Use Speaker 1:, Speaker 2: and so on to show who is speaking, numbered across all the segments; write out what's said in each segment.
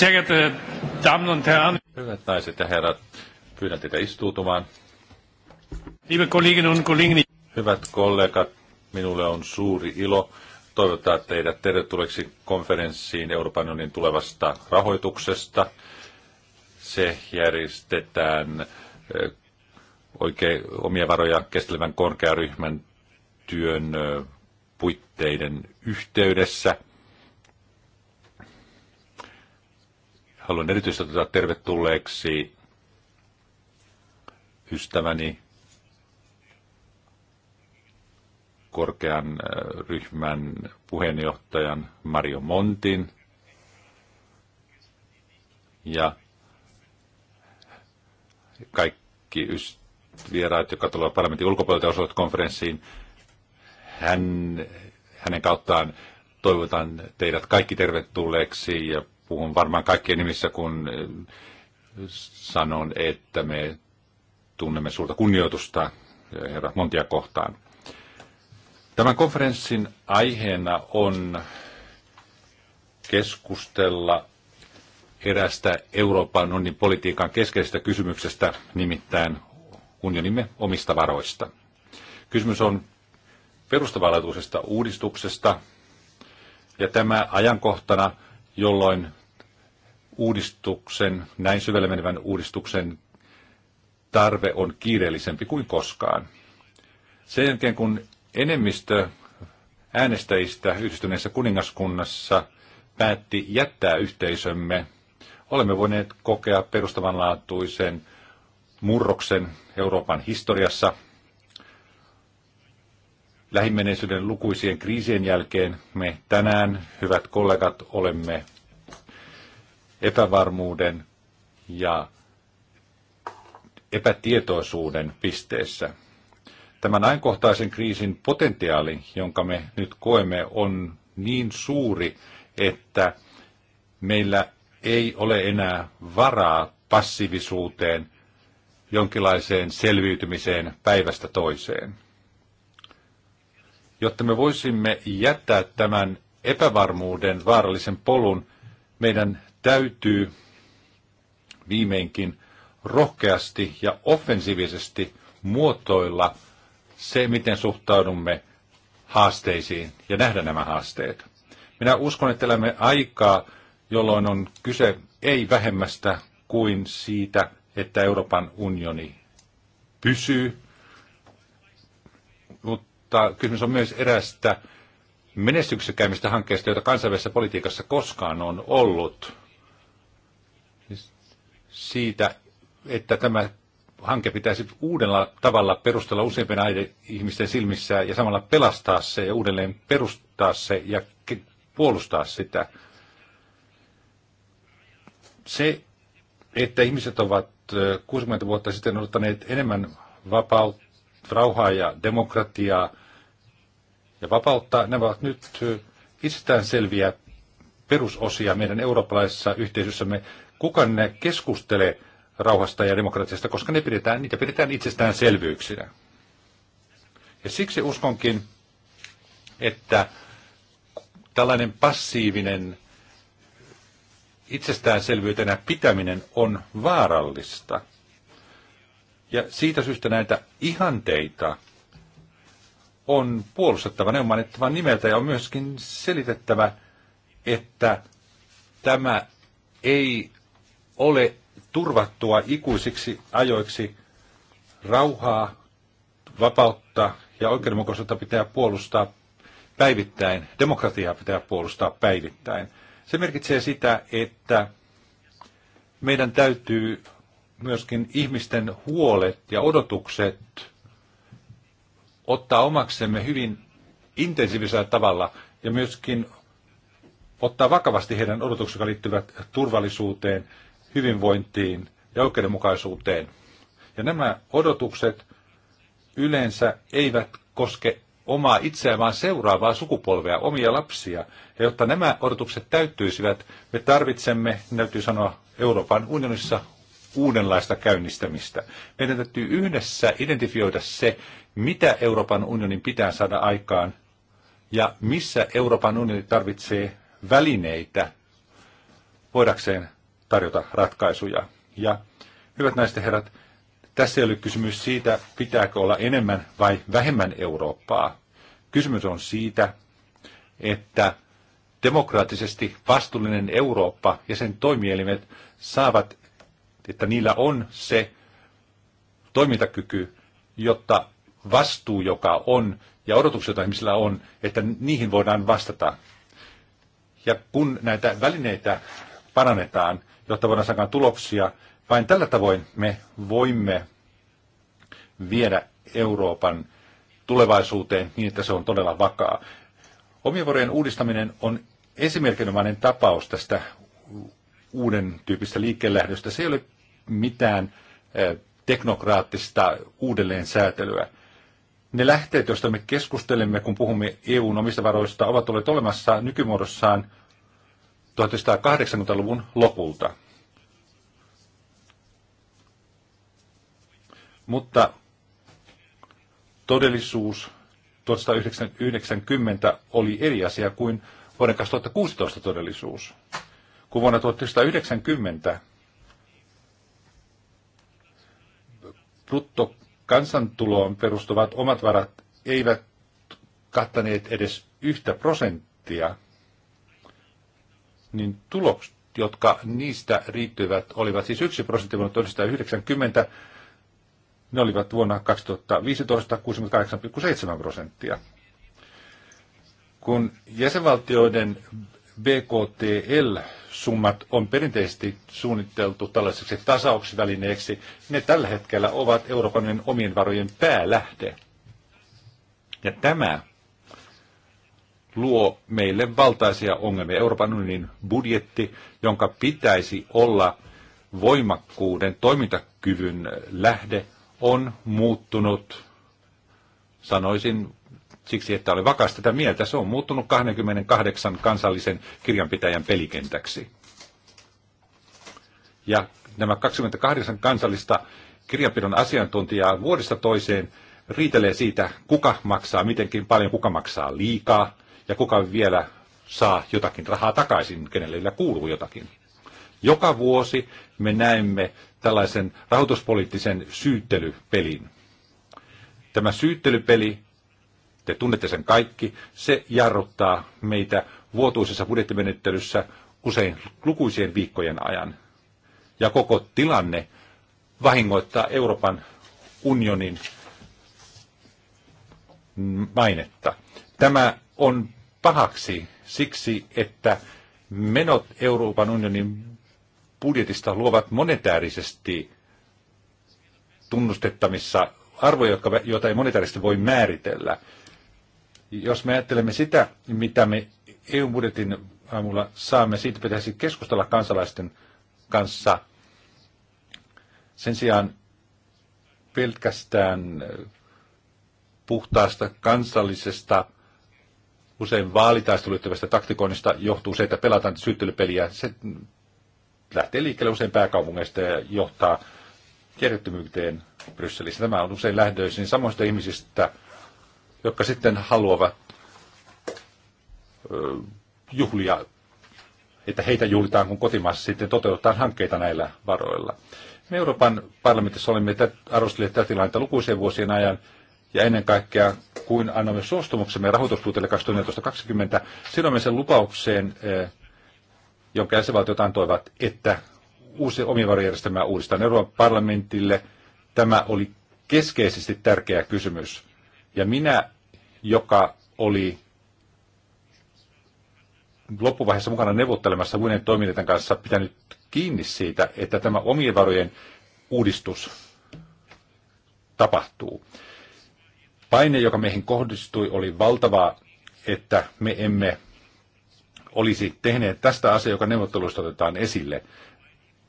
Speaker 1: Sehr geehrte Damen und Herren. Hyvät naiset ja herrat, pyydän teitä istuutumaan. Liebe Kolleginnen und Kollegen. Hyvät kollegat, minulle on suuri ilo toivottaa teidät tervetulleeksi konferenssiin Euroopan unionin tulevasta rahoituksesta. Se järjestetään eh, oikein omia varoja kestävän korkearyhmän työn eh, puitteiden yhteydessä – Haluan erityisesti ottaa tervetulleeksi ystäväni korkean äh, ryhmän puheenjohtajan Mario Montin. Ja kaikki vieraat, jotka tulevat parlamentin ulkopuolelta osallistuvat konferenssiin, hän, hänen kauttaan toivotan teidät kaikki tervetulleeksi ja puhun varmaan kaikkien nimissä, kun sanon, että me tunnemme suurta kunnioitusta herra Montia kohtaan. Tämän konferenssin aiheena on keskustella erästä Euroopan unionin politiikan keskeisestä kysymyksestä, nimittäin unionimme omista varoista. Kysymys on perustavanlaatuisesta uudistuksesta, ja tämä ajankohtana, jolloin uudistuksen, näin syvälle menevän uudistuksen tarve on kiireellisempi kuin koskaan. Sen jälkeen kun enemmistö äänestäjistä yhdistyneessä kuningaskunnassa päätti jättää yhteisömme, olemme voineet kokea perustavanlaatuisen murroksen Euroopan historiassa. Lähimenneisyyden lukuisien kriisien jälkeen me tänään, hyvät kollegat, olemme epävarmuuden ja epätietoisuuden pisteessä. Tämän ajankohtaisen kriisin potentiaali, jonka me nyt koemme, on niin suuri, että meillä ei ole enää varaa passiivisuuteen, jonkinlaiseen selviytymiseen päivästä toiseen. Jotta me voisimme jättää tämän epävarmuuden vaarallisen polun, meidän täytyy viimeinkin rohkeasti ja offensiivisesti muotoilla se, miten suhtaudumme haasteisiin ja nähdä nämä haasteet. Minä uskon, että elämme aikaa, jolloin on kyse ei vähemmästä kuin siitä, että Euroopan unioni pysyy, mutta kysymys on myös erästä menestyksekäimmistä hankkeista, joita kansainvälisessä politiikassa koskaan on ollut siitä, että tämä hanke pitäisi uudella tavalla perustella useimpien ihmisten silmissä ja samalla pelastaa se ja uudelleen perustaa se ja puolustaa sitä. Se, että ihmiset ovat 60 vuotta sitten odottaneet enemmän vapautta, rauhaa ja demokratiaa ja vapautta, nämä ovat nyt itsestäänselviä selviä perusosia meidän eurooppalaisessa yhteisössämme kuka ne keskustelee rauhasta ja demokratiasta, koska ne pidetään, niitä pidetään itsestäänselvyyksinä. Ja siksi uskonkin, että tällainen passiivinen itsestäänselvyytenä pitäminen on vaarallista. Ja siitä syystä näitä ihanteita on puolustettava, ne on mainittava nimeltä ja on myöskin selitettävä, että tämä ei ole turvattua ikuisiksi ajoiksi. Rauhaa, vapautta ja oikeudenmukaisuutta pitää puolustaa päivittäin. Demokratiaa pitää puolustaa päivittäin. Se merkitsee sitä, että meidän täytyy myöskin ihmisten huolet ja odotukset ottaa omaksemme hyvin intensiivisellä tavalla ja myöskin ottaa vakavasti heidän odotuksensa, jotka liittyvät turvallisuuteen hyvinvointiin ja oikeudenmukaisuuteen. Ja nämä odotukset yleensä eivät koske omaa itseään, vaan seuraavaa sukupolvea, omia lapsia. Ja jotta nämä odotukset täyttyisivät, me tarvitsemme, täytyy sanoa, Euroopan unionissa uudenlaista käynnistämistä. Meidän täytyy yhdessä identifioida se, mitä Euroopan unionin pitää saada aikaan ja missä Euroopan unioni tarvitsee välineitä voidakseen tarjota ratkaisuja. Ja hyvät naiset ja herrat, tässä ei ole kysymys siitä, pitääkö olla enemmän vai vähemmän Eurooppaa. Kysymys on siitä, että demokraattisesti vastuullinen Eurooppa ja sen toimielimet saavat, että niillä on se toimintakyky, jotta vastuu, joka on, ja odotukset, joita ihmisillä on, että niihin voidaan vastata. Ja kun näitä välineitä parannetaan, jotta voidaan saada tuloksia. Vain tällä tavoin me voimme viedä Euroopan tulevaisuuteen niin, että se on todella vakaa. Omien uudistaminen on esimerkinomainen tapaus tästä uuden tyyppistä liikkeellähdöstä. Se ei ole mitään eh, teknokraattista uudelleensäätelyä. Ne lähteet, joista me keskustelemme, kun puhumme EUn omista varoista, ovat olleet olemassa nykymuodossaan 1980-luvun lopulta. Mutta todellisuus 1990 oli eri asia kuin vuoden 2016 todellisuus. Kun vuonna 1990 bruttokansantuloon perustuvat omat varat eivät kattaneet edes yhtä prosenttia – niin tulokset, jotka niistä riittyivät, olivat siis 1 prosentti vuonna 1990, ne olivat vuonna 2015 68,7 prosenttia. Kun jäsenvaltioiden BKTL-summat on perinteisesti suunniteltu tällaiseksi tasauksivälineeksi, ne tällä hetkellä ovat Euroopan omien varojen päälähde. Ja tämä luo meille valtaisia ongelmia. Euroopan unionin budjetti, jonka pitäisi olla voimakkuuden, toimintakyvyn lähde, on muuttunut, sanoisin siksi, että oli vakaasti tätä mieltä, se on muuttunut 28 kansallisen kirjanpitäjän pelikentäksi. Ja nämä 28 kansallista kirjanpidon asiantuntijaa vuodesta toiseen riitelee siitä, kuka maksaa mitenkin paljon, kuka maksaa liikaa, ja kuka vielä saa jotakin rahaa takaisin, kenelle vielä kuuluu jotakin. Joka vuosi me näemme tällaisen rahoituspoliittisen syyttelypelin. Tämä syyttelypeli, te tunnette sen kaikki, se jarruttaa meitä vuotuisessa budjettimenettelyssä usein lukuisien viikkojen ajan. Ja koko tilanne vahingoittaa Euroopan unionin mainetta. Tämä on pahaksi siksi, että menot Euroopan unionin budjetista luovat monetäärisesti tunnustettamissa arvoja, jotka, joita ei monetäärisesti voi määritellä. Jos me ajattelemme sitä, mitä me EU-budjetin aamulla saamme, siitä pitäisi keskustella kansalaisten kanssa. Sen sijaan pelkästään puhtaasta kansallisesta usein vaalitaisteluun taktikoinnista johtuu se, että pelataan syyttelypeliä. Se lähtee liikkeelle usein pääkaupungeista ja johtaa kierrettömyyteen Brysselissä. Tämä on usein lähdöisin samoista ihmisistä, jotka sitten haluavat juhlia, että heitä juhlitaan, kun kotimaassa sitten toteutetaan hankkeita näillä varoilla. Me Euroopan parlamentissa olemme arvostelleet tätä tilannetta lukuisen vuosien ajan ja ennen kaikkea kuin annamme suostumuksemme rahoituspuutteelle 2020, sidomme sen lupaukseen, eh, jonka jäsenvaltiot antoivat, että uusi omivarojärjestelmä uudistetaan Euroopan parlamentille. Tämä oli keskeisesti tärkeä kysymys. Ja minä, joka oli loppuvaiheessa mukana neuvottelemassa muiden toimijoiden kanssa, pitänyt kiinni siitä, että tämä omien varojen uudistus tapahtuu. Paine, joka meihin kohdistui, oli valtavaa, että me emme olisi tehneet tästä asiaa, joka neuvotteluista otetaan esille,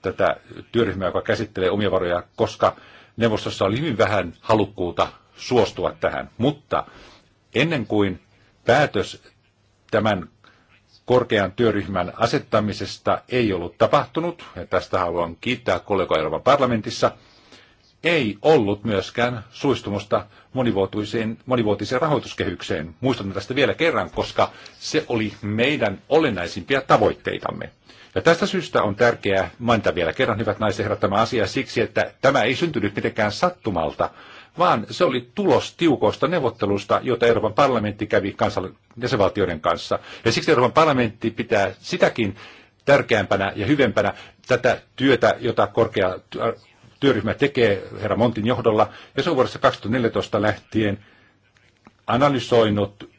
Speaker 1: tätä työryhmää, joka käsittelee omia varoja, koska neuvostossa oli hyvin vähän halukkuutta suostua tähän. Mutta ennen kuin päätös tämän korkean työryhmän asettamisesta ei ollut tapahtunut, ja tästä haluan kiittää kollegoja Euroopan parlamentissa, ei ollut myöskään suistumusta monivuotiseen, rahoituskehykseen. Muistamme tästä vielä kerran, koska se oli meidän olennaisimpia tavoitteitamme. Ja tästä syystä on tärkeää mainita vielä kerran, hyvät naiset herrat, tämä asia siksi, että tämä ei syntynyt mitenkään sattumalta, vaan se oli tulos tiukoista neuvottelusta, jota Euroopan parlamentti kävi kansall- jäsenvaltioiden kanssa. Ja siksi Euroopan parlamentti pitää sitäkin tärkeämpänä ja hyvempänä tätä työtä, jota korkea työryhmä tekee herra Montin johdolla, ja se on vuodesta 2014 lähtien analysoinut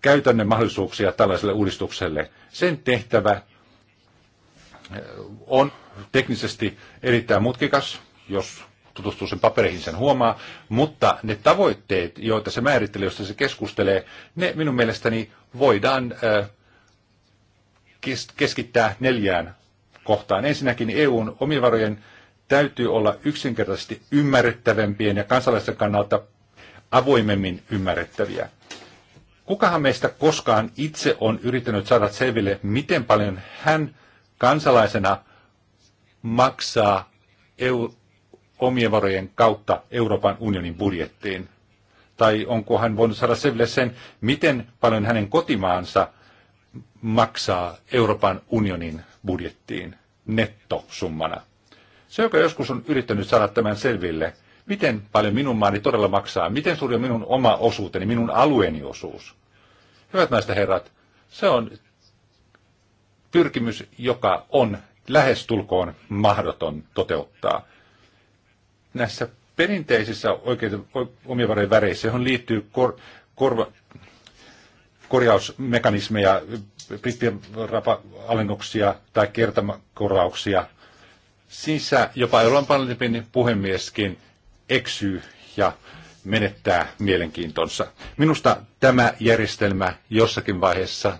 Speaker 1: käytännön mahdollisuuksia tällaiselle uudistukselle. Sen tehtävä eh, on teknisesti erittäin mutkikas, jos tutustuu sen papereihin, sen huomaa, mutta ne tavoitteet, joita se määrittelee, joista se keskustelee, ne minun mielestäni voidaan eh, keskittää neljään kohtaan. Ensinnäkin EUn omivarojen täytyy olla yksinkertaisesti ymmärrettävämpien ja kansalaisten kannalta avoimemmin ymmärrettäviä. Kukahan meistä koskaan itse on yrittänyt saada selville, miten paljon hän kansalaisena maksaa EU, omien varojen kautta Euroopan unionin budjettiin? Tai onko hän voinut saada selville sen, miten paljon hänen kotimaansa maksaa Euroopan unionin budjettiin nettosummana? Se, joka joskus on yrittänyt saada tämän selville, miten paljon minun maani todella maksaa, miten suuri on minun oma osuuteni, minun alueeni osuus. Hyvät naiset herrat, se on pyrkimys, joka on lähestulkoon mahdoton toteuttaa. Näissä perinteisissä oikeita, omien varojen väreissä, johon liittyy kor, korva, korjausmekanismeja, brittien alennuksia tai kertakorauksia, Sisä jopa Euroopan parlamentin puhemieskin eksyy ja menettää mielenkiintonsa. Minusta tämä järjestelmä jossakin vaiheessa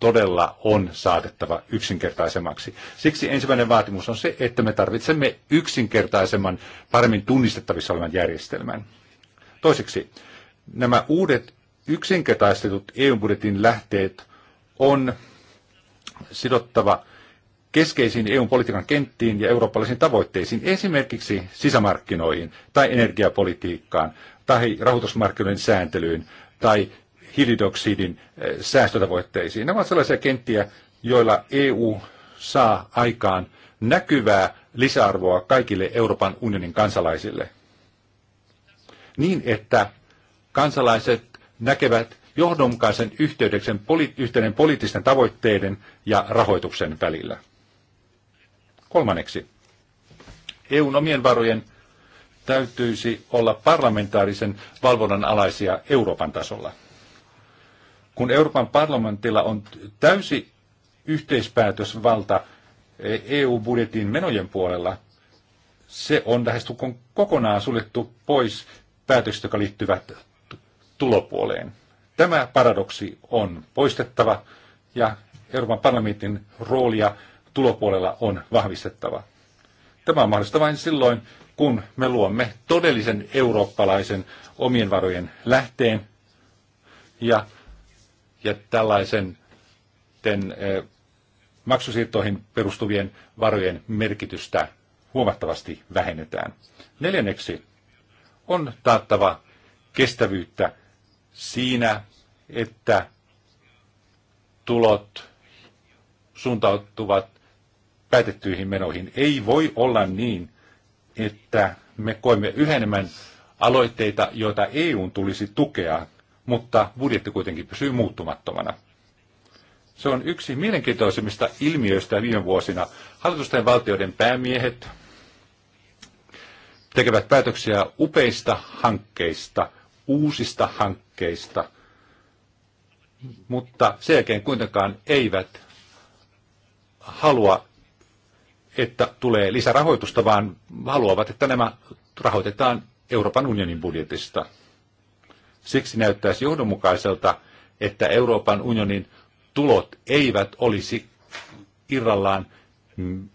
Speaker 1: todella on saatettava yksinkertaisemmaksi. Siksi ensimmäinen vaatimus on se, että me tarvitsemme yksinkertaisemman, paremmin tunnistettavissa olevan järjestelmän. Toiseksi, nämä uudet yksinkertaistetut EU-budjetin lähteet on sidottava keskeisiin EU-politiikan kenttiin ja eurooppalaisiin tavoitteisiin, esimerkiksi sisämarkkinoihin tai energiapolitiikkaan tai rahoitusmarkkinoiden sääntelyyn tai hiilidioksidin eh, säästötavoitteisiin. Nämä ovat sellaisia kenttiä, joilla EU saa aikaan näkyvää lisäarvoa kaikille Euroopan unionin kansalaisille. Niin, että kansalaiset näkevät johdonmukaisen yhteyden yhteyden poliittisten tavoitteiden ja rahoituksen välillä. Kolmanneksi, EUn omien varojen täytyisi olla parlamentaarisen valvonnan alaisia Euroopan tasolla. Kun Euroopan parlamentilla on täysi yhteispäätösvalta EU-budjetin menojen puolella, se on lähestulkoon kokonaan suljettu pois päätökset, jotka liittyvät tulopuoleen. Tämä paradoksi on poistettava ja Euroopan parlamentin roolia tulopuolella on vahvistettava. Tämä on mahdollista vain silloin, kun me luomme todellisen eurooppalaisen omien varojen lähteen ja, ja tällaisen ten, e, maksusiirtoihin perustuvien varojen merkitystä huomattavasti vähennetään. Neljänneksi on taattava kestävyyttä siinä, että tulot suuntautuvat päätettyihin menoihin. Ei voi olla niin, että me koemme yhä enemmän aloitteita, joita EUn tulisi tukea, mutta budjetti kuitenkin pysyy muuttumattomana. Se on yksi mielenkiintoisimmista ilmiöistä viime vuosina. Hallitusten valtioiden päämiehet tekevät päätöksiä upeista hankkeista, uusista hankkeista, mutta sen jälkeen kuitenkaan eivät halua että tulee lisärahoitusta, vaan haluavat, että nämä rahoitetaan Euroopan unionin budjetista. Siksi näyttäisi johdonmukaiselta, että Euroopan unionin tulot eivät olisi irrallaan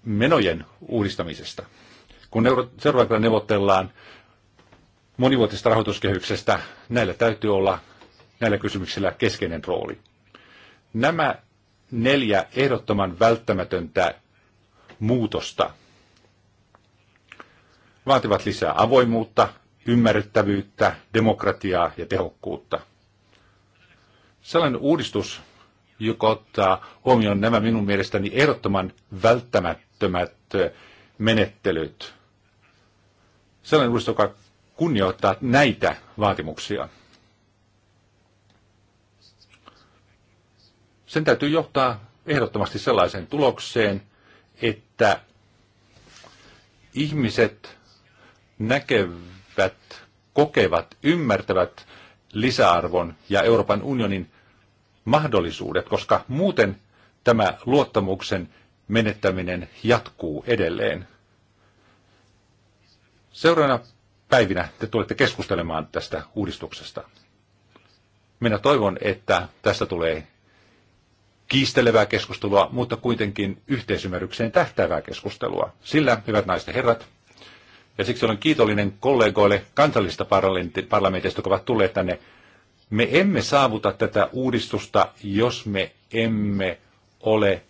Speaker 1: menojen uudistamisesta. Kun seuraavalla neuvotellaan monivuotisesta rahoituskehyksestä, näillä täytyy olla näillä kysymyksillä keskeinen rooli. Nämä neljä ehdottoman välttämätöntä muutosta. Vaativat lisää avoimuutta, ymmärrettävyyttä, demokratiaa ja tehokkuutta. Sellainen uudistus, joka ottaa huomioon nämä minun mielestäni ehdottoman välttämättömät menettelyt. Sellainen uudistus, joka kunnioittaa näitä vaatimuksia. Sen täytyy johtaa ehdottomasti sellaiseen tulokseen, että että ihmiset näkevät, kokevat, ymmärtävät lisäarvon ja Euroopan unionin mahdollisuudet, koska muuten tämä luottamuksen menettäminen jatkuu edelleen. Seuraavana päivinä te tulette keskustelemaan tästä uudistuksesta. Minä toivon, että tästä tulee kiistelevää keskustelua, mutta kuitenkin yhteisymmärrykseen tähtäävää keskustelua. Sillä, hyvät naiset ja herrat, ja siksi olen kiitollinen kollegoille kansallisista parlamentista, jotka ovat tulleet tänne. Me emme saavuta tätä uudistusta, jos me emme ole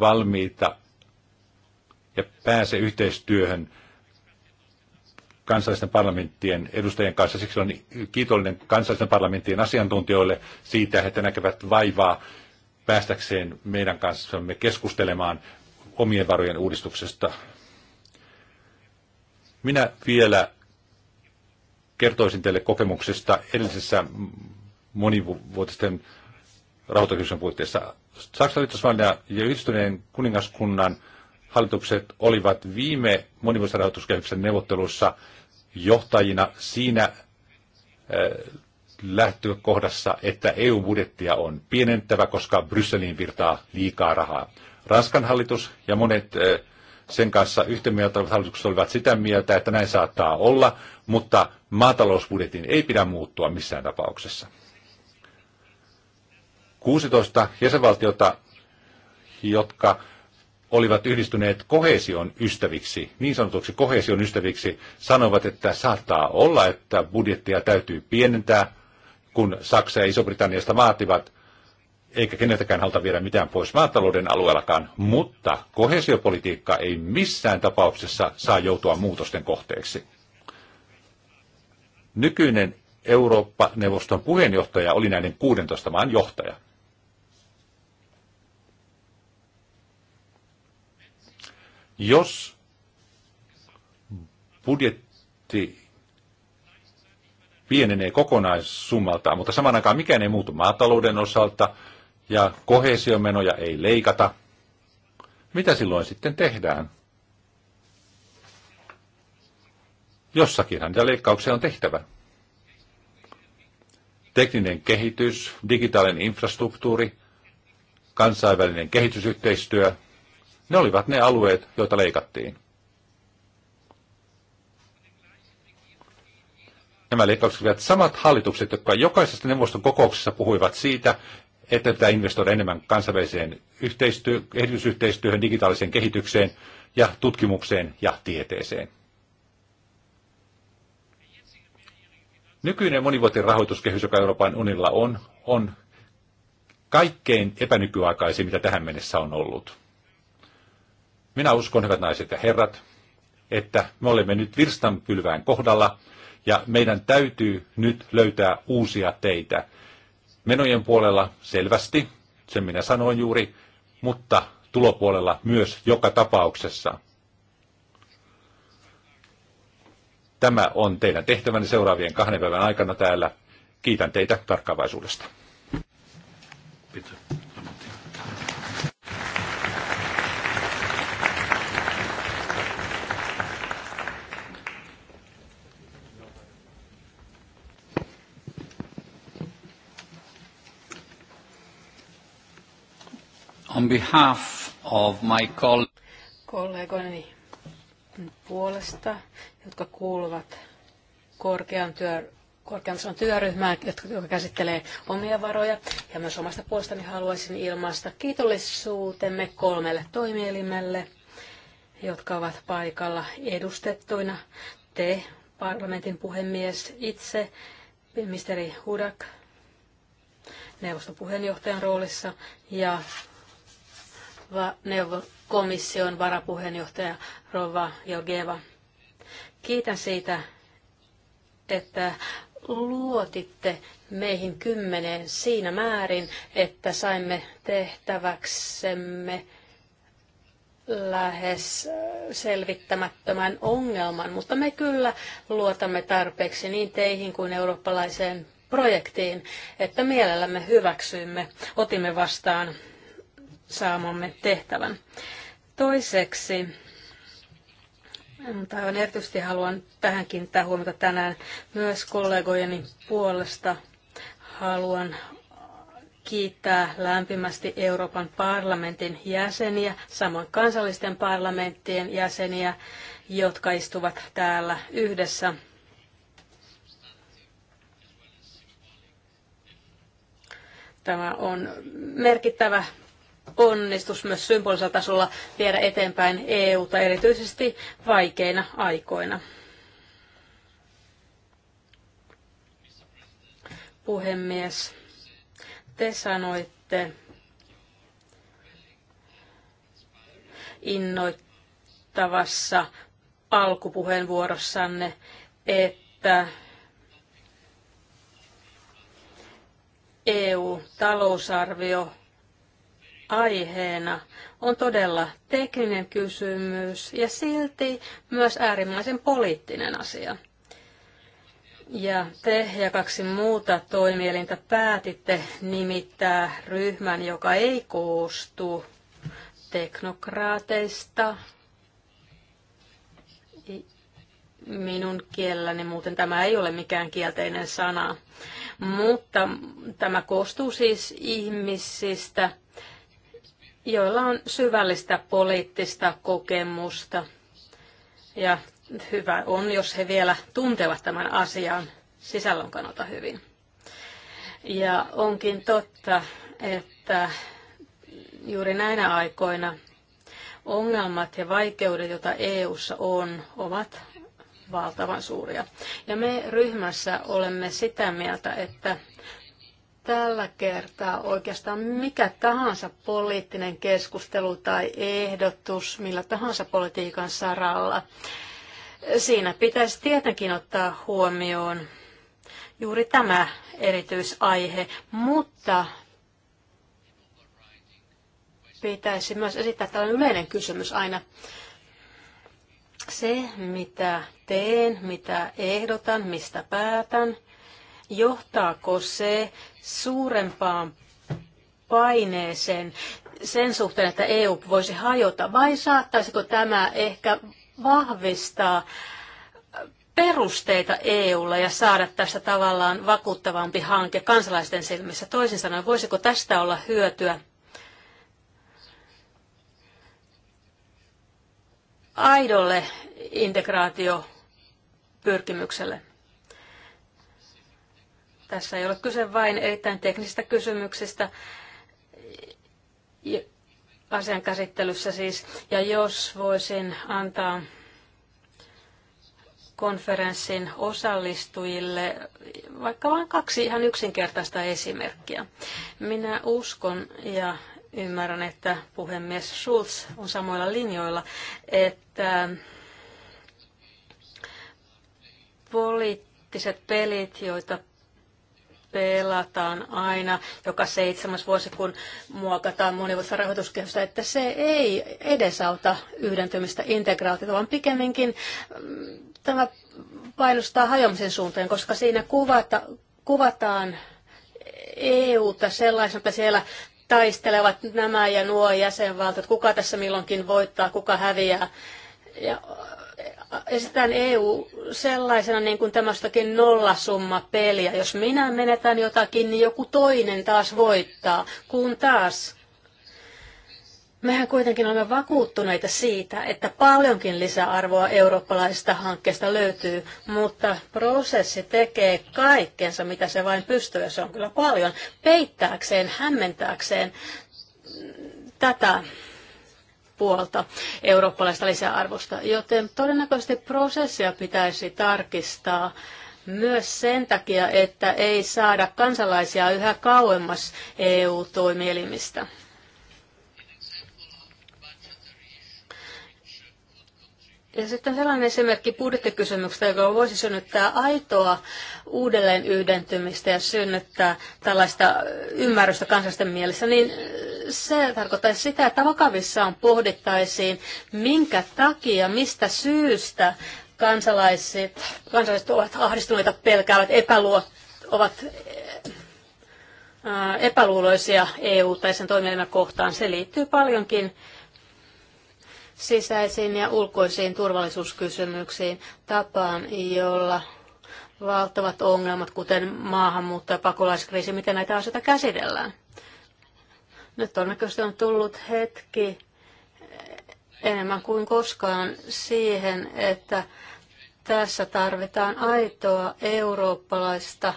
Speaker 1: valmiita ja pääse yhteistyöhön kansallisten parlamenttien edustajien kanssa. Siksi on kiitollinen kansallisten parlamenttien asiantuntijoille siitä, että näkevät vaivaa päästäkseen meidän kanssamme keskustelemaan omien varojen uudistuksesta. Minä vielä kertoisin teille kokemuksesta edellisessä monivuotisten rahoituskysymyksen puitteissa. Saksan liittosvallan ja yhdistyneen kuningaskunnan hallitukset olivat viime monivuotisen neuvottelussa johtajina siinä eh, lähtökohdassa, että EU-budjettia on pienentävä, koska Brysseliin virtaa liikaa rahaa. Ranskan hallitus ja monet eh, sen kanssa yhtä mieltä olevat hallitukset olivat sitä mieltä, että näin saattaa olla, mutta maatalousbudjetin ei pidä muuttua missään tapauksessa. 16 jäsenvaltiota, jotka olivat yhdistyneet kohesion ystäviksi, niin sanotuksi kohesion ystäviksi, sanovat, että saattaa olla, että budjettia täytyy pienentää, kun Saksa ja Iso-Britanniasta vaativat, eikä keneltäkään haluta viedä mitään pois maatalouden alueellakaan, mutta kohesiopolitiikka ei missään tapauksessa saa joutua muutosten kohteeksi. Nykyinen Eurooppa-neuvoston puheenjohtaja oli näiden 16 maan johtaja. Jos budjetti pienenee kokonaissummalta, mutta saman aikaan mikään ei muutu maatalouden osalta ja kohesiomenoja ei leikata, mitä silloin sitten tehdään? Jossakinhan niitä leikkauksia on tehtävä. Tekninen kehitys, digitaalinen infrastruktuuri, kansainvälinen kehitysyhteistyö, ne olivat ne alueet, joita leikattiin. Nämä leikkaukset olivat samat hallitukset, jotka jokaisessa neuvoston kokouksessa puhuivat siitä, että pitää investoida enemmän kansainväliseen yhteistyö, kehitysyhteistyöhön, digitaaliseen kehitykseen ja tutkimukseen ja tieteeseen. Nykyinen monivuotinen rahoituskehys, joka Euroopan unilla on, on kaikkein epänykyaikaisin, mitä tähän mennessä on ollut. Minä uskon, hyvät naiset ja herrat, että me olemme nyt virstanpylvään kohdalla ja meidän täytyy nyt löytää uusia teitä. Menojen puolella selvästi, sen minä sanoin juuri, mutta tulopuolella myös joka tapauksessa. Tämä on teidän tehtävänne seuraavien kahden päivän aikana täällä. Kiitän teitä tarkkaavaisuudesta. On behalf of my
Speaker 2: kollegoni puolesta, jotka kuuluvat korkean, korkean tason työryhmään, jotka, joka käsittelee omia varoja. Ja myös omasta puolestani haluaisin ilmaista kiitollisuutemme kolmelle toimielimelle, jotka ovat paikalla edustettuina. Te, parlamentin puhemies itse, ministeri Hudak, neuvoston puheenjohtajan roolissa ja komission varapuheenjohtaja Rova Jogeva. Kiitän siitä, että luotitte meihin kymmeneen siinä määrin, että saimme tehtäväksemme lähes selvittämättömän ongelman, mutta me kyllä luotamme tarpeeksi niin teihin kuin eurooppalaiseen projektiin, että mielellämme hyväksyimme, otimme vastaan saamamme tehtävän. Toiseksi, tai on erityisesti haluan tähän kiinnittää huomiota tänään myös kollegojeni puolesta. Haluan kiittää lämpimästi Euroopan parlamentin jäseniä, samoin kansallisten parlamenttien jäseniä, jotka istuvat täällä yhdessä. Tämä on merkittävä onnistus myös symbolisella tasolla viedä eteenpäin EUta erityisesti vaikeina aikoina. Puhemies, te sanoitte innoittavassa alkupuheenvuorossanne, että EU-talousarvio aiheena on todella tekninen kysymys ja silti myös äärimmäisen poliittinen asia. Ja te ja kaksi muuta toimielintä päätitte nimittää ryhmän, joka ei koostu teknokraateista. Minun kielelläni muuten tämä ei ole mikään kielteinen sana, mutta tämä koostuu siis ihmisistä, joilla on syvällistä poliittista kokemusta. Ja hyvä on, jos he vielä tuntevat tämän asian sisällön kannalta hyvin. Ja onkin totta, että juuri näinä aikoina ongelmat ja vaikeudet, joita EU:ssa on, ovat valtavan suuria. Ja me ryhmässä olemme sitä mieltä, että tällä kertaa oikeastaan mikä tahansa poliittinen keskustelu tai ehdotus millä tahansa politiikan saralla. Siinä pitäisi tietenkin ottaa huomioon juuri tämä erityisaihe, mutta pitäisi myös esittää tällainen yleinen kysymys aina. Se, mitä teen, mitä ehdotan, mistä päätän – johtaako se suurempaan paineeseen sen suhteen, että EU voisi hajota, vai saattaisiko tämä ehkä vahvistaa perusteita EUlla ja saada tästä tavallaan vakuuttavampi hanke kansalaisten silmissä? Toisin sanoen, voisiko tästä olla hyötyä aidolle integraatiopyrkimykselle? Tässä ei ole kyse vain erittäin teknisistä kysymyksistä asian käsittelyssä siis. Ja jos voisin antaa konferenssin osallistujille vaikka vain kaksi ihan yksinkertaista esimerkkiä. Minä uskon ja ymmärrän, että puhemies Schulz on samoilla linjoilla, että poliittiset pelit, joita pelataan aina joka seitsemäs vuosi, kun muokataan monivuotista rahoituskehystä, että se ei edesauta yhdentymistä integraatiota, vaan pikemminkin mm, tämä painostaa hajoamisen suuntaan, koska siinä kuvata, kuvataan EUta sellaisena, että siellä taistelevat nämä ja nuo jäsenvaltiot, kuka tässä milloinkin voittaa, kuka häviää. Ja esitän EU sellaisena niin kuin tämmöistäkin nollasumma peliä. Jos minä menetän jotakin, niin joku toinen taas voittaa, kun taas Mehän kuitenkin olemme vakuuttuneita siitä, että paljonkin lisäarvoa eurooppalaisista hankkeista löytyy, mutta prosessi tekee kaikkensa, mitä se vain pystyy, ja se on kyllä paljon, peittääkseen, hämmentääkseen tätä puolta eurooppalaista lisäarvosta, joten todennäköisesti prosessia pitäisi tarkistaa myös sen takia, että ei saada kansalaisia yhä kauemmas EU-toimielimistä. Ja sitten sellainen esimerkki budjettikysymyksestä, joka voisi synnyttää aitoa uudelleen yhdentymistä ja synnyttää tällaista ymmärrystä kansallisten mielessä, niin se tarkoittaisi sitä, että vakavissaan pohdittaisiin, minkä takia, mistä syystä kansalaiset, kansalaiset ovat ahdistuneita, pelkäävät, epäluo, ovat epäluuloisia EU- tai sen toimielimen kohtaan. Se liittyy paljonkin sisäisiin ja ulkoisiin turvallisuuskysymyksiin tapaan, jolla valtavat ongelmat, kuten maahanmuutto- ja pakolaiskriisi, miten näitä asioita käsitellään. Nyt todennäköisesti on tullut hetki enemmän kuin koskaan siihen, että tässä tarvitaan aitoa eurooppalaista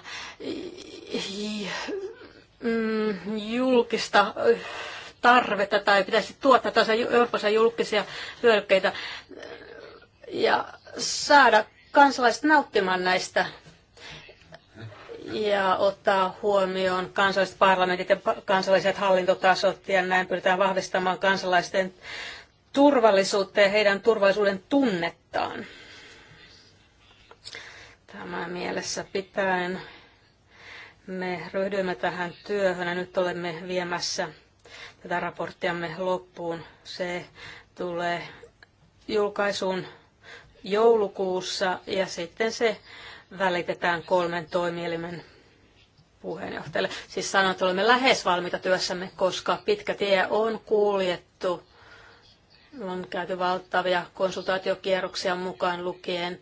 Speaker 2: mm, julkista tarvetta tai pitäisi tuottaa tässä Euroopassa julkisia hyödykkeitä ja saada kansalaiset nauttimaan näistä ja ottaa huomioon kansalliset parlamentit ja kansalliset hallintotasot ja näin pyritään vahvistamaan kansalaisten turvallisuutta ja heidän turvallisuuden tunnettaan. Tämä mielessä pitäen me ryhdyimme tähän työhön ja nyt olemme viemässä tätä raporttiamme loppuun. Se tulee julkaisuun joulukuussa ja sitten se välitetään kolmen toimielimen puheenjohtajalle. Siis sanon, että olemme lähes valmiita työssämme, koska pitkä tie on kuljettu. On käyty valtavia konsultaatiokierroksia mukaan lukien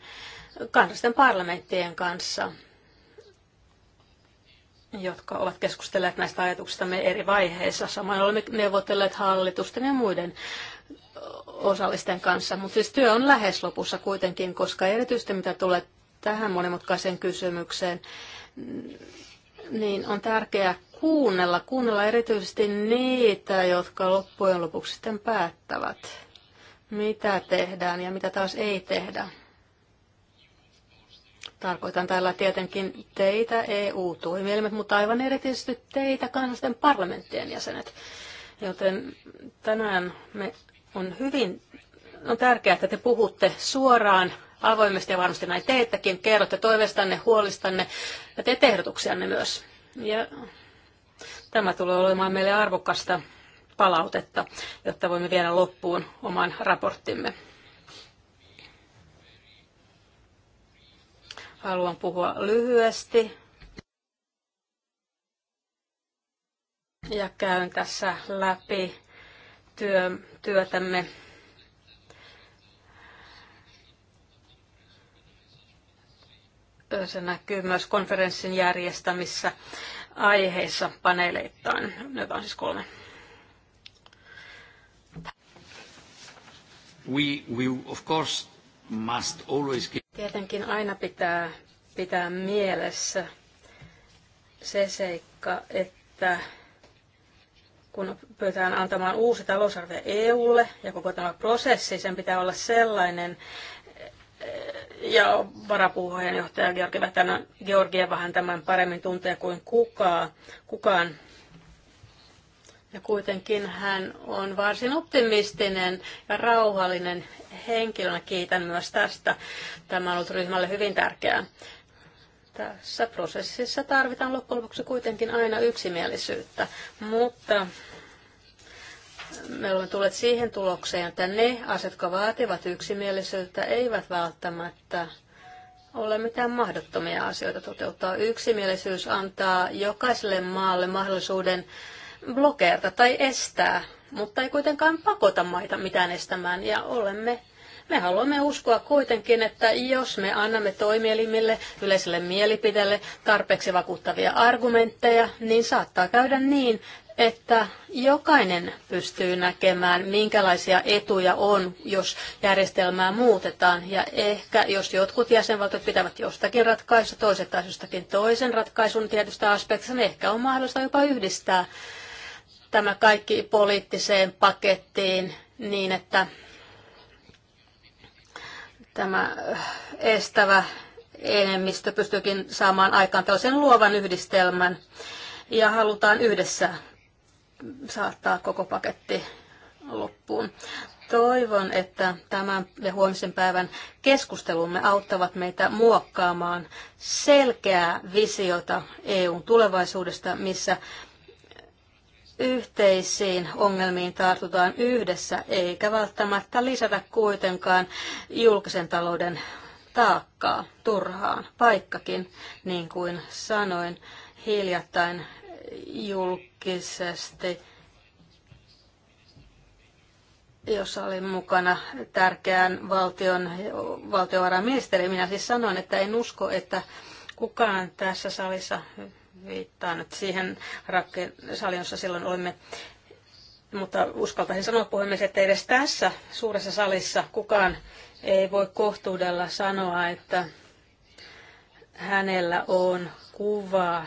Speaker 2: kansallisten parlamenttien kanssa jotka ovat keskustelleet näistä ajatuksista me eri vaiheissa. Samoin olemme neuvotelleet hallitusten ja muiden osallisten kanssa, mutta siis työ on lähes lopussa kuitenkin, koska erityisesti mitä tulee tähän monimutkaiseen kysymykseen, niin on tärkeää kuunnella, kuunnella erityisesti niitä, jotka loppujen lopuksi sitten päättävät, mitä tehdään ja mitä taas ei tehdä. Tarkoitan tällä tietenkin teitä EU-toimielimet, mutta aivan erityisesti teitä kansallisten parlamenttien jäsenet. Joten tänään me on hyvin on tärkeää, että te puhutte suoraan avoimesti ja varmasti näin teettäkin, kerrotte toiveistanne, huolistanne ja teette ehdotuksianne myös. Ja tämä tulee olemaan meille arvokasta palautetta, jotta voimme viedä loppuun oman raporttimme. Haluan puhua lyhyesti. Ja käyn tässä läpi työ, työtämme se näkyy myös konferenssin järjestämissä aiheissa paneeleittain. Nyt on siis kolme.
Speaker 3: We, we of course must always
Speaker 2: Tietenkin aina pitää pitää mielessä se seikka, että kun pyytään antamaan uusi talousarvio EUlle ja koko tämä prosessi, sen pitää olla sellainen, ja varapuheenjohtaja Georgieva, vähän tämän paremmin tuntee kuin kukaan, kukaan ja kuitenkin hän on varsin optimistinen ja rauhallinen henkilönä. Kiitän myös tästä. Tämä on ollut ryhmälle hyvin tärkeää. Tässä prosessissa tarvitaan loppujen lopuksi kuitenkin aina yksimielisyyttä, mutta me olemme tulleet siihen tulokseen, että ne asiat, jotka vaativat yksimielisyyttä, eivät välttämättä ole mitään mahdottomia asioita toteuttaa. Yksimielisyys antaa jokaiselle maalle mahdollisuuden blokeerata tai estää, mutta ei kuitenkaan pakota maita mitään estämään. Ja olemme, me haluamme uskoa kuitenkin, että jos me annamme toimielimille, yleiselle mielipiteelle tarpeeksi vakuuttavia argumentteja, niin saattaa käydä niin, että jokainen pystyy näkemään, minkälaisia etuja on, jos järjestelmää muutetaan. Ja ehkä jos jotkut jäsenvaltiot pitävät jostakin ratkaisusta, toiset taas jostakin toisen ratkaisun tietystä aspektista, niin ehkä on mahdollista jopa yhdistää tämä kaikki poliittiseen pakettiin niin, että tämä äh, estävä enemmistö pystyykin saamaan aikaan tällaisen luovan yhdistelmän ja halutaan yhdessä saattaa koko paketti loppuun. Toivon, että tämän ja huomisen päivän keskustelumme auttavat meitä muokkaamaan selkeää visiota EUn tulevaisuudesta, missä yhteisiin ongelmiin tartutaan yhdessä, eikä välttämättä lisätä kuitenkaan julkisen talouden taakkaa turhaan, paikkakin, niin kuin sanoin hiljattain julkisesti, jossa olin mukana tärkeän valtion, valtiovarainministeri. Minä siis sanoin, että en usko, että kukaan tässä salissa Viittaan nyt siihen rakkeen jossa silloin olimme. Mutta uskaltaisin sanoa puhemies, että edes tässä suuressa salissa kukaan ei voi kohtuudella sanoa, että hänellä on kuva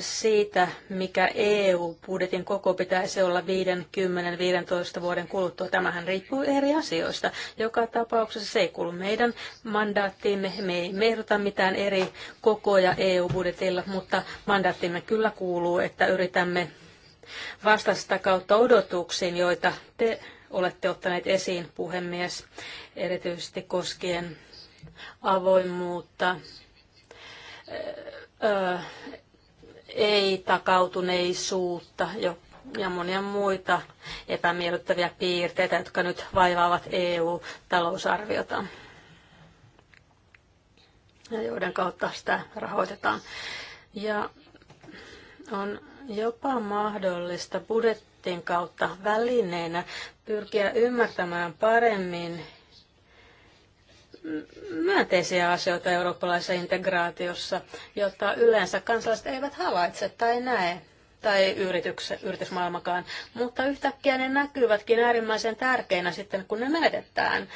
Speaker 2: siitä, mikä EU-budjetin koko pitäisi olla 50-15 vuoden kuluttua. Tämähän riippuu eri asioista. Joka tapauksessa se ei kuulu meidän mandaattiimme. Me ei ehdota mitään eri kokoja EU-budjetilla, mutta mandaattimme kyllä kuuluu, että yritämme vastasta kautta odotuksiin, joita te olette ottaneet esiin, puhemies, erityisesti koskien avoimuutta, öö, öö, ei-takautuneisuutta ja monia muita epämiellyttäviä piirteitä, jotka nyt vaivaavat EU-talousarviota ja joiden kautta sitä rahoitetaan. Ja on jopa mahdollista budjettiin kautta välineenä pyrkiä ymmärtämään paremmin myönteisiä asioita eurooppalaisessa integraatiossa, jota yleensä kansalaiset eivät havaitse tai näe tai yritykse, yritysmaailmakaan, mutta yhtäkkiä ne näkyvätkin äärimmäisen tärkeinä sitten, kun ne menetetään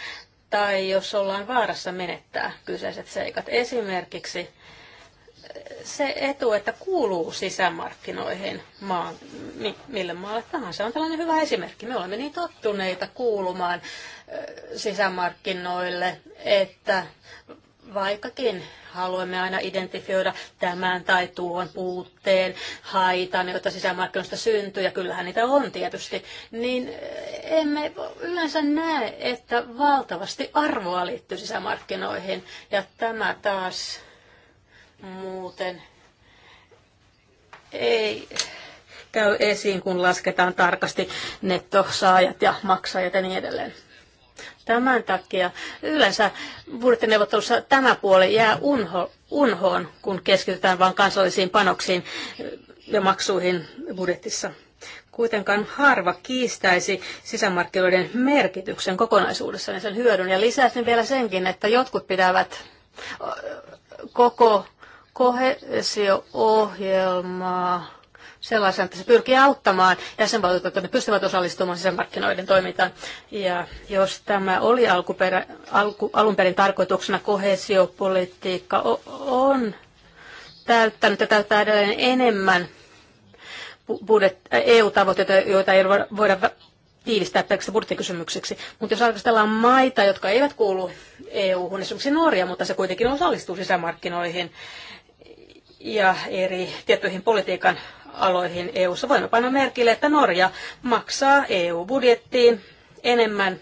Speaker 2: tai jos ollaan vaarassa menettää kyseiset seikat. Esimerkiksi se etu, että kuuluu sisämarkkinoihin maan, mille maalle tahansa, on tällainen hyvä esimerkki. Me olemme niin tottuneita kuulumaan sisämarkkinoille, että vaikkakin haluamme aina identifioida tämän tai tuon puutteen, haitan, jota sisämarkkinoista syntyy, ja kyllähän niitä on tietysti, niin emme yleensä näe, että valtavasti arvoa liittyy sisämarkkinoihin. Ja tämä taas muuten ei käy esiin, kun lasketaan tarkasti nettosaajat ja maksajat ja niin edelleen. Tämän takia yleensä budjettineuvottelussa tämä puoli jää unho, unhoon, kun keskitytään vain kansallisiin panoksiin ja maksuihin budjetissa. Kuitenkaan harva kiistäisi sisämarkkinoiden merkityksen kokonaisuudessaan ja sen hyödyn. Ja lisäisin vielä senkin, että jotkut pitävät koko kohesio-ohjelmaa sellaisena, että se pyrkii auttamaan jäsenvaltioita, että ne pystyvät osallistumaan sisämarkkinoiden toimintaan. Ja jos tämä oli alkuperä, alku, alun perin tarkoituksena, kohesiopolitiikka on täyttänyt ja täyttää edelleen enemmän EU-tavoitteita, e joita ei voida tiivistää pelkästään budjettikysymyksiksi. Mutta jos ajatellaan maita, jotka eivät kuulu EU-hun, esimerkiksi Norja, mutta se kuitenkin osallistuu sisämarkkinoihin ja eri tiettyihin politiikan aloihin EU-ssa. Voimme panna merkille, että Norja maksaa EU-budjettiin enemmän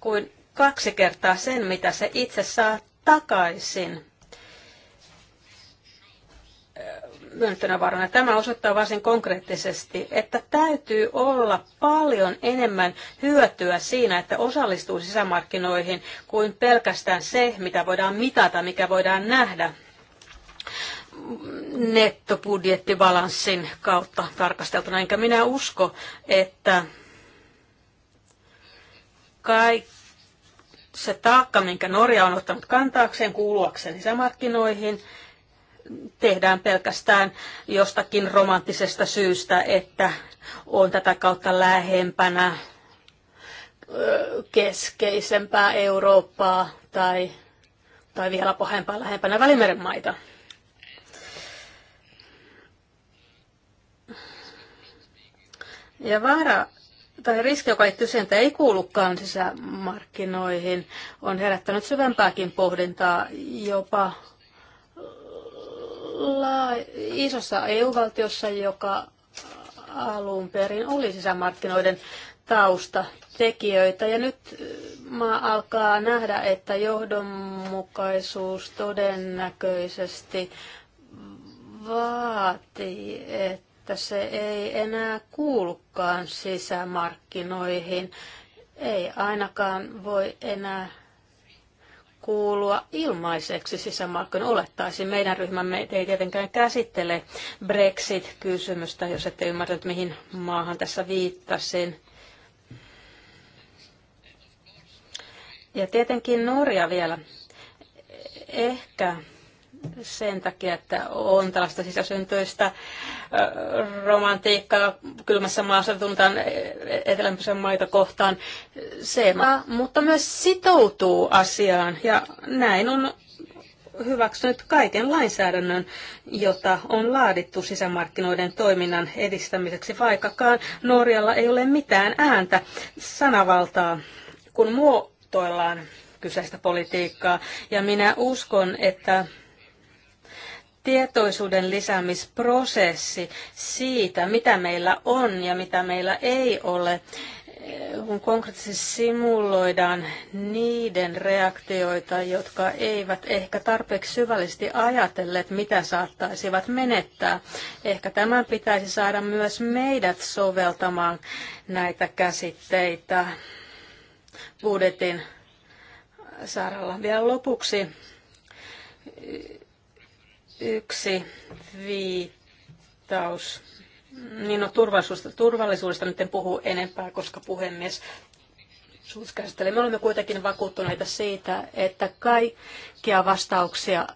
Speaker 2: kuin kaksi kertaa sen, mitä se itse saa takaisin myöntönä varana. Tämä osoittaa varsin konkreettisesti, että täytyy olla paljon enemmän hyötyä siinä, että osallistuu sisämarkkinoihin, kuin pelkästään se, mitä voidaan mitata, mikä voidaan nähdä nettobudjettibalanssin kautta tarkasteltuna. Enkä minä usko, että kaikki se taakka, minkä Norja on ottanut kantaakseen kuuluakseen sisämarkkinoihin, tehdään pelkästään jostakin romanttisesta syystä, että on tätä kautta lähempänä keskeisempää Eurooppaa tai, tai vielä pahempaa lähempänä Välimeren maita. Ja vaara tai riski, joka ei kysyntä, ei kuulukaan sisämarkkinoihin, on herättänyt syvempääkin pohdintaa jopa isossa EU-valtiossa, joka alun perin oli sisämarkkinoiden taustatekijöitä. Ja nyt maa alkaa nähdä, että johdonmukaisuus todennäköisesti vaatii, että että se ei enää kuulukaan sisämarkkinoihin. Ei ainakaan voi enää kuulua ilmaiseksi sisämarkkinoille olettaisiin. Meidän ryhmämme ei tietenkään käsittele Brexit-kysymystä, jos ette ymmärtänyt, mihin maahan tässä viittasin. Ja tietenkin Norja vielä. Ehkä sen takia, että on tällaista sisäsyntyistä romantiikkaa kylmässä maassa tunnetaan e, e, etelämpöisen maita kohtaan seema, mutta myös sitoutuu asiaan ja näin on hyväksynyt kaiken lainsäädännön, jota on laadittu sisämarkkinoiden toiminnan edistämiseksi, vaikkakaan Norjalla ei ole mitään ääntä sanavaltaa, kun muotoillaan kyseistä politiikkaa. Ja minä uskon, että tietoisuuden lisäämisprosessi siitä, mitä meillä on ja mitä meillä ei ole, kun konkreettisesti simuloidaan niiden reaktioita, jotka eivät ehkä tarpeeksi syvällisesti ajatelleet, mitä saattaisivat menettää. Ehkä tämän pitäisi saada myös meidät soveltamaan näitä käsitteitä budjetin saralla. Vielä lopuksi Yksi viittaus. Niin no, turvallisuudesta, turvallisuudesta nyt en puhu enempää, koska puhemies suuskäsitteli. Me olemme kuitenkin vakuuttuneita siitä, että kaikkia vastauksia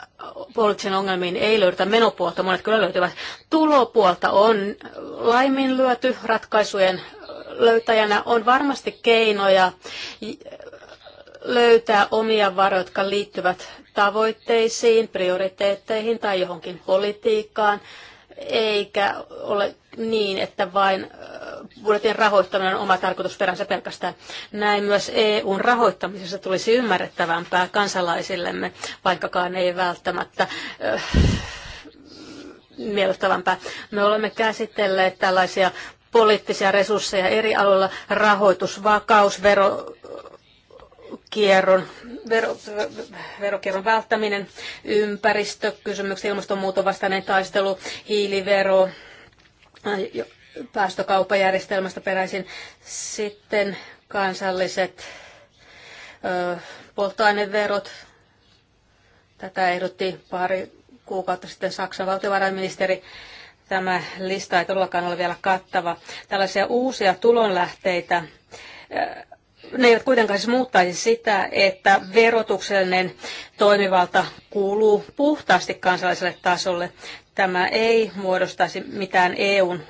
Speaker 2: poliittisiin ongelmiin ei löydetä menopuolta, monet kyllä löytyvät. Tulopuolta on laiminlyöty ratkaisujen löytäjänä. On varmasti keinoja löytää omia varoja, jotka liittyvät tavoitteisiin, prioriteetteihin tai johonkin politiikkaan, eikä ole niin, että vain budjetin rahoittaminen on oma tarkoitusperänsä pelkästään. Näin myös EUn rahoittamisessa tulisi ymmärrettävämpää kansalaisillemme, vaikkakaan ei välttämättä äh, miellyttävämpää. Me olemme käsitelleet tällaisia poliittisia resursseja eri aloilla, rahoitusvakaus, vero, kierron, vero, verokierron välttäminen, ympäristökysymykset, ilmastonmuuton vastainen taistelu, hiilivero, äh, päästökauppajärjestelmästä peräisin, sitten kansalliset ö, polttoaineverot. Tätä ehdotti pari kuukautta sitten Saksan valtiovarainministeri. Tämä lista ei todellakaan ole vielä kattava. Tällaisia uusia tulonlähteitä ö, ne eivät kuitenkaan siis muuttaisi sitä, että verotuksellinen toimivalta kuuluu puhtaasti kansalliselle tasolle. Tämä ei muodostaisi mitään EUn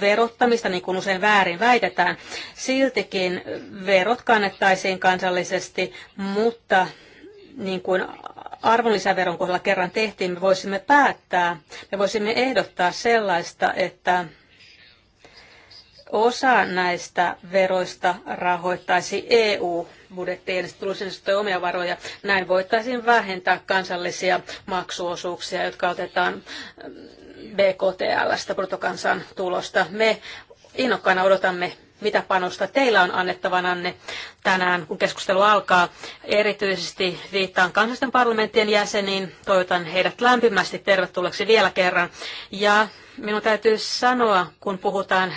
Speaker 2: verottamista, niin kuin usein väärin väitetään. Siltikin verot kannettaisiin kansallisesti, mutta niin kuin arvonlisäveron kohdalla kerran tehtiin, me voisimme päättää, me voisimme ehdottaa sellaista, että Osa näistä veroista rahoittaisi EU-budjettiin, ja niin tulisi sitten omia varoja. Näin voitaisiin vähentää kansallisia maksuosuuksia, jotka otetaan mm, BKTLstä, brutokansan tulosta. Me innokkaana odotamme mitä panosta teillä on annettavananne tänään, kun keskustelu alkaa. Erityisesti viittaan kansallisten parlamenttien jäseniin. Toivotan heidät lämpimästi tervetulleeksi vielä kerran. Ja minun täytyy sanoa, kun puhutaan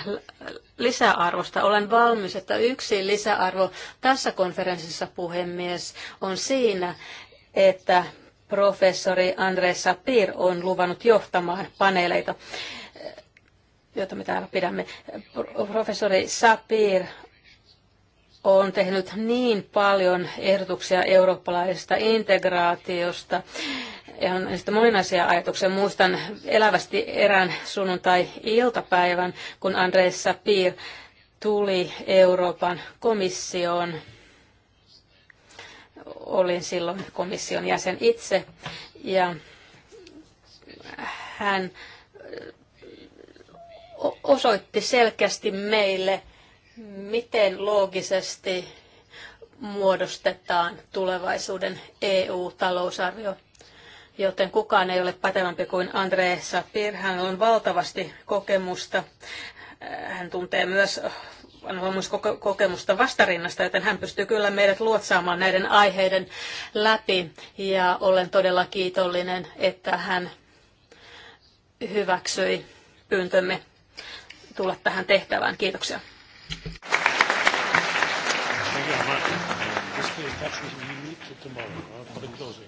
Speaker 2: lisäarvosta. Olen valmis, että yksi lisäarvo tässä konferenssissa, puhemies, on siinä, että professori Andre Sapir on luvannut johtamaan paneeleita, joita me täällä pidämme. Professori Sapir on tehnyt niin paljon ehdotuksia eurooppalaisesta integraatiosta ihan sitä moninaisia ajatuksia. Muistan elävästi erään sunnuntai-iltapäivän, kun Andres Sapir tuli Euroopan komissioon. Olin silloin komission jäsen itse ja hän osoitti selkeästi meille, miten loogisesti muodostetaan tulevaisuuden EU-talousarvio joten kukaan ei ole pätevämpi kuin André Sapir. Hän on valtavasti kokemusta. Hän tuntee myös kokemusta vastarinnasta, joten hän pystyy kyllä meidät luotsaamaan näiden aiheiden läpi. Ja olen todella kiitollinen, että hän hyväksyi pyyntömme tulla tähän tehtävään. Kiitoksia. Thank
Speaker 3: you very much. tomorrow uh, for the closing.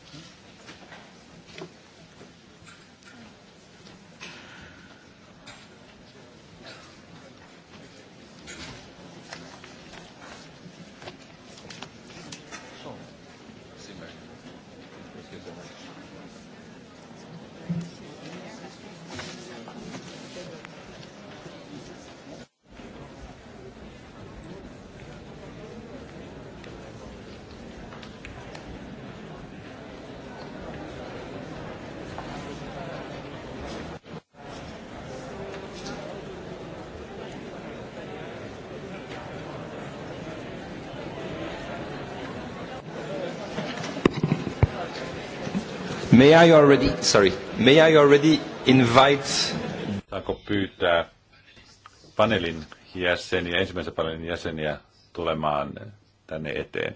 Speaker 1: May I already, sorry, may I already invite... Saanko pyytää paneelin jäseniä, ensimmäisen paneelin jäseniä tulemaan tänne eteen?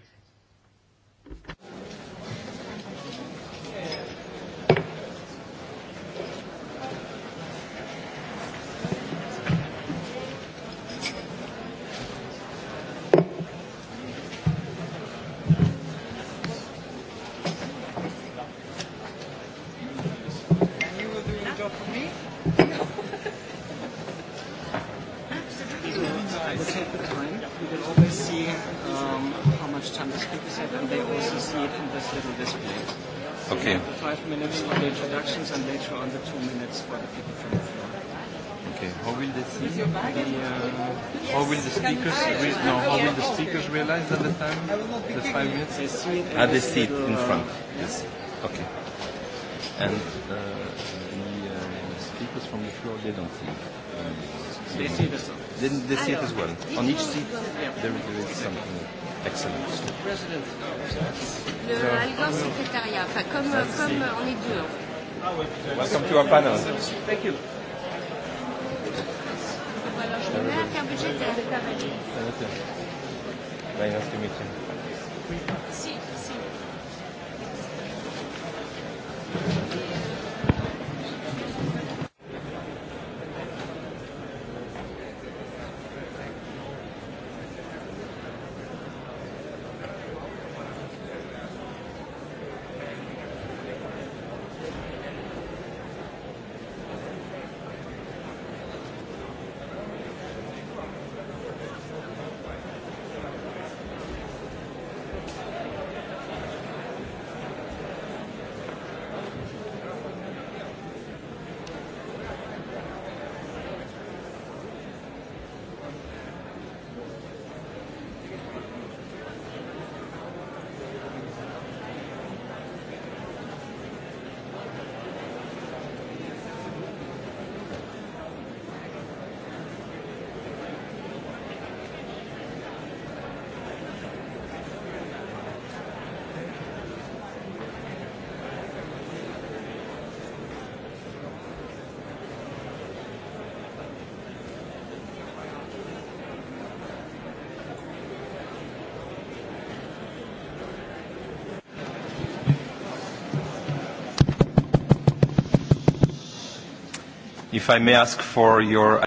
Speaker 1: if I may ask for your...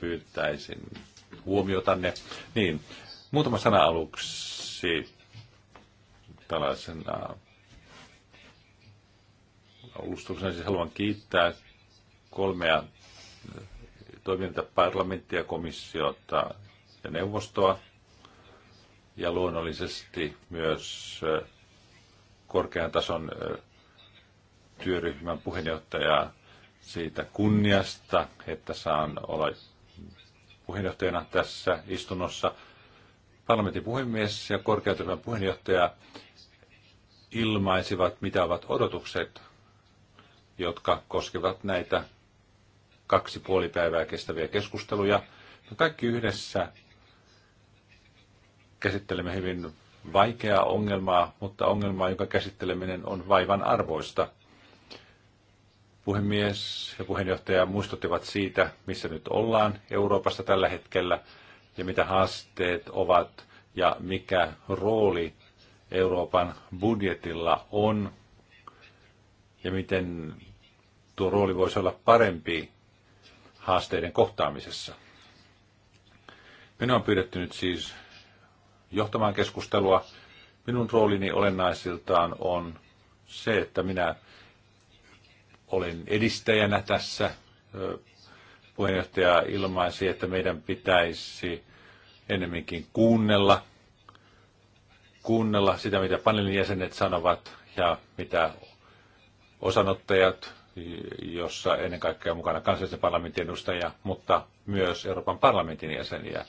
Speaker 1: Pyytäisin huomiotanne. Niin, muutama sana aluksi tällaisena alustuksena siis haluan kiittää kolmea toimintaparlamenttia, komissiota ja neuvostoa ja luonnollisesti myös eh, korkean tason eh, työryhmän puheenjohtajaa siitä kunniasta, että saan olla puheenjohtajana tässä istunnossa. Parlamentin puhemies ja korkeatyöryhmän puheenjohtaja ilmaisivat, mitä ovat odotukset, jotka koskevat näitä kaksi puoli päivää kestäviä keskusteluja. Me kaikki yhdessä käsittelemme hyvin vaikeaa ongelmaa, mutta ongelmaa, jonka käsitteleminen on vaivan arvoista – Puhemies ja puheenjohtaja muistuttivat siitä, missä nyt ollaan Euroopassa tällä hetkellä ja mitä haasteet ovat ja mikä rooli Euroopan budjetilla on ja miten tuo rooli voisi olla parempi haasteiden kohtaamisessa. Minua on pyydetty nyt siis johtamaan keskustelua. Minun roolini olennaisiltaan on se, että minä olen edistäjänä tässä. Puheenjohtaja ilmaisi, että meidän pitäisi ennemminkin kuunnella, kuunnella sitä, mitä paneelin jäsenet sanovat ja mitä osanottajat, jossa ennen kaikkea mukana kansallisen parlamentin edustajia, mutta myös Euroopan parlamentin jäseniä,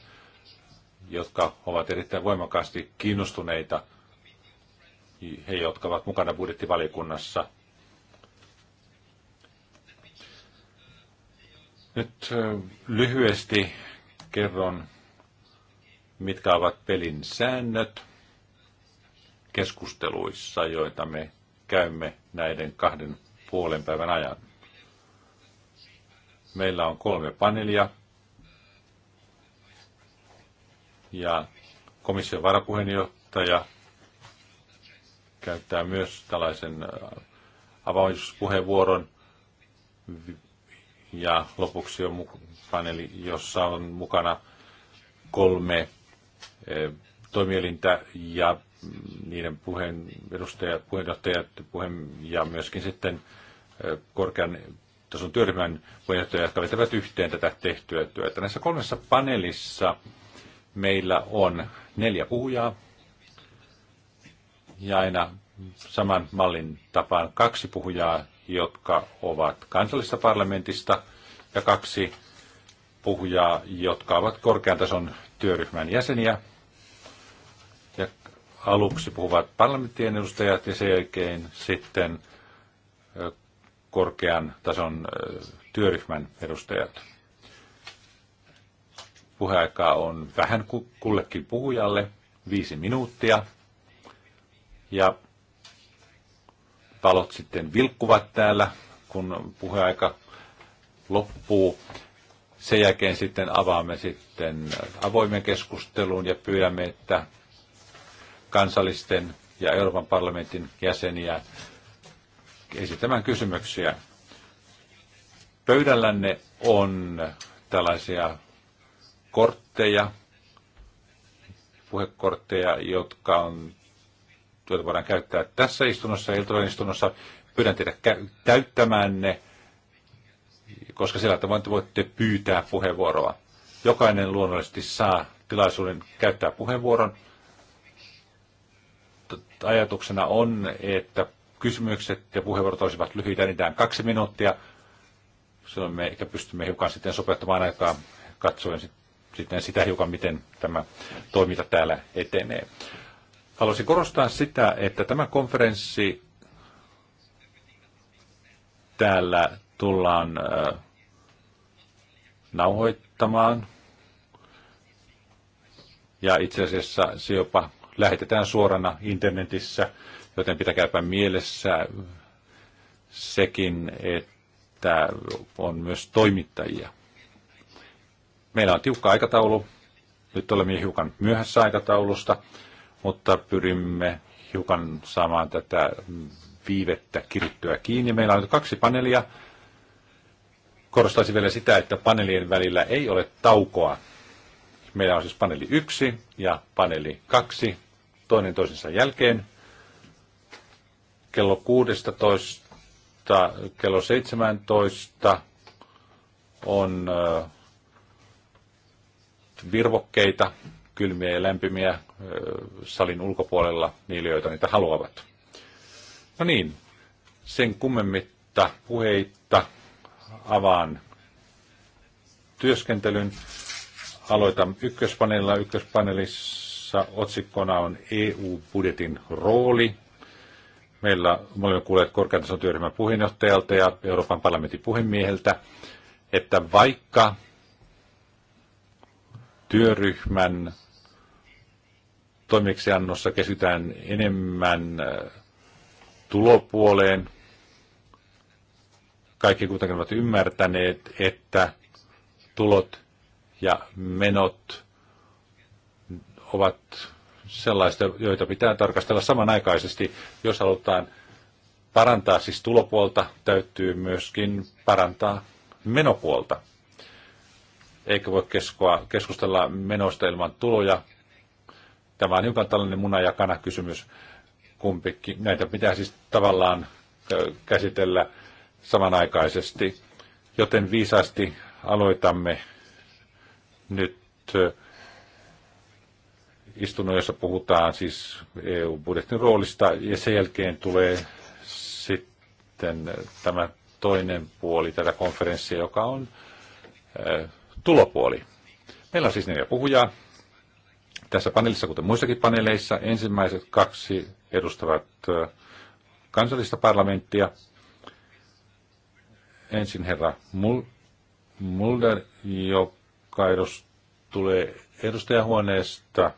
Speaker 1: jotka ovat erittäin voimakkaasti kiinnostuneita, he, jotka ovat mukana budjettivalikunnassa, Nyt lyhyesti kerron, mitkä ovat pelin säännöt keskusteluissa, joita me käymme näiden kahden puolen päivän ajan. Meillä on kolme panelia ja komission varapuheenjohtaja käyttää myös tällaisen avauspuheenvuoron ja lopuksi on paneeli, jossa on mukana kolme e, toimielintä ja niiden puheen, edustajat, puheenjohtajat puheen, ja myöskin sitten e, korkean tason työryhmän puheenjohtajat, jotka vetävät yhteen tätä tehtyä työtä. Näissä kolmessa paneelissa meillä on neljä puhujaa ja aina saman mallin tapaan kaksi puhujaa jotka ovat kansallisesta parlamentista, ja kaksi puhujaa, jotka ovat korkean tason työryhmän jäseniä. Ja aluksi puhuvat parlamenttien edustajat ja sen jälkeen sitten korkean tason työryhmän edustajat. Puheaikaa on vähän kullekin puhujalle, viisi minuuttia. Ja talot sitten vilkkuvat täällä, kun puheaika loppuu. Sen jälkeen sitten avaamme sitten avoimen keskustelun ja pyydämme, että kansallisten ja Euroopan parlamentin jäseniä esittämään kysymyksiä. Pöydällänne on tällaisia kortteja, puhekortteja, jotka on joita voidaan käyttää tässä istunnossa ja iltapäivän istunnossa. Pyydän teitä täyttämään ne, koska sillä tavalla te voitte pyytää puheenvuoroa. Jokainen luonnollisesti saa tilaisuuden käyttää puheenvuoron. Ajatuksena on, että kysymykset ja puheenvuorot olisivat lyhyitä, enintään kaksi minuuttia. Silloin me ehkä pystymme hiukan sitten sopeuttamaan aikaa katsoen sitten sitä hiukan, miten tämä toiminta täällä etenee. Haluaisin korostaa sitä, että tämä konferenssi täällä tullaan nauhoittamaan. Ja itse asiassa se jopa lähetetään suorana internetissä, joten pitäkääpä mielessä sekin, että on myös toimittajia. Meillä on tiukka aikataulu. Nyt olemme hiukan myöhässä aikataulusta mutta pyrimme hiukan saamaan tätä viivettä kirittyä kiinni. Meillä on nyt kaksi paneelia. Korostaisin vielä sitä, että paneelien välillä ei ole taukoa. Meillä on siis paneeli 1 ja paneeli 2 toinen toisensa jälkeen. Kello 16, kello 17 on virvokkeita kylmiä ja lämpimiä salin ulkopuolella niille, joita niitä haluavat. No niin, sen kummemmitta puheitta avaan työskentelyn. Aloitan ykköspaneelilla. Ykköspaneelissa otsikkona on EU-budjetin rooli. Meillä me olemme kuulleet korkeatason työryhmän puheenjohtajalta ja Euroopan parlamentin puhemieheltä, että vaikka työryhmän toimeksiannossa keskitytään enemmän äh, tulopuoleen. Kaikki kuitenkin ovat ymmärtäneet, että tulot ja menot ovat sellaista, joita pitää tarkastella samanaikaisesti. Jos halutaan parantaa siis tulopuolta, täytyy myöskin parantaa menopuolta. Eikä voi keskoa, keskustella menoista ilman tuloja, Tämä on hiukan tällainen muna ja kana kysymys kumpikin. Näitä pitää siis tavallaan käsitellä samanaikaisesti, joten viisaasti aloitamme nyt istunnon, jossa puhutaan siis EU-budjetin roolista, ja sen jälkeen tulee sitten tämä toinen puoli tätä konferenssia, joka on tulopuoli. Meillä on siis neljä puhujaa, tässä paneelissa, kuten muissakin paneeleissa, ensimmäiset kaksi edustavat kansallista parlamenttia. Ensin herra Mulder, joka edus, tulee edustajahuoneesta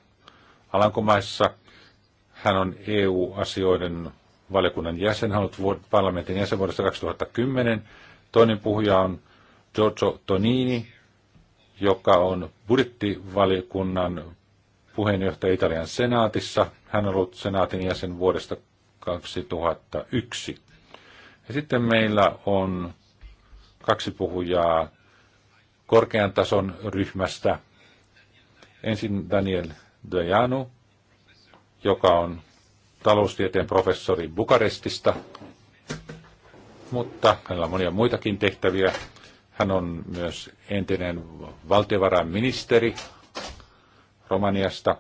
Speaker 1: Alankomaissa. Hän on EU-asioiden valiokunnan jäsen, hän on ollut parlamentin jäsen vuodesta 2010. Toinen puhuja on Giorgio Tonini, joka on budjettivaliokunnan puheenjohtaja Italian senaatissa. Hän on ollut senaatin jäsen vuodesta 2001. Ja sitten meillä on kaksi puhujaa korkean tason ryhmästä. Ensin Daniel Dejanu, joka on taloustieteen professori Bukarestista, mutta hänellä on monia muitakin tehtäviä. Hän on myös entinen valtiovarainministeri Romaniasta.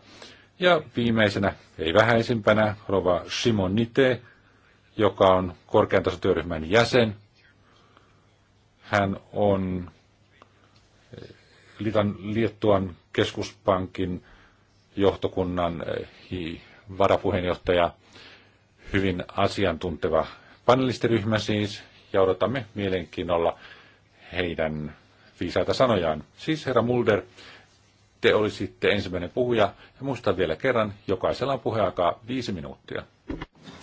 Speaker 1: Ja viimeisenä, ei vähäisimpänä, Rova Simonite, joka on korkean tasotyöryhmän jäsen. Hän on eh, Litan, Liettuan keskuspankin johtokunnan eh, varapuheenjohtaja, hyvin asiantunteva panelistiryhmä siis, ja odotamme mielenkiinnolla heidän viisaita sanojaan. Siis herra Mulder, te olisitte ensimmäinen puhuja. Ja muista vielä kerran, jokaisella on puheaikaa viisi minuuttia.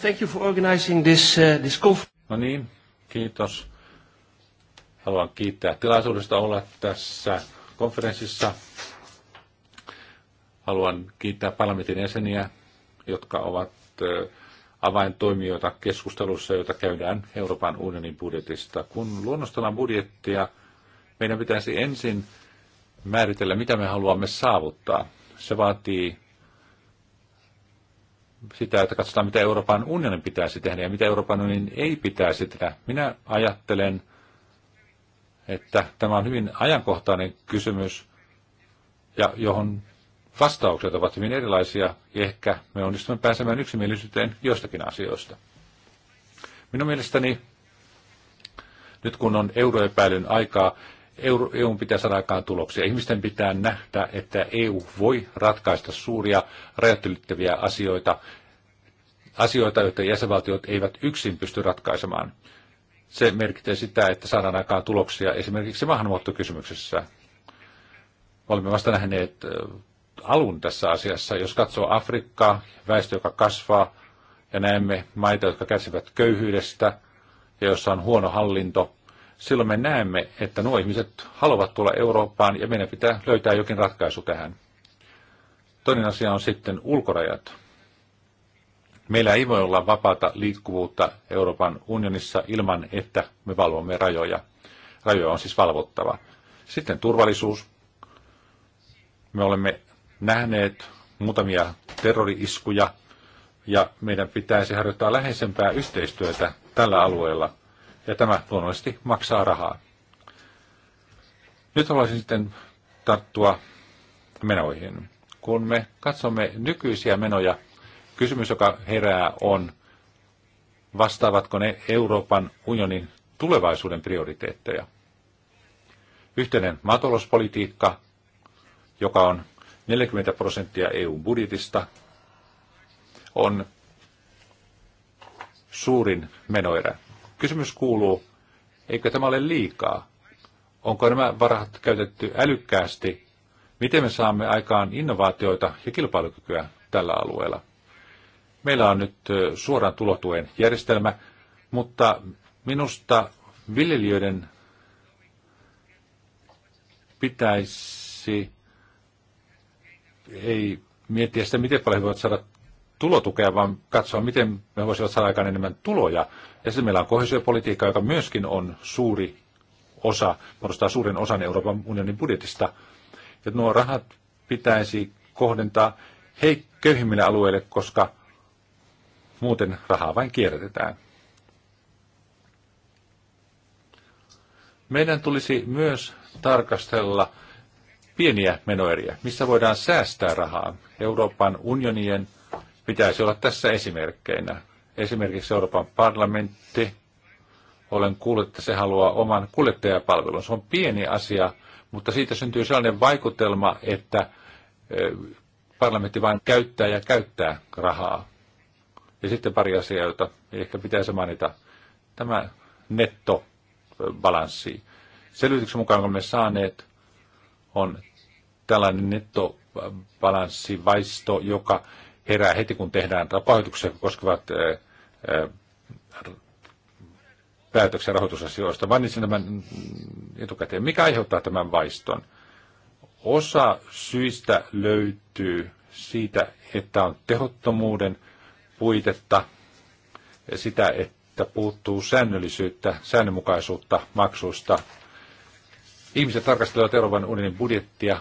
Speaker 3: Thank you for organizing this, uh, this conference. No niin,
Speaker 1: kiitos. Haluan kiittää tilaisuudesta olla tässä konferenssissa. Haluan kiittää parlamentin jäseniä, jotka ovat avaintoimijoita keskustelussa, jota käydään Euroopan unionin budjetista. Kun luonnostellaan budjettia, meidän pitäisi ensin määritellä, mitä me haluamme saavuttaa. Se vaatii sitä, että katsotaan, mitä Euroopan unionin pitäisi tehdä ja mitä Euroopan unionin ei pitäisi tehdä. Minä ajattelen, että tämä on hyvin ajankohtainen kysymys, ja johon vastaukset ovat hyvin erilaisia, ja ehkä me onnistumme pääsemään yksimielisyyteen joistakin asioista. Minun mielestäni, nyt kun on euroepäilyn aikaa, Euro, EUn pitää saada aikaan tuloksia. Ihmisten pitää nähdä, että EU voi ratkaista suuria rajat asioita, asioita, joita jäsenvaltiot eivät yksin pysty ratkaisemaan. Se merkitsee sitä, että saadaan aikaan tuloksia esimerkiksi maahanmuuttokysymyksessä. Olemme vasta nähneet alun tässä asiassa. Jos katsoo Afrikkaa, väestö, joka kasvaa, ja näemme maita, jotka kärsivät köyhyydestä ja jossa on huono hallinto, silloin me näemme, että nuo ihmiset haluavat tulla Eurooppaan ja meidän pitää löytää jokin ratkaisu tähän. Toinen asia on sitten ulkorajat. Meillä ei voi olla vapaata liikkuvuutta Euroopan unionissa ilman, että me valvomme rajoja. Rajoja on siis valvottava. Sitten turvallisuus. Me olemme nähneet muutamia terroriiskuja ja meidän pitäisi harjoittaa läheisempää yhteistyötä tällä alueella – ja tämä luonnollisesti maksaa rahaa. Nyt haluaisin sitten tarttua menoihin. Kun me katsomme nykyisiä menoja, kysymys, joka herää, on, vastaavatko ne Euroopan unionin tulevaisuuden prioriteetteja. Yhteinen maatalouspolitiikka, joka on 40 prosenttia EU-budjetista, on suurin menoerä. Kysymys kuuluu, eikö tämä ole liikaa? Onko nämä varat käytetty älykkäästi? Miten me saamme aikaan innovaatioita ja kilpailukykyä tällä alueella? Meillä on nyt suoran tulotuen järjestelmä, mutta minusta viljelijöiden pitäisi ei miettiä sitä, miten paljon he voivat saada tulotukea, vaan katsoa, miten me voisivat saada aikaan enemmän tuloja. Ja sitten meillä on kohesiopolitiikka, joka myöskin on suuri osa, muodostaa suuren osan Euroopan unionin budjetista. Ja nuo rahat pitäisi kohdentaa köyhimmille alueille, koska muuten rahaa vain kierrätetään. Meidän tulisi myös tarkastella pieniä menoeriä, missä voidaan säästää rahaa. Euroopan unionien pitäisi olla tässä esimerkkeinä. Esimerkiksi Euroopan parlamentti, olen kuullut, että se haluaa oman kuljettajapalvelun. Se on pieni asia, mutta siitä syntyy sellainen vaikutelma, että parlamentti vain käyttää ja käyttää rahaa. Ja sitten pari asiaa, joita ehkä pitäisi mainita. Tämä nettobalanssi. Selvityksen mukaan, kun me saaneet, on tällainen nettobalanssivaisto, joka herää heti, kun tehdään rapahoituksia koskevat päätöksen rahoitusasioista. Mainitsin tämän etukäteen. Mikä aiheuttaa tämän vaiston? Osa syistä löytyy siitä, että on tehottomuuden puitetta, sitä, että puuttuu säännöllisyyttä, säännönmukaisuutta maksuista. Ihmiset tarkastelevat Euroopan unionin budjettia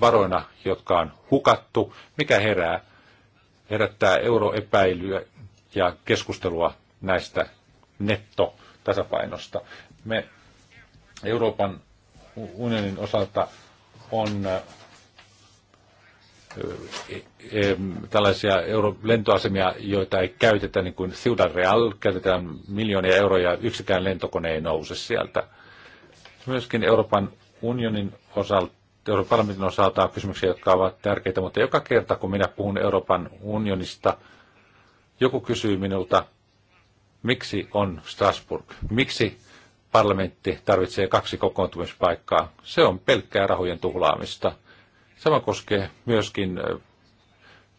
Speaker 1: varoina, jotka on hukattu, mikä herää herättää euroepäilyä ja keskustelua näistä nettotasapainosta. Me Euroopan unionin osalta on e- tällaisia euro- lentoasemia, joita ei käytetä, niin kuin Ciudad Real, käytetään miljoonia euroja, yksikään lentokone ei nouse sieltä. Myöskin Euroopan unionin osalta Euroopan parlamentin osalta kysymyksiä, jotka ovat tärkeitä, mutta joka kerta kun minä puhun Euroopan unionista, joku kysyy minulta, miksi on Strasbourg, miksi parlamentti tarvitsee kaksi kokoontumispaikkaa. Se on pelkkää rahojen tuhlaamista. Sama koskee myöskin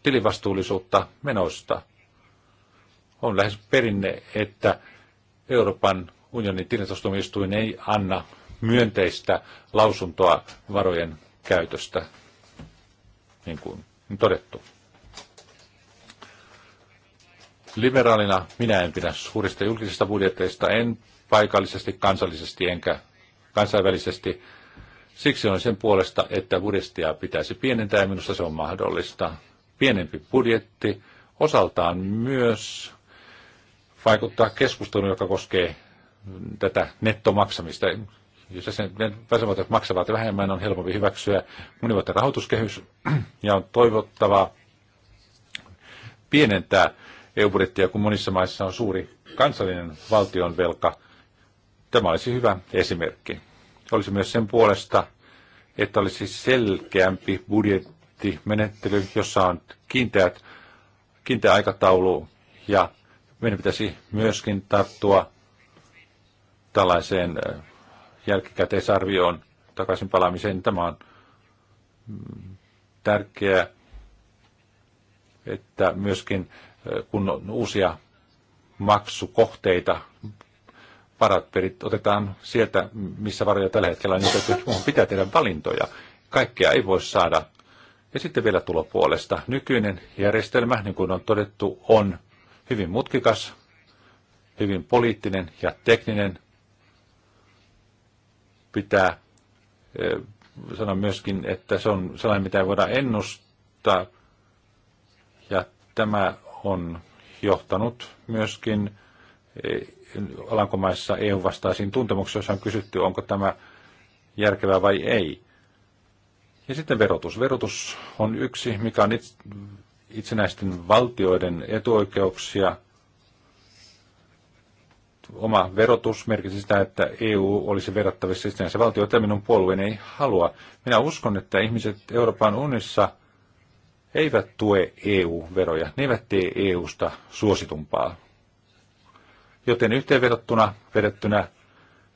Speaker 1: tilivastuullisuutta menoista. On lähes perinne, että Euroopan unionin tilintostumistuin ei anna myönteistä lausuntoa varojen käytöstä, niin kuin todettu. Liberaalina minä en pidä suurista julkisista budjeteista, en paikallisesti, kansallisesti enkä kansainvälisesti. Siksi on sen puolesta, että budjettia pitäisi pienentää ja minusta se on mahdollista. Pienempi budjetti osaltaan myös vaikuttaa keskusteluun, joka koskee tätä nettomaksamista jos jäsenvaltiot maksavat vähemmän, on helpompi hyväksyä monivuotinen rahoituskehys ja on toivottavaa pienentää EU-budjettia, kun monissa maissa on suuri kansallinen valtion velka. Tämä olisi hyvä esimerkki. Olisi myös sen puolesta, että olisi selkeämpi budjettimenettely, jossa on kiinteät, kiinteä aikataulu ja meidän pitäisi myöskin tarttua tällaiseen äh, jälkikäteisarvioon takaisin palaamiseen. Niin tämä on mm, tärkeää, että myöskin kun on uusia maksukohteita, varat perit, otetaan sieltä, missä varoja tällä hetkellä on, niin pitää tehdä valintoja. Kaikkea ei voi saada. Ja sitten vielä tulopuolesta. Nykyinen järjestelmä, niin kuin on todettu, on hyvin mutkikas, hyvin poliittinen ja tekninen, pitää sanoa myöskin, että se on sellainen, mitä ei voida ennustaa. Ja tämä on johtanut myöskin e, Alankomaissa EU-vastaisiin tuntemuksiin, joissa on kysytty, onko tämä järkevää vai ei. Ja sitten verotus. Verotus on yksi, mikä on itsenäisten valtioiden etuoikeuksia – oma verotus merkitsi sitä, että EU olisi verrattavissa itseänsä valtio, jota minun puolueeni ei halua. Minä uskon, että ihmiset Euroopan unissa eivät tue EU-veroja, ne eivät tee EUsta suositumpaa. Joten yhteenvedottuna vedettynä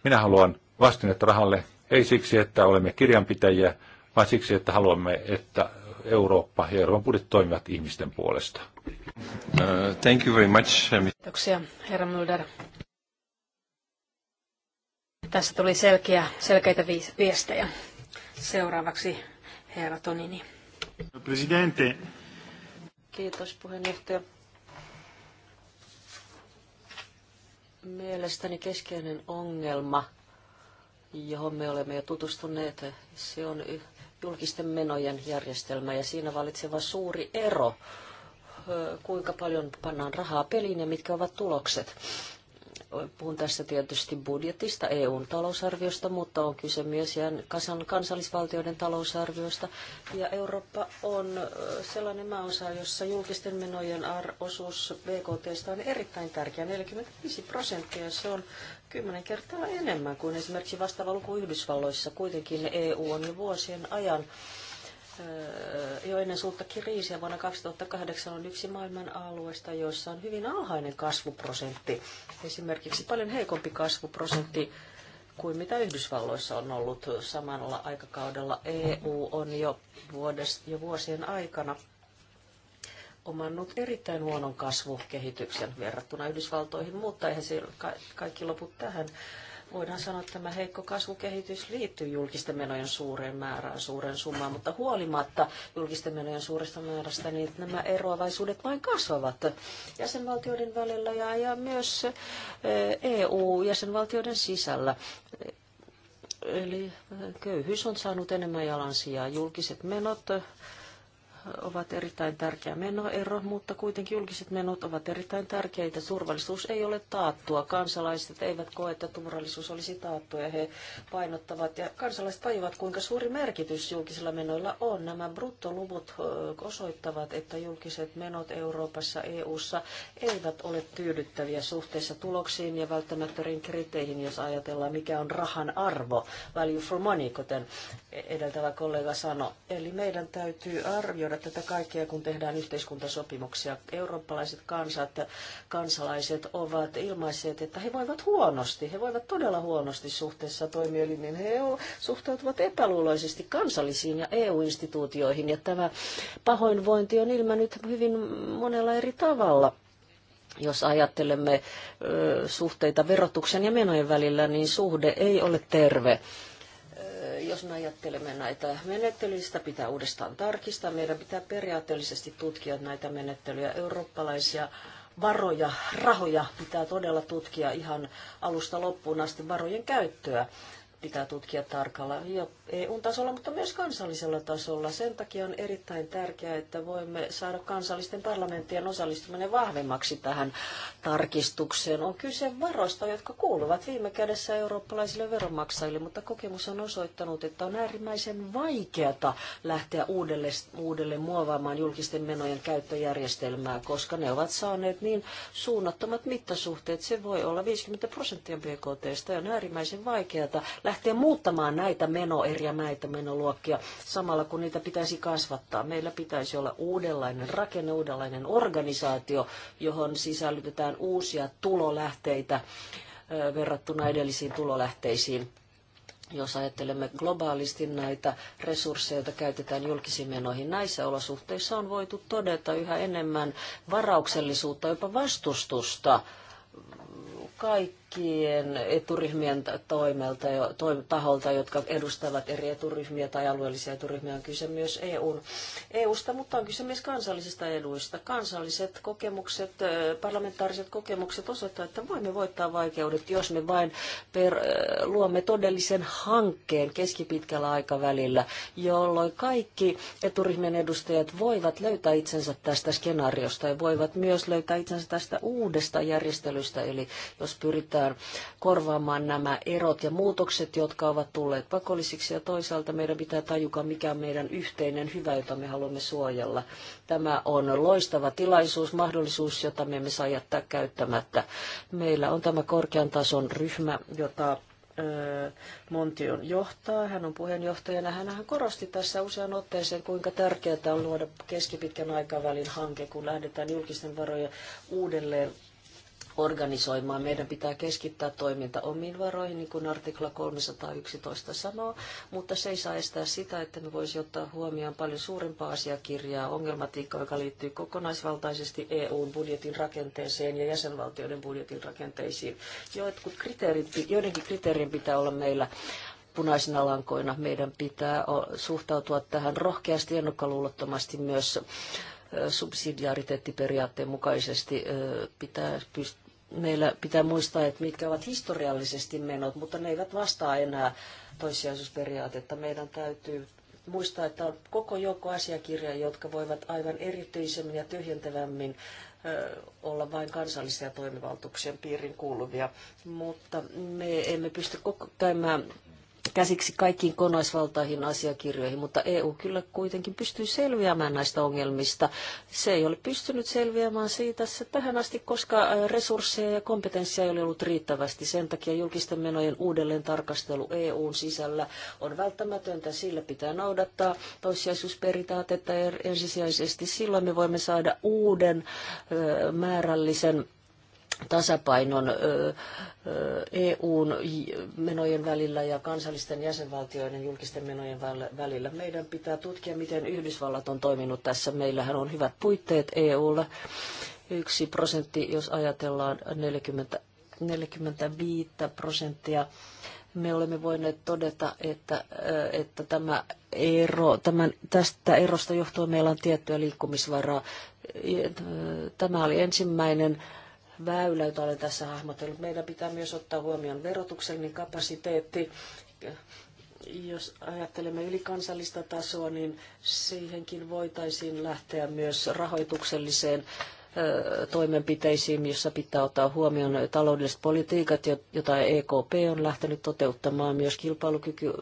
Speaker 1: minä haluan vastinetta rahalle, ei siksi, että olemme kirjanpitäjiä, vaan siksi, että haluamme, että Eurooppa ja Euroopan budjet toimivat ihmisten puolesta. Uh, thank you very much. Uh,
Speaker 2: Kiitoksia, herra Mulder. Tässä tuli selkeä, selkeitä viestejä.
Speaker 4: Seuraavaksi herra Tonini.
Speaker 1: Presidente.
Speaker 4: Kiitos puheenjohtaja. Mielestäni keskeinen ongelma, johon me olemme jo tutustuneet, se on julkisten menojen järjestelmä ja siinä valitseva suuri ero, kuinka paljon pannaan rahaa peliin ja mitkä ovat tulokset. Puhun tässä tietysti budjetista, EUn talousarviosta, mutta on kyse myös kasan kansallisvaltioiden talousarvioista. Ja Eurooppa on sellainen maaosa, jossa julkisten menojen osuus BKT on erittäin tärkeä, 45 prosenttia. Se on kymmenen kertaa enemmän kuin esimerkiksi vastaava luku Yhdysvalloissa. Kuitenkin EU on jo vuosien ajan jo ennen suurta kriisiä vuonna 2008 on yksi maailman alueesta, jossa on hyvin alhainen kasvuprosentti. Esimerkiksi paljon heikompi kasvuprosentti kuin mitä Yhdysvalloissa on ollut samalla aikakaudella. EU on jo, vuodest, jo vuosien aikana omannut erittäin huonon kasvukehityksen verrattuna Yhdysvaltoihin, mutta eihän se kaikki lopu tähän. Voidaan sanoa, että tämä heikko kasvukehitys liittyy julkisten menojen suureen määrään, suureen summaan, mutta huolimatta julkisten menojen suuresta määrästä, niin nämä eroavaisuudet vain kasvavat jäsenvaltioiden välillä ja, ja myös EU-jäsenvaltioiden eh, e sisällä. Eli eh, köyhyys on saanut enemmän jalansijaa. Julkiset menot ovat erittäin tärkeä menoero, mutta kuitenkin julkiset menot ovat erittäin tärkeitä. Turvallisuus ei ole taattua. Kansalaiset eivät koe, että turvallisuus olisi taattua ja he painottavat. Ja kansalaiset tajuvat, kuinka suuri merkitys julkisilla menoilla on. Nämä bruttoluvut osoittavat, että julkiset menot Euroopassa, EU:ssa eivät ole tyydyttäviä suhteessa tuloksiin ja välttämättömiin kriteihin, jos ajatellaan, mikä on rahan arvo, value for money, kuten e-, edeltävä kollega sanoi. Eli meidän täytyy arvioida huomioida tätä kaikkea, kun tehdään yhteiskuntasopimuksia. Eurooppalaiset kansat, kansalaiset ovat ilmaisseet, että he voivat huonosti, he voivat todella huonosti suhteessa toimielimiin. He suhtautuvat epäluuloisesti kansallisiin ja EU-instituutioihin, ja tämä pahoinvointi on ilmennyt hyvin monella eri tavalla jos ajattelemme suhteita verotuksen ja menojen välillä, niin suhde ei ole terve jos me ajattelemme näitä menettelyistä, pitää uudestaan tarkistaa. Meidän pitää periaatteellisesti tutkia näitä menettelyjä. Eurooppalaisia varoja, rahoja pitää todella tutkia ihan alusta loppuun asti varojen käyttöä pitää tutkia tarkalla ja EU-tasolla, mutta myös kansallisella tasolla. Sen takia on erittäin tärkeää, että voimme saada kansallisten parlamenttien osallistuminen vahvemmaksi tähän tarkistukseen. On kyse varoista, jotka kuuluvat viime kädessä eurooppalaisille veronmaksajille, mutta kokemus on osoittanut, että on äärimmäisen vaikeata lähteä uudelle, uudelle muovaamaan julkisten menojen käyttöjärjestelmää, koska ne ovat saaneet niin suunnattomat mittasuhteet. Se voi olla 50 prosenttia BKTstä ja on äärimmäisen vaikeata lähteä lähteä muuttamaan näitä menoeriä, näitä menoluokkia, samalla kun niitä pitäisi kasvattaa. Meillä pitäisi olla uudenlainen rakenne, uudenlainen organisaatio, johon sisällytetään uusia tulolähteitä verrattuna edellisiin tulolähteisiin jos ajattelemme globaalisti näitä resursseja, joita käytetään julkisiin menoihin, näissä olosuhteissa on voitu todeta yhä enemmän varauksellisuutta, jopa vastustusta kaikki kaikkien eturyhmien toimelta, toim taholta, jotka edustavat eri eturyhmiä tai alueellisia eturyhmiä, on kyse myös EUn, EUsta, mutta on kyse myös kansallisista eduista. Kansalliset kokemukset, parlamentaariset kokemukset osoittavat, että voimme voittaa vaikeudet, jos me vain per, luomme todellisen hankkeen keskipitkällä aikavälillä, jolloin kaikki eturyhmien edustajat voivat löytää itsensä tästä skenaariosta ja voivat myös löytää itsensä tästä uudesta järjestelystä, eli jos pyritään pystytään korvaamaan nämä erot ja muutokset, jotka ovat tulleet pakollisiksi. Ja toisaalta meidän pitää tajuka, mikä on meidän yhteinen hyvä, jota me haluamme suojella. Tämä on loistava tilaisuus, mahdollisuus, jota me emme saa jättää käyttämättä. Meillä on tämä korkean tason ryhmä, jota Montion johtaa. Hän on puheenjohtajana. Hän korosti tässä usean otteeseen, kuinka tärkeää on luoda keskipitkän aikavälin hanke, kun lähdetään julkisten varojen uudelleen organisoimaan. Meidän pitää keskittää toiminta omiin varoihin, niin kuin artikla 311 sanoo, mutta se ei saa estää sitä, että me voisi ottaa huomioon paljon suurempaa asiakirjaa, ongelmatiikkaa, joka liittyy kokonaisvaltaisesti EUn budjetin rakenteeseen ja jäsenvaltioiden budjetin rakenteisiin. Jotkut kriteerit, joidenkin kriteerin pitää olla meillä punaisina lankoina. Meidän pitää suhtautua tähän rohkeasti ja ennakkoluulottomasti myös subsidiariteettiperiaatteen mukaisesti pitää meillä pitää muistaa, että mitkä ovat historiallisesti menot, mutta ne eivät vastaa enää toissijaisuusperiaatetta. Meidän täytyy muistaa, että on koko joukko asiakirjoja, jotka voivat aivan erityisemmin ja tyhjentävämmin olla vain kansallisia toimivaltuuksien piirin kuuluvia, mutta me emme pysty koko käymään käsiksi kaikkiin konaisvaltaihin asiakirjoihin, mutta EU kyllä kuitenkin pystyy selviämään näistä ongelmista. Se ei ole pystynyt selviämään siitä se tähän asti, koska äh, resursseja ja kompetenssia ei ole ollut riittävästi. Sen takia julkisten menojen uudelleen tarkastelu EUn sisällä on välttämätöntä. Sillä pitää noudattaa toissijaisuusperiaatetta ensisijaisesti. Silloin me voimme saada uuden äh, määrällisen tasapainon EUn menojen välillä ja kansallisten jäsenvaltioiden julkisten menojen välillä. Meidän pitää tutkia, miten Yhdysvallat on toiminut tässä. Meillähän on hyvät puitteet EUlla. Yksi prosentti, jos ajatellaan 40, 45 prosenttia me olemme voineet todeta, että, että tämä ero, tämän, tästä erosta johtuen meillä on tiettyä liikkumisvaraa. Tämä oli ensimmäinen väylä, jota olen tässä hahmotellut. Meidän pitää myös ottaa huomioon verotuksellinen kapasiteetti. Jos ajattelemme ylikansallista tasoa, niin siihenkin voitaisiin lähteä myös rahoitukselliseen toimenpiteisiin, jossa pitää ottaa huomioon taloudelliset politiikat, joita EKP on lähtenyt toteuttamaan myös kilpailukyky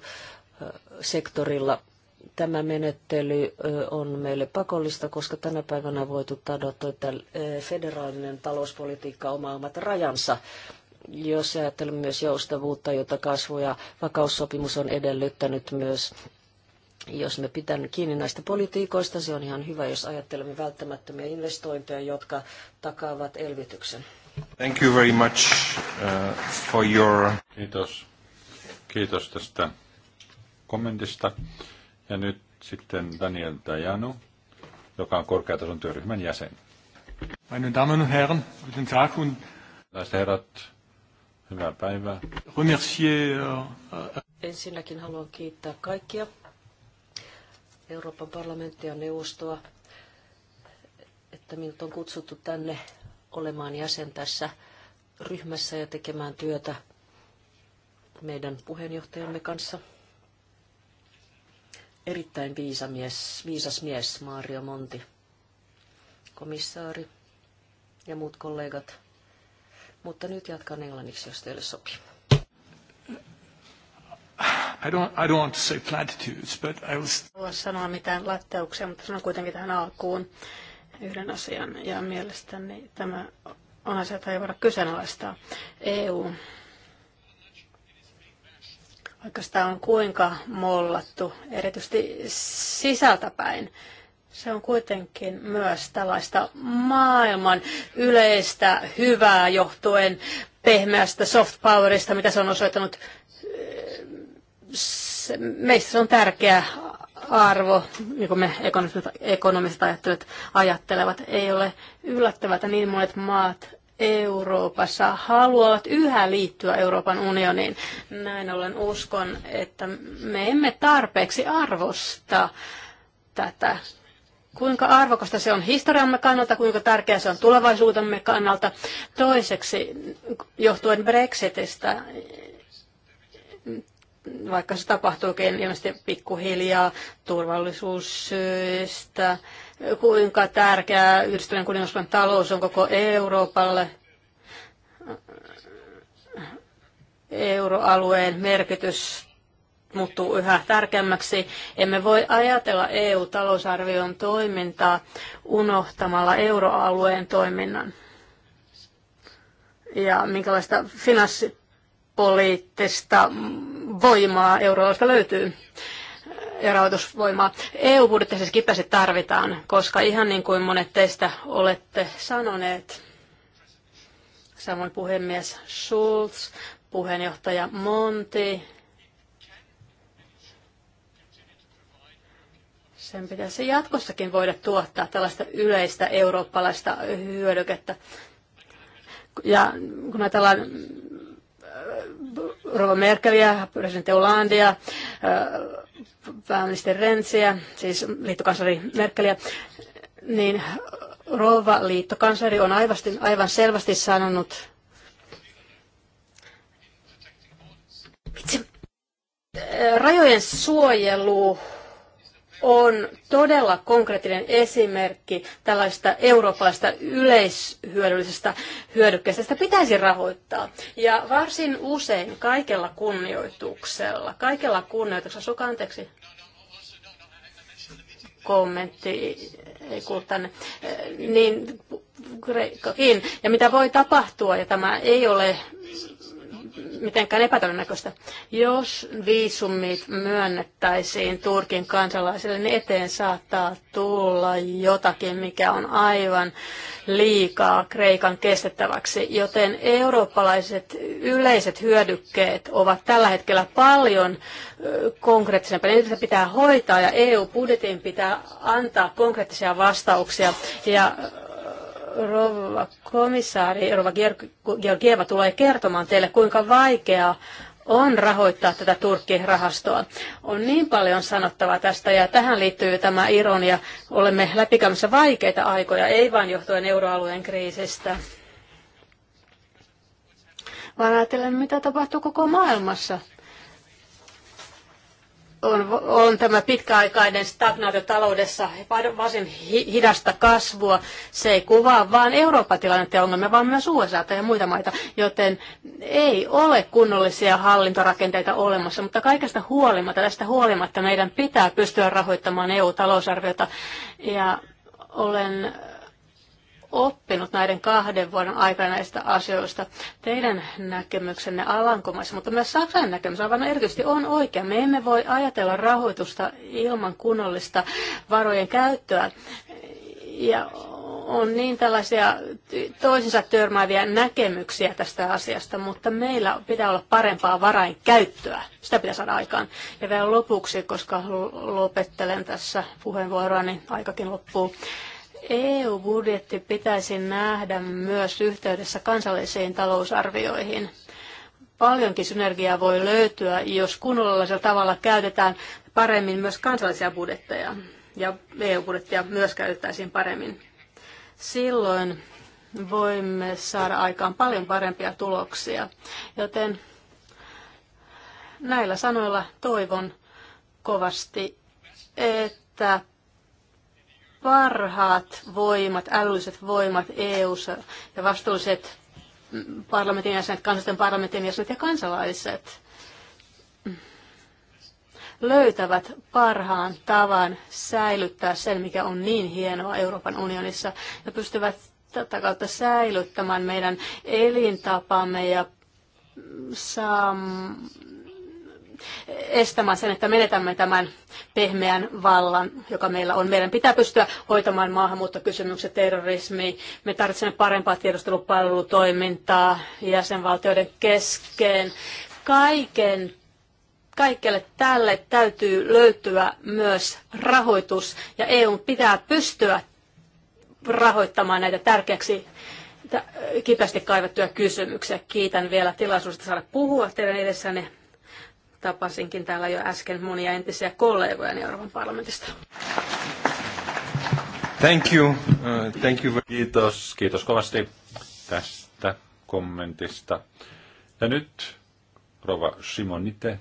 Speaker 4: sektorilla tämä menettely on meille pakollista, koska tänä päivänä voitu tadota, että federaalinen talouspolitiikka omaa omat rajansa. Jos ajattelemme myös joustavuutta, jota kasvu- ja vakaussopimus on edellyttänyt myös, jos me pitämme kiinni näistä politiikoista, se on ihan hyvä, jos ajattelemme välttämättömiä investointeja, jotka takaavat elvytyksen.
Speaker 3: Thank you very much uh,
Speaker 1: for your... Kiitos. Kiitos tästä kommentista. Ja nyt sitten Daniel Dajanu, joka on korkeatason työryhmän jäsen. Meine Damen und Herren, guten Tag und... Naiset herrat, hyvää päivää. Äh, äh,
Speaker 4: Ensinnäkin haluan kiittää kaikkia Euroopan parlamenttia ja neuvostoa, että minut on kutsuttu tänne olemaan jäsen tässä ryhmässä ja tekemään työtä meidän puheenjohtajamme kanssa – erittäin mies, viisas mies Mario Monti, komissaari ja muut kollegat. Mutta nyt jatkan englanniksi, jos teille sopii.
Speaker 3: I don't, I don't want to say platitudes, but I was...
Speaker 2: Haluan sanoa mitään latteuksia, mutta sanon kuitenkin tähän alkuun yhden asian. Ja mielestäni tämä on asia, jota ei voida kyseenalaistaa. EU vaikka sitä on kuinka mollattu, erityisesti sisältäpäin. Se on kuitenkin myös tällaista maailman yleistä hyvää johtuen pehmeästä soft powerista, mitä se on osoittanut. Meistä se on tärkeä arvo, niin kuin me ekonomiset, ekonomiset ajattelevat, ajattelevat, ei ole yllättävää, että niin monet maat Euroopassa haluavat yhä liittyä Euroopan unioniin. Näin ollen uskon, että me emme tarpeeksi arvosta tätä. Kuinka arvokasta se on historiamme kannalta, kuinka tärkeää se on tulevaisuutemme kannalta. Toiseksi, johtuen Brexitistä, vaikka se tapahtuukin ilmeisesti pikkuhiljaa turvallisuussyistä, kuinka tärkeä yhdistyneen kuningaskunnan talous on koko Euroopalle, euroalueen merkitys muuttuu yhä tärkeämmäksi. Emme voi ajatella EU-talousarvion toimintaa unohtamalla euroalueen toiminnan ja minkälaista finanssipoliittista voimaa euroalueesta löytyy ja rahoitusvoimaa. EU-budjetti siis kipeästi tarvitaan, koska ihan niin kuin monet teistä olette sanoneet, samoin puhemies Schulz, puheenjohtaja Monti, sen pitäisi jatkossakin voida tuottaa tällaista yleistä eurooppalaista hyödykettä. Ja kun ajatellaan Rova Merkelia, presidentti Hollandia, äh, pääministeri Rensiä, siis liittokansleri Merkeliä, niin Rova liittokansleri on aivan selvästi sanonut, Rajojen suojelu on todella konkreettinen esimerkki tällaista eurooppalaista yleishyödyllisestä hyödykkeestä. Sitä pitäisi rahoittaa. Ja varsin usein kaikella kunnioituksella, kaikella kunnioituksella, suka anteeksi, kommentti, ei kuulu tänne, niin Ja mitä voi tapahtua, ja tämä ei ole mitenkään epätodennäköistä. Jos viisumit myönnettäisiin Turkin kansalaisille, niin eteen saattaa tulla jotakin, mikä on aivan liikaa Kreikan kestettäväksi. Joten eurooppalaiset yleiset hyödykkeet ovat tällä hetkellä paljon konkreettisempia. Niitä pitää hoitaa ja EU-budjetin pitää antaa konkreettisia vastauksia ja rouva komissaari, rouva Georgieva tulee kertomaan teille, kuinka vaikeaa on rahoittaa tätä Turkki-rahastoa. On niin paljon sanottavaa tästä ja tähän liittyy tämä ironia. Olemme läpikäymässä vaikeita aikoja, ei vain johtuen euroalueen kriisistä. Vaan ajatellen, mitä tapahtuu koko maailmassa – on, on tämä pitkäaikainen stagnaatio taloudessa, varsin hidasta kasvua. Se ei kuvaa vain Euroopan tilannetta ja ongelmia, vaan myös USA ja muita maita, joten ei ole kunnollisia hallintorakenteita olemassa. Mutta kaikesta huolimatta, tästä huolimatta meidän pitää pystyä rahoittamaan EU-talousarviota. Ja olen oppinut näiden kahden vuoden aikana näistä asioista. Teidän näkemyksenne Alankomaissa, mutta myös Saksan näkemys aivan erityisesti on oikea. Me emme voi ajatella rahoitusta ilman kunnollista varojen käyttöä. Ja on niin tällaisia toisinsa törmääviä näkemyksiä tästä asiasta, mutta meillä pitää olla parempaa käyttöä. Sitä pitää saada aikaan. Ja vielä lopuksi, koska lopettelen tässä puheenvuoroa, niin aikakin loppuu. EU-budjetti pitäisi nähdä myös yhteydessä kansallisiin talousarvioihin. Paljonkin synergiaa voi löytyä, jos kunnollisella tavalla käytetään paremmin myös kansallisia budjetteja ja EU-budjettia myös käytettäisiin paremmin. Silloin voimme saada aikaan paljon parempia tuloksia. Joten näillä sanoilla toivon kovasti, että parhaat voimat, älylliset voimat eu ja vastuulliset parlamentin jäsenet, kansallisten parlamentin jäsenet ja kansalaiset löytävät parhaan tavan säilyttää sen, mikä on niin hienoa Euroopan unionissa ja pystyvät tätä kautta säilyttämään meidän elintapamme ja saamme estämään sen, että menetämme tämän pehmeän vallan, joka meillä on. Meidän pitää pystyä hoitamaan maahanmuuttokysymykset, terrorismi. Me tarvitsemme parempaa tiedustelupalvelutoimintaa jäsenvaltioiden kesken. Kaiken kaikelle tälle täytyy löytyä myös rahoitus ja EU pitää pystyä rahoittamaan näitä tärkeäksi kipeästi kaivattuja kysymyksiä. Kiitän vielä tilaisuudesta saada puhua teidän edessänne Tapasinkin täällä jo äsken monia entisiä kollegoja Euroopan parlamentista.
Speaker 3: Thank you. Uh, thank you.
Speaker 1: Kiitos, kiitos kovasti tästä kommentista. Ja nyt Rova Simonite.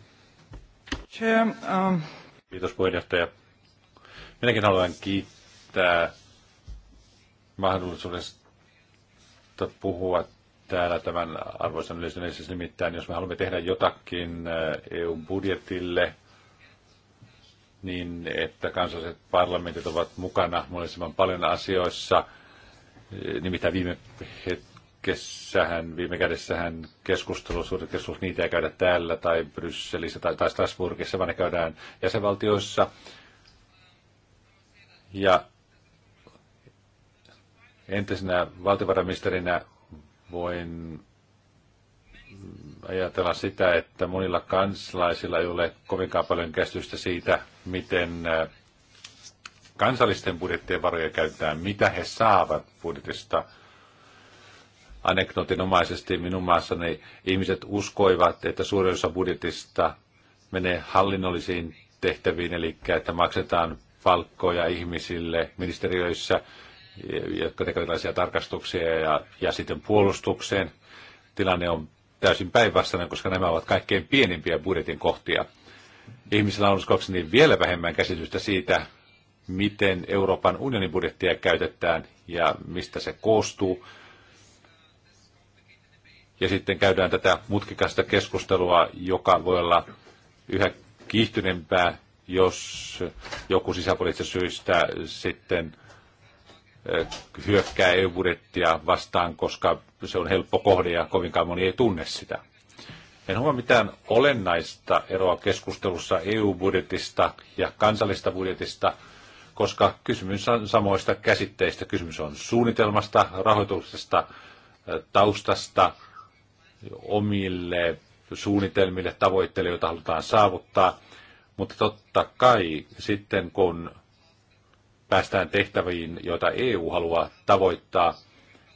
Speaker 3: Chair, um...
Speaker 1: Kiitos puheenjohtaja. Minäkin haluan kiittää mahdollisuudesta puhua täällä tämän arvoisan yleisön edessä nimittäin, jos me haluamme tehdä jotakin eh, EU-budjetille, niin että kansalliset parlamentit ovat mukana mahdollisimman paljon asioissa. Eh, nimittäin viime hetkessähän, viime kädessähän keskustelu, suuri keskustelu, niitä ei käydä täällä tai Brysselissä tai, tai Strasbourgissa, vaan ne käydään jäsenvaltioissa. Ja entisenä valtiovarainministerinä voin ajatella sitä, että monilla kansalaisilla ei ole kovinkaan paljon käsitystä siitä, miten kansallisten budjettien varoja käytetään, mitä he saavat budjetista. Anekdotinomaisesti minun maassani ihmiset uskoivat, että suurin osa budjetista menee hallinnollisiin tehtäviin, eli että maksetaan palkkoja ihmisille ministeriöissä – jotka tekevät erilaisia tarkastuksia ja, ja sitten puolustukseen. Tilanne on täysin päinvastainen, koska nämä ovat kaikkein pienimpiä budjetin kohtia. Ihmisillä on uskoakseni vielä vähemmän käsitystä siitä, miten Euroopan unionin budjettia käytetään ja mistä se koostuu. Ja sitten käydään tätä mutkikasta keskustelua, joka voi olla yhä kiihtyneempää, jos joku sisäpoliittisista syistä sitten hyökkää EU-budjettia vastaan, koska se on helppo kohde ja kovinkaan moni ei tunne sitä. En huomaa mitään olennaista eroa keskustelussa EU-budjetista ja kansallista budjetista, koska kysymys on samoista käsitteistä. Kysymys on suunnitelmasta, rahoituksesta, taustasta, omille suunnitelmille, tavoitteille, joita halutaan saavuttaa. Mutta totta kai sitten, kun päästään tehtäviin, joita EU haluaa tavoittaa.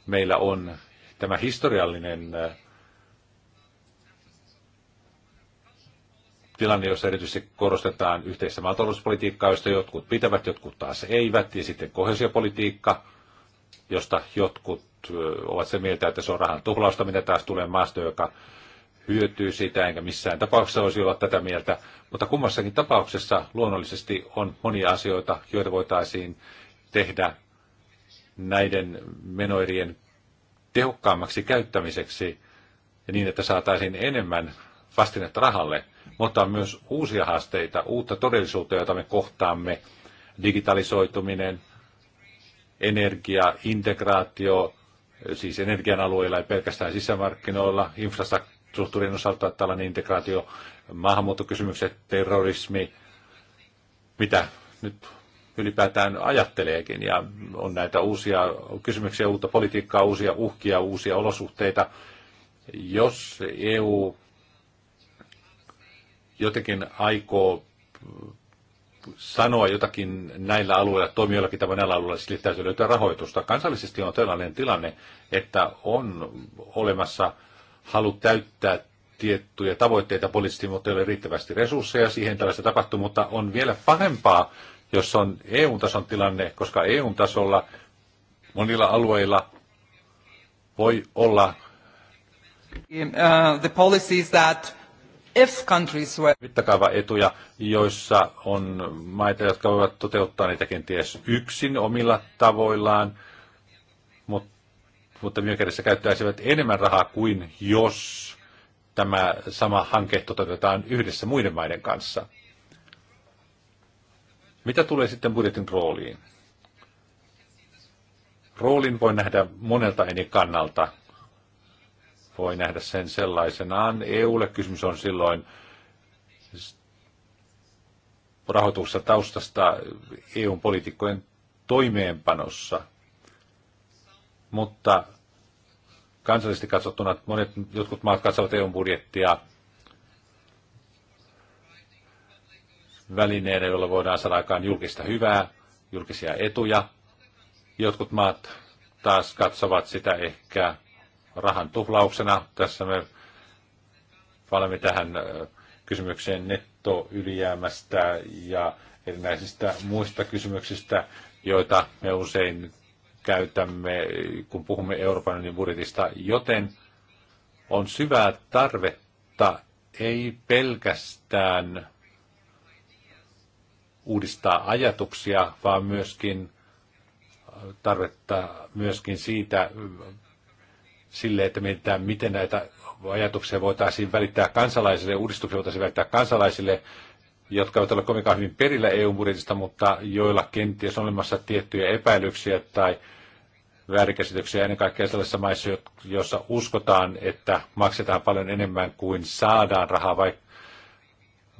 Speaker 1: Meillä on tämä historiallinen äh, tilanne, jossa erityisesti korostetaan yhteistä maatalouspolitiikkaa, josta jotkut pitävät, jotkut taas eivät, ja sitten kohesiopolitiikka, josta jotkut äh, ovat se mieltä, että se on rahan tuhlausta, mitä taas tulee maasta, joka hyötyy siitä, enkä missään tapauksessa olisi olla tätä mieltä. Mutta kummassakin tapauksessa luonnollisesti on monia asioita, joita voitaisiin tehdä näiden menoerien tehokkaammaksi käyttämiseksi ja niin, että saataisiin enemmän vastinetta rahalle, mutta on myös uusia haasteita, uutta todellisuutta, jota me kohtaamme, digitalisoituminen, energia, integraatio, siis energian alueilla ei pelkästään sisämarkkinoilla, infrastruktuuri, struktuurien osalta tällainen integraatio, maahanmuuttokysymykset, terrorismi, mitä nyt ylipäätään ajatteleekin. Ja on näitä uusia kysymyksiä, uutta politiikkaa, uusia uhkia, uusia olosuhteita. Jos EU jotenkin aikoo sanoa jotakin näillä alueilla, toimia jollakin tavalla näillä alueilla, sillä täytyy löytää rahoitusta. Kansallisesti on tällainen tilanne, että on olemassa halu täyttää tiettyjä tavoitteita poliittisesti, mutta ei ole riittävästi resursseja siihen tällaista tapahtuu, mutta on vielä pahempaa, jos on EU-tason tilanne, koska EU-tasolla monilla alueilla voi olla uh, the policies that if countries were... mittakaava etuja, joissa on maita, jotka voivat toteuttaa niitä kenties yksin omilla tavoillaan, mutta viime käyttäisivät enemmän rahaa kuin jos tämä sama hanke toteutetaan yhdessä muiden maiden kanssa. Mitä tulee sitten budjetin rooliin? Roolin voi nähdä monelta eri kannalta. Voi nähdä sen sellaisenaan. EUlle kysymys on silloin rahoituksessa taustasta EUn poliitikkojen toimeenpanossa – mutta kansallisesti katsottuna monet, jotkut maat katsovat EUn budjettia välineenä, jolla voidaan saada aikaan julkista hyvää, julkisia etuja. Jotkut maat taas katsovat sitä ehkä rahan tuhlauksena. Tässä me valmi tähän kysymykseen nettoylijäämästä ja erinäisistä muista kysymyksistä, joita me usein käytämme, kun puhumme Euroopan unionin budjetista, joten on syvää tarvetta ei pelkästään uudistaa ajatuksia, vaan myöskin tarvetta myöskin siitä sille, että mietitään, miten näitä ajatuksia voitaisiin välittää kansalaisille, uudistuksia voitaisiin välittää kansalaisille, jotka eivät ole kovinkaan hyvin perillä EU-budjetista, mutta joilla kenties on olemassa tiettyjä epäilyksiä tai väärinkäsityksiä ennen kaikkea sellaisissa maissa, joissa uskotaan, että maksetaan paljon enemmän kuin saadaan rahaa, vaikka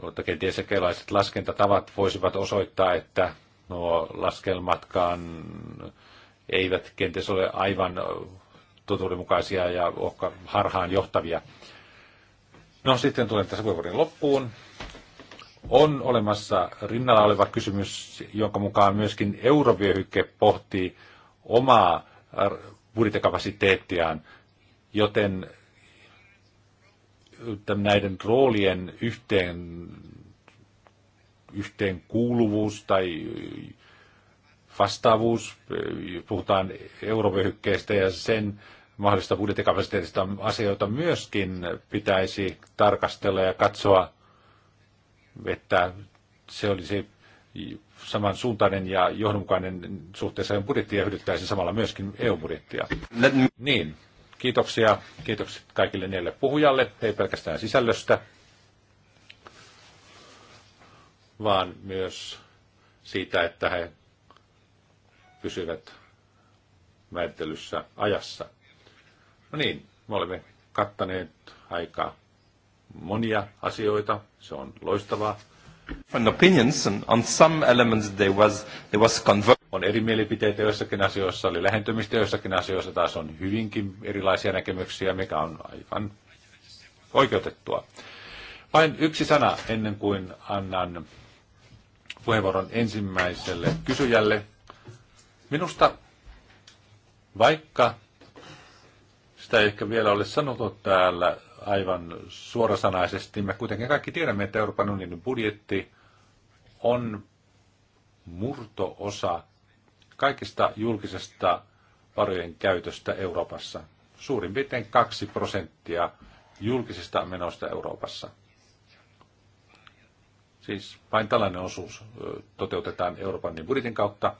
Speaker 1: mutta kenties sekelaiset laskentatavat voisivat osoittaa, että nuo laskelmatkaan eivät kenties ole aivan totuudenmukaisia ja harhaan johtavia. No sitten tulen tässä puheenvuoron loppuun. On olemassa rinnalla oleva kysymys, jonka mukaan myöskin eurovyöhykke pohtii omaa budjettikapasiteettiaan, joten näiden roolien yhteen, yhteen kuuluvuus tai vastaavuus, puhutaan eurovyöhykkeestä ja sen mahdollista budjettikapasiteetista asioita myöskin pitäisi tarkastella ja katsoa, että se olisi samansuuntainen ja johdonmukainen suhteessa on budjettiin ja hyödyttäisi samalla myöskin EU-budjettia. Niin, kiitoksia. Kiitokset kaikille neljälle puhujalle, ei pelkästään sisällöstä, vaan myös siitä, että he pysyvät määrittelyssä ajassa. No niin, me olemme kattaneet aika monia asioita. Se on loistavaa. On eri mielipiteitä joissakin asioissa, oli lähentymistä joissakin asioissa, taas on hyvinkin erilaisia näkemyksiä, mikä on aivan oikeutettua. Vain yksi sana ennen kuin annan puheenvuoron ensimmäiselle kysyjälle. Minusta, vaikka sitä ei ehkä vielä ole sanottu täällä, aivan suorasanaisesti. Me kuitenkin kaikki tiedämme, että Euroopan unionin budjetti on murtoosa kaikista julkisesta varojen käytöstä Euroopassa. Suurin piirtein 2 prosenttia julkisista menoista Euroopassa. Siis vain tällainen osuus toteutetaan Euroopan budjetin kautta.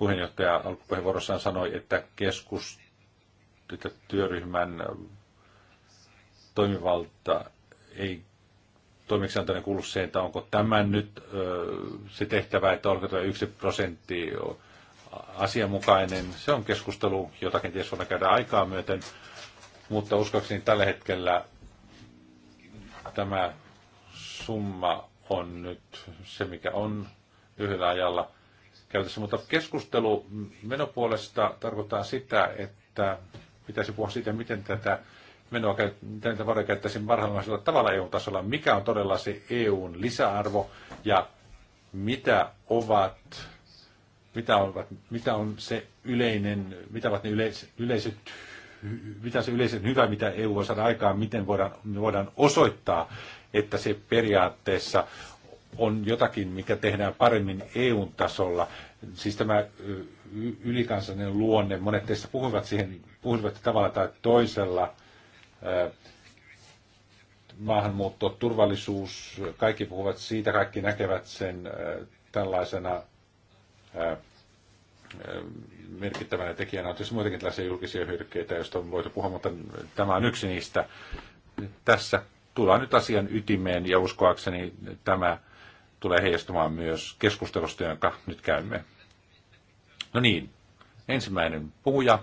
Speaker 1: puheenjohtaja alkupuheenvuorossaan sanoi, että keskus, että työryhmän toimivalta ei toimeksiantainen kuulu se, että onko tämä nyt se tehtävä, että onko tuo yksi prosentti asianmukainen. Se on keskustelu, jota kenties voidaan käydä aikaa myöten, mutta uskoakseni tällä hetkellä tämä summa on nyt se, mikä on yhdellä ajalla – käytössä. Mutta keskustelu menopuolesta tarkoittaa sitä, että pitäisi puhua siitä, miten tätä menoa, miten tätä varoja käyttäisiin parhaimmaisella tavalla EU-tasolla, mikä on todella se EUn lisäarvo ja mitä ovat mitä, ovat, mitä on se yleinen, mitä ovat ne yleis, yleiset, mitä se yleisen hyvä, mitä EU voi saada aikaan, miten voidaan, voidaan osoittaa, että se periaatteessa on jotakin, mikä tehdään paremmin EU-tasolla. Siis tämä ylikansallinen luonne, monet teistä puhuvat siihen, puhuvat tavalla tai toisella, maahanmuutto, turvallisuus, kaikki puhuvat siitä, kaikki näkevät sen tällaisena merkittävänä tekijänä on tietysti muutenkin tällaisia julkisia hyödykkeitä, joista on voitu puhua, mutta tämä on yksi niistä. Tässä tullaan nyt asian ytimeen ja uskoakseni tämä tulee heijastumaan myös keskustelusta, jonka nyt käymme. No niin, ensimmäinen puhuja,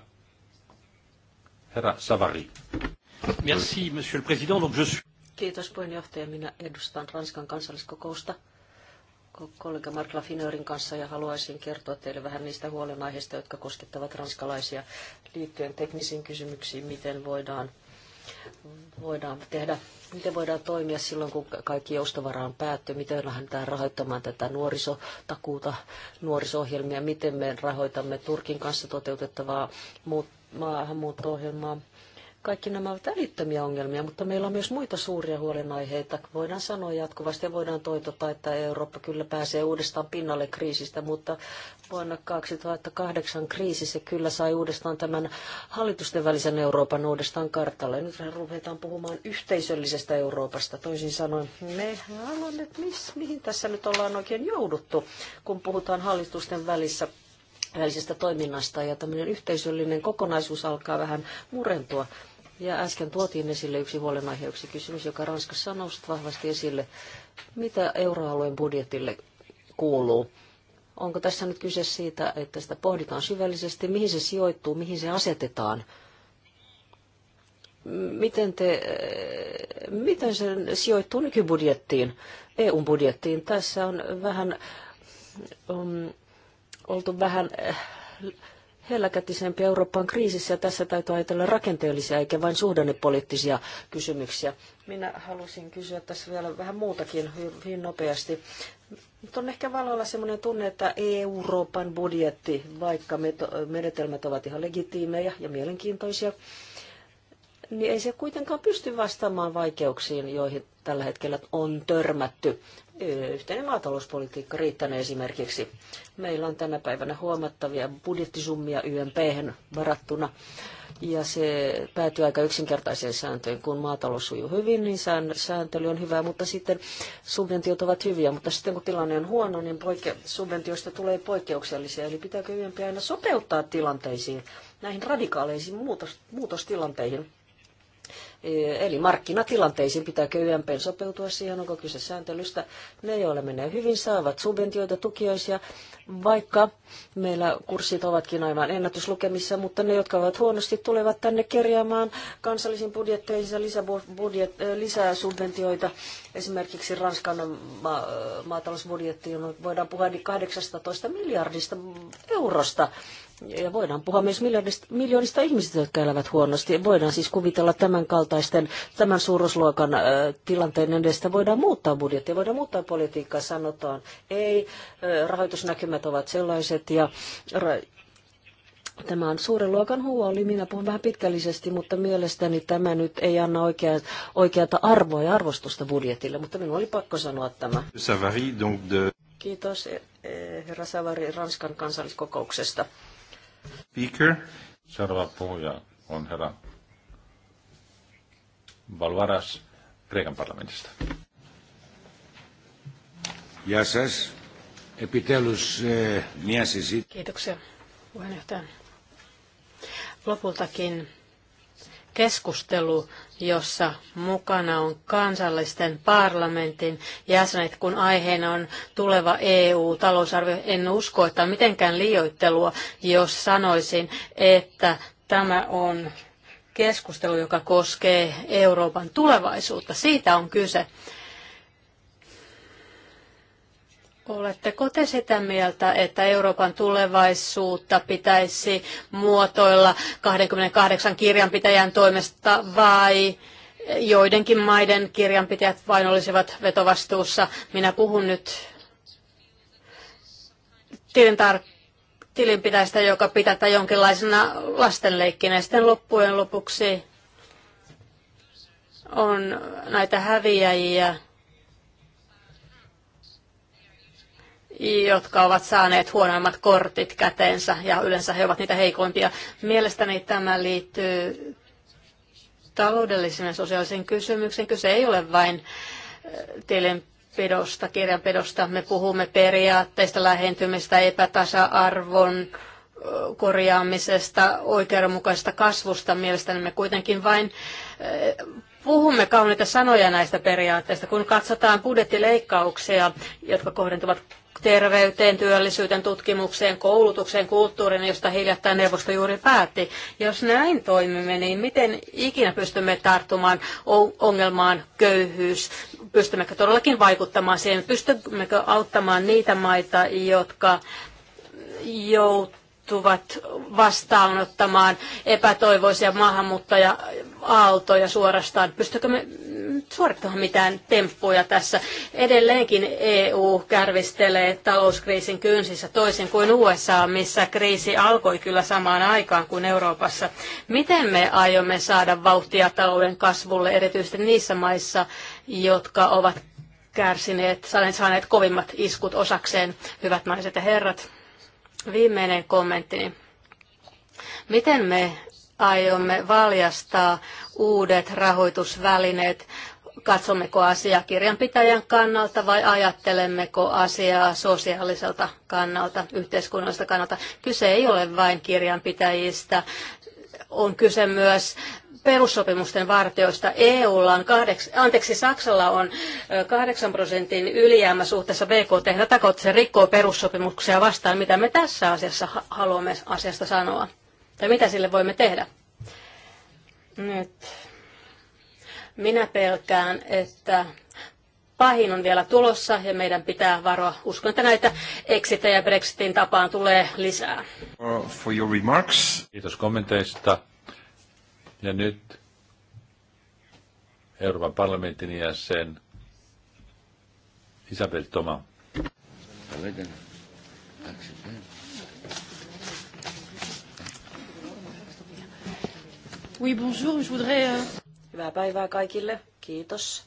Speaker 1: herra Savari.
Speaker 3: Merci, monsieur le président. Donc je suis...
Speaker 4: Kiitos puheenjohtaja. Minä edustan Ranskan kansalliskokousta kollega Mark Lafineurin kanssa ja haluaisin kertoa teille vähän niistä huolenaiheista, jotka koskettavat ranskalaisia liittyen teknisiin kysymyksiin, miten voidaan voidaan tehdä, miten voidaan toimia silloin, kun kaikki joustavara on päätty, miten lähdetään rahoittamaan tätä nuorisotakuuta, nuorisohjelmia, miten me rahoitamme Turkin kanssa toteutettavaa maahanmuutto-ohjelmaa kaikki nämä ovat välittömiä ongelmia, mutta meillä on myös muita suuria huolenaiheita. Voidaan sanoa jatkuvasti ja voidaan toitota, että Eurooppa kyllä pääsee uudestaan pinnalle kriisistä, mutta vuonna 2008 kriisi se kyllä sai uudestaan tämän hallitusten välisen Euroopan uudestaan kartalle. Nyt ruvetaan puhumaan yhteisöllisestä Euroopasta. Toisin sanoen, me haluamme, että mis, mihin tässä nyt ollaan oikein jouduttu, kun puhutaan hallitusten välissä välisestä toiminnasta ja tämmöinen yhteisöllinen kokonaisuus alkaa vähän murentua. Ja äsken tuotiin esille yksi huolenaihe, yksi kysymys, joka Ranskassa on noussut vahvasti esille. Mitä euroalueen budjetille kuuluu? Onko tässä nyt kyse siitä, että sitä pohditaan syvällisesti, mihin se sijoittuu, mihin se asetetaan? Miten, te, miten se sijoittuu nykybudjettiin, EU-budjettiin? Tässä on vähän, on um, oltu vähän helläkätisempi Euroopan kriisissä ja tässä täytyy ajatella rakenteellisia eikä vain suhdannepoliittisia kysymyksiä. Minä halusin kysyä tässä vielä vähän muutakin hyvin nopeasti. Nyt on ehkä valolla sellainen tunne, että Euroopan budjetti, vaikka menetelmät ovat ihan legitiimejä ja mielenkiintoisia, niin ei se kuitenkaan pysty vastaamaan vaikeuksiin, joihin tällä hetkellä on törmätty. Yhteinen maatalouspolitiikka riittänyt esimerkiksi. Meillä on tänä päivänä huomattavia budjettisummia YMP varattuna. Ja se päätyy aika yksinkertaiseen sääntöön. Kun maatalous sujuu hyvin, niin sääntely on hyvä, mutta sitten subventiot ovat hyviä. Mutta sitten kun tilanne on huono, niin poike- subventioista tulee poikkeuksellisia. Eli pitääkö YMP aina sopeuttaa tilanteisiin, näihin radikaaleisiin muutos- muutostilanteihin? Eh, eli markkinatilanteisiin pitää YMP sopeutua siihen, onko kyse sääntelystä. Ne, joilla menee hyvin, saavat subventioita, tukiaisia, vaikka meillä kurssit ovatkin aivan ennätyslukemissa, mutta ne, jotka ovat huonosti, tulevat tänne kerjäämään kansallisiin budjetteihinsa lisäbudjet, eh, lisää subventioita. Esimerkiksi Ranskan eh, ma- maatalousbudjettiin voidaan puhua 18 miljardista eurosta ja voidaan puhua myös miljoonista, miljoonista ihmisistä, jotka elävät huonosti. Voidaan siis kuvitella tämän kaltaisten, tämän suuruusluokan ä, tilanteen edestä. Voidaan muuttaa budjettia, voidaan muuttaa politiikkaa, sanotaan. Ei, ä, rahoitusnäkymät ovat sellaiset ja Tämä on suuren luokan huoli. Minä puhun vähän pitkällisesti, mutta mielestäni tämä nyt ei anna oikea, oikeata arvoa ja arvostusta budjetille, mutta minun oli pakko sanoa tämä. Kiitos e, e, herra Savari Ranskan kansalliskokouksesta.
Speaker 1: Speaker. Seuraava puhuja on herra Valvaras Kreikan parlamentista. Γεια σας. Επιτέλους
Speaker 2: Kiitoksia puheenjohtaja. Lopultakin keskustelu, jossa mukana on kansallisten parlamentin jäsenet, kun aiheena on tuleva EU-talousarvio. En usko, että on mitenkään liioittelua, jos sanoisin, että tämä on keskustelu, joka koskee Euroopan tulevaisuutta. Siitä on kyse. Oletteko te sitä mieltä, että Euroopan tulevaisuutta pitäisi muotoilla 28 kirjanpitäjän toimesta vai joidenkin maiden kirjanpitäjät vain olisivat vetovastuussa? Minä puhun nyt tilintarkkaan joka pitää jonkinlaisena lastenleikkinä. sitten loppujen lopuksi on näitä häviäjiä
Speaker 3: jotka
Speaker 2: ovat saaneet huonoimmat kortit käteensä ja yleensä he ovat niitä heikoimpia. Mielestäni tämä liittyy taloudellisen ja sosiaalisen kysymyksen. Kyse ei ole vain äh, tilinpidosta, kirjanpidosta. Me puhumme periaatteista, lähentymistä, epätasa-arvon äh, korjaamisesta, oikeudenmukaisesta kasvusta. Mielestäni me kuitenkin vain äh, puhumme kauniita sanoja näistä periaatteista. Kun katsotaan budjettileikkauksia, jotka kohdentuvat terveyteen, työllisyyteen, tutkimukseen, koulutukseen, kulttuuriin, josta hiljattain neuvosto juuri päätti. Jos näin toimimme, niin miten ikinä pystymme tarttumaan ongelmaan köyhyys? Pystymmekö todellakin vaikuttamaan siihen? Pystymmekö auttamaan niitä maita, jotka joutuvat vastaanottamaan epätoivoisia maahanmuuttaja-aaltoja suorastaan? Pystymmekö me suorittamaan mitään temppuja tässä. Edelleenkin EU kärvistelee talouskriisin kynsissä toisin kuin USA, missä kriisi alkoi kyllä samaan aikaan kuin Euroopassa. Miten me aiomme saada vauhtia talouden kasvulle, erityisesti niissä maissa, jotka ovat kärsineet, saaneet kovimmat iskut osakseen, hyvät naiset ja herrat? Viimeinen kommenttini. Miten me aiomme valjastaa uudet rahoitusvälineet katsommeko asiaa kirjanpitäjän kannalta vai ajattelemmeko asiaa sosiaaliselta kannalta, yhteiskunnalliselta kannalta. Kyse ei ole vain kirjanpitäjistä, on kyse myös perussopimusten vartioista. EUlla on kahdeksan, anteeksi, Saksalla on 8 prosentin ylijäämä suhteessa BKT. Tätä kautta se rikkoo perussopimuksia vastaan, mitä me tässä asiassa haluamme asiasta sanoa tai mitä sille voimme tehdä. Nyt minä pelkään, että pahin on vielä tulossa ja meidän pitää varoa. Uskon, että näitä exitejä ja Brexitin tapaan tulee lisää.
Speaker 1: Uh, for your remarks. Kiitos kommenteista. Ja nyt Euroopan parlamentin jäsen Isabel Toma. Isabel.
Speaker 4: Oui, bonjour, je voudrais... Euh, Hyvää päivää kaikille. Kiitos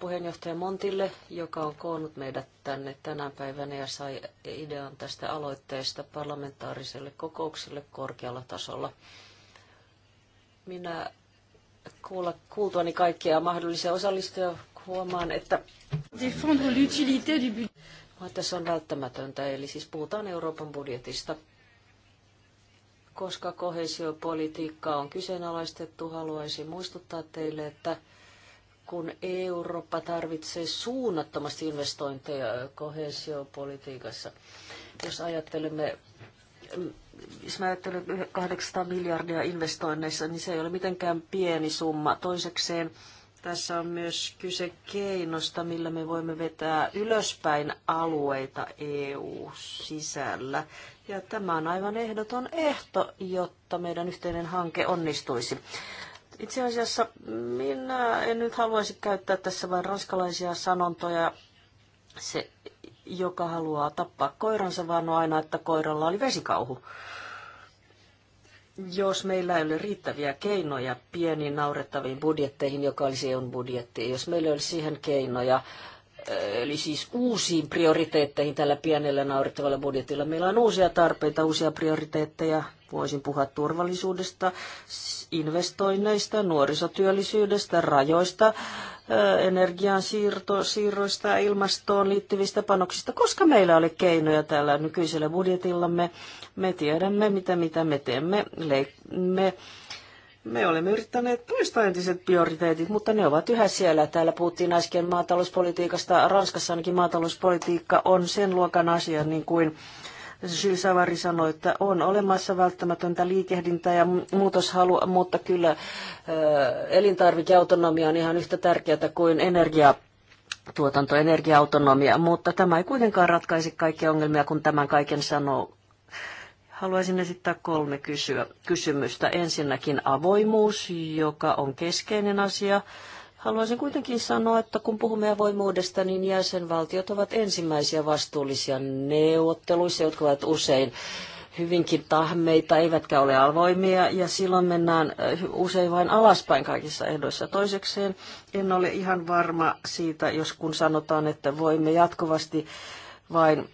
Speaker 4: puheenjohtaja Montille, joka on koonnut meidät tänne tänä päivänä ja sai idean tästä aloitteesta parlamentaariselle kokoukselle korkealla tasolla. Minä kuulla, kuultuani kaikkia mahdollisia osallistujia huomaan, että tässä on välttämätöntä, eli siis puhutaan Euroopan budjetista. Koska kohesiopolitiikka on kyseenalaistettu, haluaisin muistuttaa teille, että kun Eurooppa tarvitsee suunnattomasti investointeja kohesiopolitiikassa, jos ajattelemme jos mä ajattelen 800 miljardia investoinneissa, niin se ei ole mitenkään pieni summa. Toisekseen tässä on myös kyse keinosta, millä me voimme vetää ylöspäin alueita EU-sisällä. Ja tämä on aivan ehdoton ehto, jotta meidän yhteinen hanke onnistuisi. Itse asiassa minä en nyt haluaisi käyttää tässä vain ranskalaisia sanontoja. Se, joka haluaa tappaa koiransa, vaan on aina, että koiralla oli vesikauhu. Jos meillä ei ole riittäviä keinoja pieniin naurettaviin budjetteihin, joka olisi EUn budjetti, jos meillä ei olisi siihen keinoja, eli siis uusiin prioriteetteihin tällä pienellä naurittavalla budjetilla. Meillä on uusia tarpeita, uusia prioriteetteja. Voisin puhua turvallisuudesta, investoinneista, nuorisotyöllisyydestä, rajoista, energian siirto, siirroista, ilmastoon liittyvistä panoksista, koska meillä oli keinoja tällä nykyisellä budjetillamme. Me tiedämme, mitä, mitä me teemme. Me me olemme yrittäneet toistaa entiset prioriteetit, mutta ne ovat yhä siellä. Täällä puhuttiin äsken maatalouspolitiikasta. Ranskassa ainakin maatalouspolitiikka on sen luokan asia, niin kuin Jules Savary sanoi, että on olemassa välttämätöntä liikehdintää ja muutoshalua, mutta kyllä elintarvikeautonomia on ihan yhtä tärkeää kuin energia tuotanto, energiaautonomia, mutta tämä ei kuitenkaan ratkaisi kaikkia ongelmia, kun tämän kaiken sanoo Haluaisin esittää kolme kysyä, kysymystä. Ensinnäkin avoimuus, joka on keskeinen asia. Haluaisin kuitenkin sanoa, että kun puhumme avoimuudesta, niin jäsenvaltiot ovat ensimmäisiä vastuullisia neuvotteluissa, jotka ovat usein hyvinkin tahmeita, eivätkä ole avoimia, ja silloin mennään eh, usein vain alaspäin kaikissa ehdoissa. Toisekseen en ole ihan varma siitä, jos kun sanotaan, että voimme jatkuvasti vain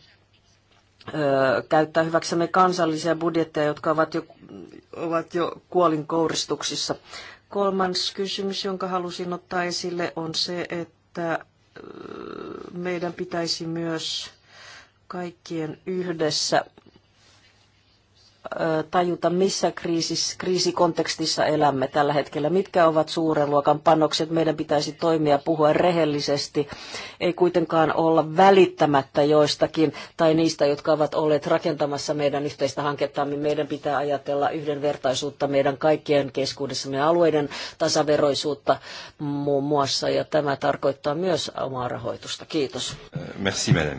Speaker 4: käyttää hyväksemme kansallisia budjetteja, jotka ovat jo, ovat jo kuolinkouristuksissa. Kolmas kysymys, jonka halusin ottaa esille, on se, että meidän pitäisi myös kaikkien yhdessä tajuta, missä kriisis, kriisikontekstissa elämme tällä hetkellä, mitkä ovat suuren luokan panokset. Meidän pitäisi toimia puhua rehellisesti, ei kuitenkaan olla välittämättä joistakin tai niistä, jotka ovat olleet rakentamassa meidän yhteistä hankettamme. Meidän pitää ajatella yhdenvertaisuutta meidän kaikkien keskuudessa, meidän alueiden tasaveroisuutta muun muassa, ja tämä tarkoittaa myös omaa rahoitusta. Kiitos. Merci, madame.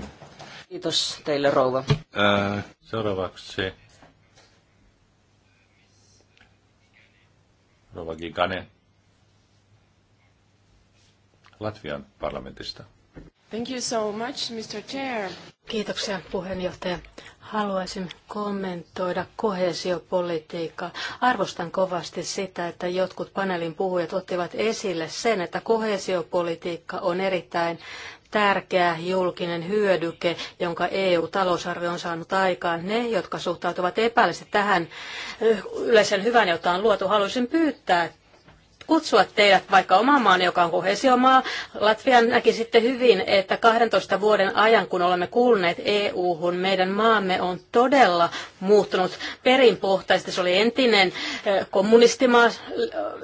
Speaker 4: Kiitos teille, rouva.
Speaker 1: Äh, seuraavaksi Rova Gigane Latvian parlamentista.
Speaker 3: Thank you so much, Mr. Chair.
Speaker 2: Kiitoksia puheenjohtaja. Haluaisin kommentoida kohesiopolitiikkaa. Arvostan kovasti sitä, että jotkut paneelin puhujat ottivat esille sen, että kohesiopolitiikka on erittäin tärkeä julkinen hyödyke, jonka EU-talousarvio on saanut aikaan. Ne, jotka suhtautuvat epäilisesti tähän yleisen hyvän, jota on luotu, haluaisin pyytää kutsua teidät vaikka omaan maan, joka on kohesiomaa. Latvian näki sitten hyvin, että 12 vuoden ajan, kun olemme kuuluneet EU-hun, meidän maamme on todella muuttunut perinpohtaisesti. Se oli entinen eh, kommunistimaa,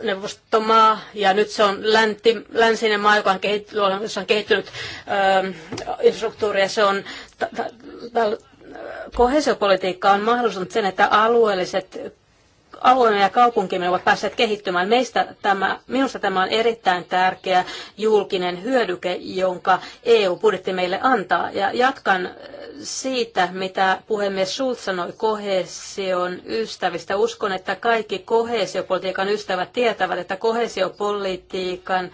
Speaker 2: neuvostomaa, ja nyt se on länti, länsinen maa, joka on kehittynyt, jossa on kehittynyt eh, infrastruktuuria. Se on kohesiopolitiikka on mahdollistanut sen, että alueelliset alueemme ja kaupunkimme ovat päässeet kehittymään. Meistä tämä, minusta tämä on erittäin tärkeä julkinen hyödyke, jonka EU-budjetti meille antaa. Ja jatkan äh, siitä, mitä puhemies Schulz sanoi kohesion ystävistä. Uskon, että kaikki kohesiopolitiikan ystävät tietävät, että kohesiopolitiikan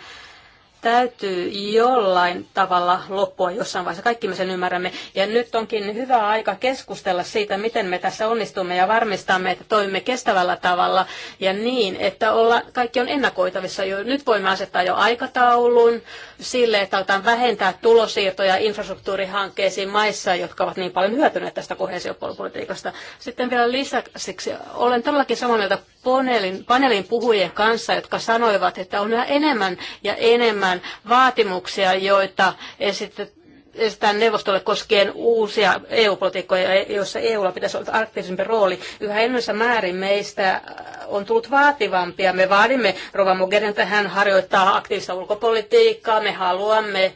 Speaker 2: täytyy jollain tavalla loppua jossain vaiheessa. Kaikki me sen ymmärrämme. Ja nyt onkin hyvä aika keskustella siitä, miten me tässä onnistumme ja varmistamme, että toimimme kestävällä tavalla ja niin, että olla, kaikki on ennakoitavissa. Jo, nyt voimme asettaa jo aikataulun sille, että aletaan vähentää tulosiirtoja infrastruktuurihankkeisiin maissa, jotka ovat niin paljon hyötyneet tästä kohesiopolitiikasta. Sitten vielä lisäksi olen todellakin samaa mieltä paneelin, paneelin puhujien kanssa, jotka sanoivat, että on yhä enemmän ja enemmän mitään vaatimuksia, joita esitetään esitetään neuvostolle koskien uusia EU-politiikkoja, joissa EUlla pitäisi olla aktiivisempi rooli. Yhä enemmässä määrin meistä on tullut vaativampia. Me vaadimme Rova Mogherin, että hän harjoittaa aktiivista ulkopolitiikkaa. Me haluamme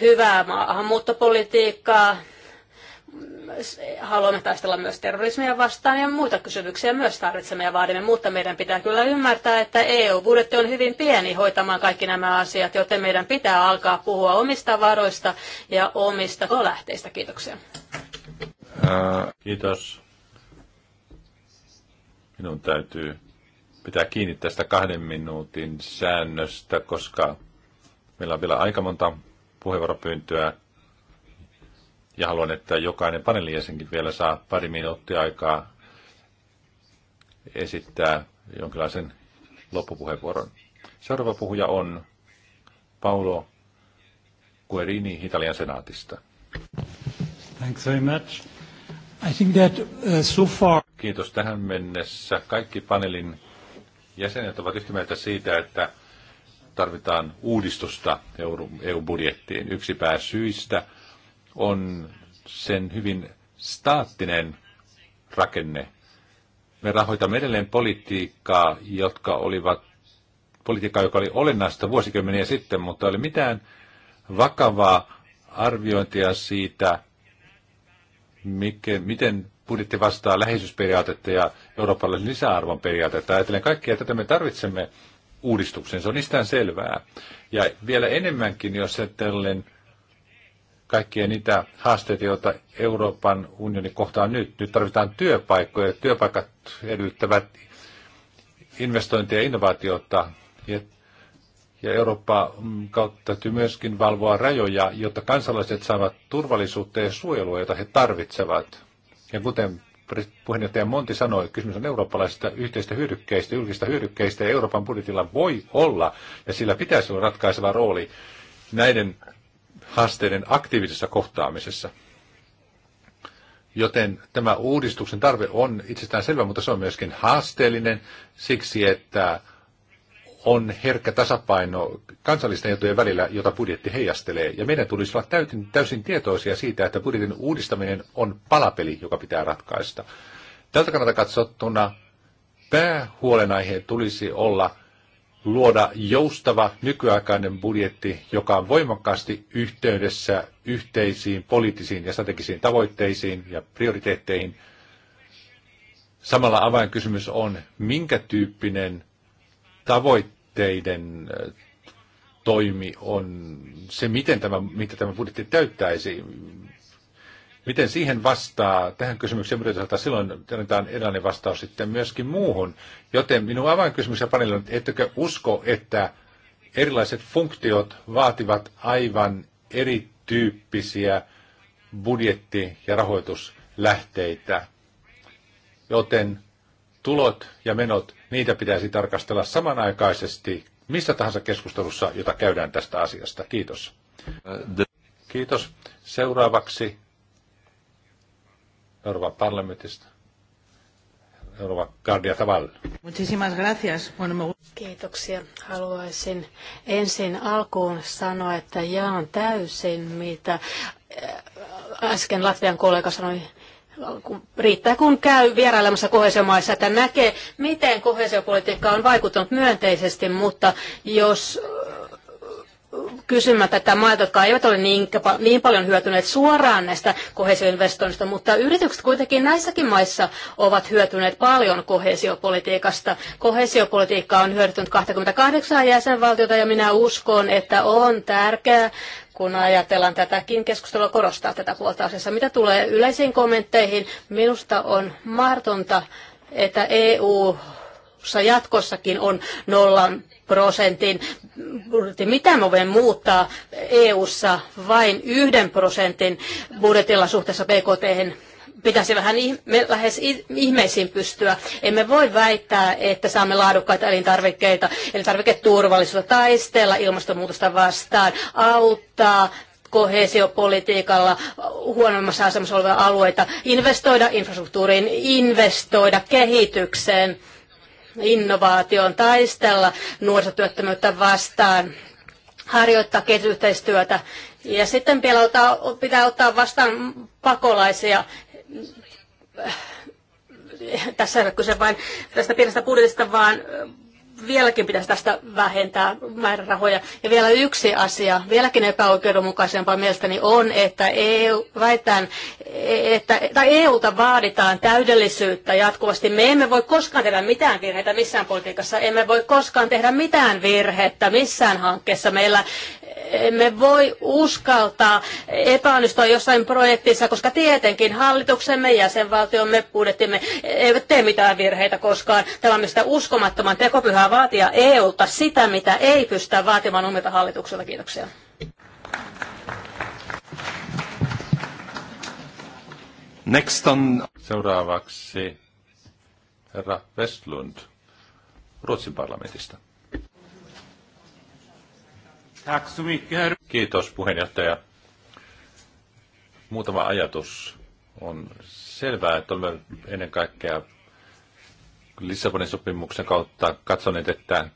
Speaker 2: hyvää maahanmuuttopolitiikkaa, haluamme taistella myös terrorismia vastaan ja muita kysymyksiä myös tarvitsemme ja vaadimme, mutta meidän pitää kyllä ymmärtää, että EU-budjetti on hyvin pieni hoitamaan kaikki nämä asiat, joten meidän pitää alkaa puhua omista varoista ja omista lähteistä. Kiitoksia.
Speaker 1: Ää, äh. kiitos. Minun täytyy pitää kiinni tästä kahden minuutin säännöstä, koska meillä on vielä aika monta puheenvuoropyyntöä ja haluan, että jokainen paneelijäsenkin vielä saa pari minuuttia aikaa esittää jonkinlaisen loppupuheenvuoron. Seuraava puhuja on Paolo Guerini Italian senaatista.
Speaker 3: Thanks very much. I think that, uh,
Speaker 1: so far... Kiitos tähän mennessä. Kaikki panelin jäsenet ovat yhtä mieltä siitä, että tarvitaan uudistusta EU-budjettiin. Yksi pääsyistä syistä on sen hyvin staattinen rakenne. Me rahoitamme edelleen politiikkaa, jotka olivat, politiikkaa, joka oli olennaista vuosikymmeniä sitten, mutta ei ole mitään vakavaa arviointia siitä, mikä, miten budjetti vastaa läheisyysperiaatetta ja eurooppalaisen lisäarvon periaatetta. Ajatellen kaikkia tätä me tarvitsemme uudistuksen, se on istään selvää. Ja vielä enemmänkin, jos ajatellen kaikkia niitä haasteita, joita Euroopan unioni kohtaa nyt. Nyt tarvitaan työpaikkoja. Työpaikat edellyttävät investointeja ja innovaatiota. Ja, ja Eurooppa mm, kautta täytyy myöskin valvoa rajoja, jotta kansalaiset saavat turvallisuutta ja suojelua, jota he tarvitsevat. Ja kuten puheenjohtaja Monti sanoi, kysymys on eurooppalaisista yhteistä hyödykkeistä, julkista hyödykkeistä, ja Euroopan budjetilla voi olla, ja sillä pitäisi olla ratkaiseva rooli näiden haasteiden aktiivisessa kohtaamisessa. Joten tämä uudistuksen tarve on itsestään selvä, mutta se on myöskin haasteellinen siksi, että on herkkä tasapaino kansallisten etujen välillä, jota budjetti heijastelee. Ja meidän tulisi olla täysin, täysin tietoisia siitä, että budjetin uudistaminen on palapeli, joka pitää ratkaista. Tältä kannalta katsottuna päähuolenaiheen tulisi olla – luoda joustava nykyaikainen budjetti, joka on voimakkaasti yhteydessä yhteisiin poliittisiin ja strategisiin tavoitteisiin ja prioriteetteihin. Samalla avainkysymys on, minkä tyyppinen tavoitteiden eh, toimi on se, miten tämä, mitä tämä budjetti täyttäisi. Miten siihen vastaa tähän kysymykseen, mutta silloin annetaan erilainen vastaus sitten myöskin muuhun. Joten minun avainkysymys ja panelilla on, ettekö usko, että erilaiset funktiot vaativat aivan erityyppisiä budjetti- ja rahoituslähteitä. Joten tulot ja menot, niitä pitäisi tarkastella samanaikaisesti missä tahansa keskustelussa, jota käydään tästä asiasta. Kiitos. Uh, Kiitos. Seuraavaksi Euroopan parlamentista. Euroopan Guardia Tavalla.
Speaker 2: Muchísimas Kiitoksia. Haluaisin ensin alkuun sanoa, että jaan täysin, mitä eh, äsken Latvian kollega sanoi riittää kun käy vierailemassa kohesiomaissa, että näkee, miten kohesiopolitiikka on vaikuttanut myönteisesti, mutta jos kysymättä tätä mailta, jotka eivät ole niin, niin paljon hyötyneet suoraan näistä kohesioinvestoinnista, mutta yritykset kuitenkin näissäkin maissa ovat hyötyneet paljon kohesiopolitiikasta. Kohesiopolitiikka on hyödyttänyt 28 jäsenvaltiota ja minä uskon, että on tärkeää kun ajatellaan tätäkin keskustelua korostaa tätä puolta asiassa. Mitä tulee yleisiin kommentteihin, minusta on mahdotonta, että EU jatkossakin on nollan prosentin Mitä me voimme muuttaa EU-ssa vain yhden prosentin budjetilla suhteessa BKT? Pitäisi vähän ihme, lähes ihmeisiin pystyä. Emme voi väittää, että saamme laadukkaita elintarvikkeita, elintarviketurvallisuutta taistella ilmastonmuutosta vastaan, auttaa kohesiopolitiikalla huonommassa asemassa olevia alueita, investoida infrastruktuuriin, investoida kehitykseen – innovaatioon, taistella nuorisotyöttömyyttä vastaan, harjoittaa kehitysyhteistyötä. Ja sitten vielä ottaa, pitää ottaa vastaan pakolaisia. Tässä ei ole kyse vain tästä pienestä budjetista, vaan vieläkin pitäisi tästä vähentää määrärahoja. Ja vielä yksi asia, vieläkin epäoikeudenmukaisempaa mielestäni on, että EU, väitän, että, tai EUta vaaditaan täydellisyyttä jatkuvasti. Me emme voi koskaan tehdä mitään virheitä missään politiikassa, emme voi koskaan tehdä mitään virhettä missään hankkeessa. Meillä emme voi uskaltaa epäonnistua jossain projektissa, koska tietenkin hallituksemme, jäsenvaltiomme, budjettimme eivät tee mitään virheitä koskaan. Tämä on mistä uskomattoman tekopyhää pitää vaatia EUlta sitä, mitä ei pystytä vaatimaan omilta hallituksilta. Kiitoksia.
Speaker 1: Next on... Seuraavaksi herra Westlund Ruotsin parlamentista. Kiitos puheenjohtaja. Muutama ajatus. On selvää, että olemme ennen kaikkea Lissabonin sopimuksen kautta katsoneet, että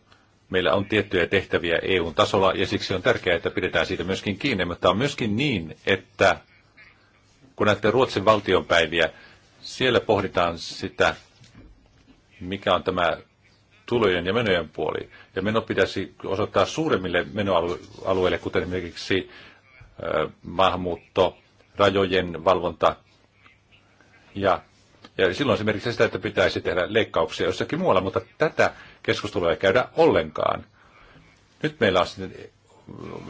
Speaker 1: meillä on tiettyjä tehtäviä eu tasolla ja siksi on tärkeää, että pidetään siitä myöskin kiinni. Mutta on myöskin niin, että kun näette Ruotsin valtionpäiviä, siellä pohditaan sitä, mikä on tämä tulojen ja menojen puoli. Ja meno pitäisi osoittaa suuremmille menoalueille, kuten esimerkiksi maahanmuutto, rajojen valvonta ja ja silloin se merkitsee sitä, että pitäisi tehdä leikkauksia jossakin muualla, mutta tätä keskustelua ei käydä ollenkaan. Nyt meillä on sitten,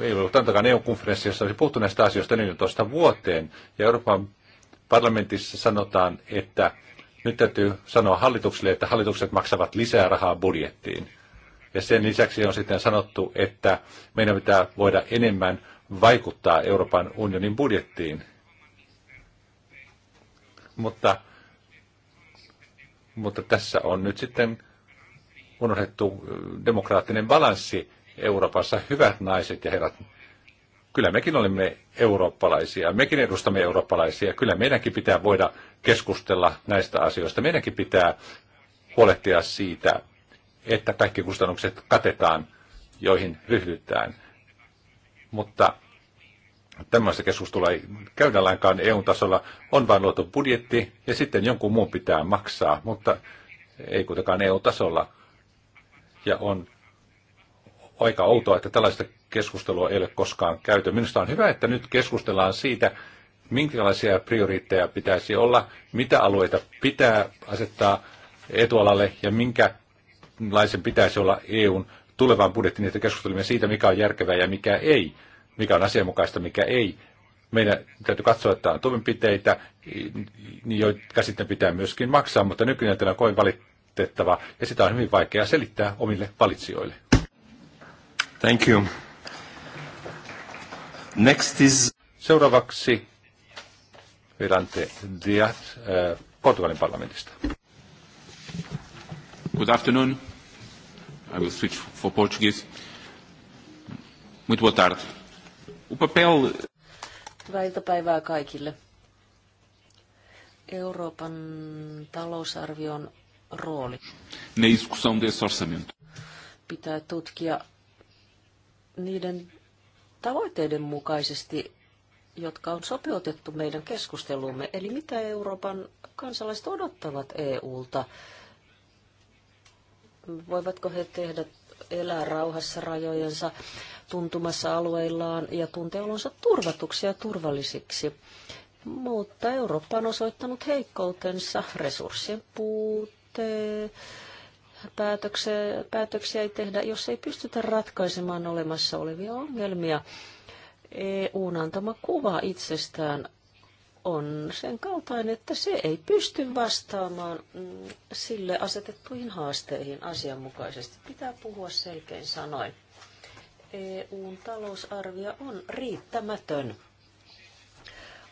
Speaker 1: ei ollut tantakaan EU-konferenssi, jossa olisi puhuttu näistä asioista 14 vuoteen. Ja Euroopan parlamentissa sanotaan, että nyt täytyy sanoa hallituksille, että hallitukset maksavat lisää rahaa budjettiin. Ja sen lisäksi on sitten sanottu, että meidän pitää voida enemmän vaikuttaa Euroopan unionin budjettiin. Mutta mutta tässä on nyt sitten unohdettu demokraattinen balanssi Euroopassa, hyvät naiset ja herrat. Kyllä mekin olemme eurooppalaisia, mekin edustamme eurooppalaisia. Kyllä meidänkin pitää voida keskustella näistä asioista. Meidänkin pitää huolehtia siitä, että kaikki kustannukset katetaan, joihin ryhdytään. Mutta tämmöistä keskustelua ei käydä lainkaan EU-tasolla. On vain luotu budjetti ja sitten jonkun muun pitää maksaa, mutta ei kuitenkaan EU-tasolla. Ja on aika outoa, että tällaista keskustelua ei ole koskaan käyty. Minusta on hyvä, että nyt keskustellaan siitä, minkälaisia prioriteetteja pitäisi olla, mitä alueita pitää asettaa etualalle ja minkälaisen pitäisi olla EUn tulevan budjettiin, että keskustelimme siitä, mikä on järkevää ja mikä ei mikä on asianmukaista, mikä ei. Meidän täytyy katsoa, että on toimenpiteitä, joita sitten pitää myöskin maksaa, mutta nykyinen tämä on kovin valitettava ja sitä on hyvin vaikea selittää omille valitsijoille. Thank you. Next is... Seuraavaksi Virante Diaz äh, Portugalin parlamentista. Good afternoon. I will switch for Portuguese. Muito boa tarde. O papel...
Speaker 4: Hyvää iltapäivää kaikille. Euroopan talousarvion rooli.
Speaker 1: Na execução desse orçamento.
Speaker 4: Pitää tutkia niiden tavoitteiden mukaisesti, jotka on sopeutettu meidän keskusteluumme. Eli mitä Euroopan kansalaiset odottavat EUlta? Voivatko he tehdä elää rauhassa rajojensa tuntumassa alueillaan ja tuntee olonsa turvatuksi ja turvallisiksi. Mutta Eurooppa on osoittanut heikkoutensa resurssien puute, päätöksiä, päätöksiä ei tehdä, jos ei pystytä ratkaisemaan olemassa olevia ongelmia. EUn antama kuva itsestään on sen kaltainen, että se ei pysty vastaamaan mm, sille asetettuihin haasteihin asianmukaisesti. Pitää puhua selkein sanoin. EUn talousarvio on riittämätön.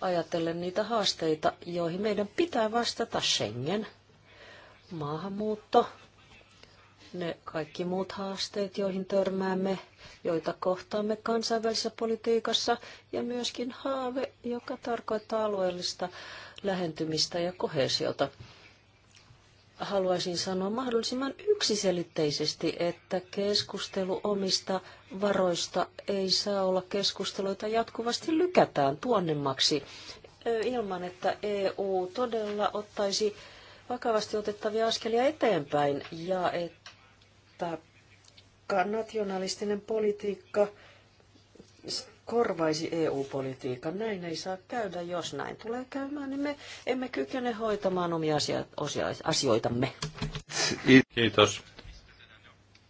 Speaker 4: Ajatellen niitä haasteita, joihin meidän pitää vastata Schengen, maahanmuutto, ne kaikki muut haasteet, joihin törmäämme, joita kohtaamme kansainvälisessä politiikassa, ja myöskin haave, joka tarkoittaa alueellista lähentymistä ja kohesiota haluaisin sanoa mahdollisimman yksiselitteisesti, että keskustelu omista varoista ei saa olla keskusteluita jatkuvasti lykätään tuonnemmaksi ilman, että EU todella ottaisi vakavasti otettavia askelia eteenpäin ja että nationalistinen politiikka korvaisi EU-politiikan. Näin ei saa käydä. Jos näin tulee käymään, niin me emme kykene hoitamaan omia asioitamme.
Speaker 1: Kiitos.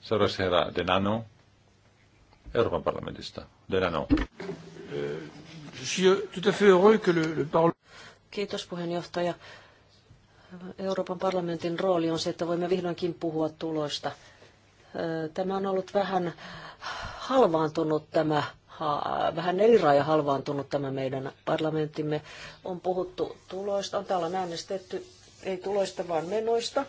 Speaker 1: Seuraavaksi herra Denano Euroopan parlamentista. Denano.
Speaker 4: Kiitos puheenjohtaja. Euroopan parlamentin rooli on se, että voimme vihdoinkin puhua tuloista. Tämä on ollut vähän halvaantunut tämä vähän eri raja halvaantunut tämä meidän parlamenttimme. On puhuttu tuloista, on täällä äänestetty ei tuloista vaan menoista.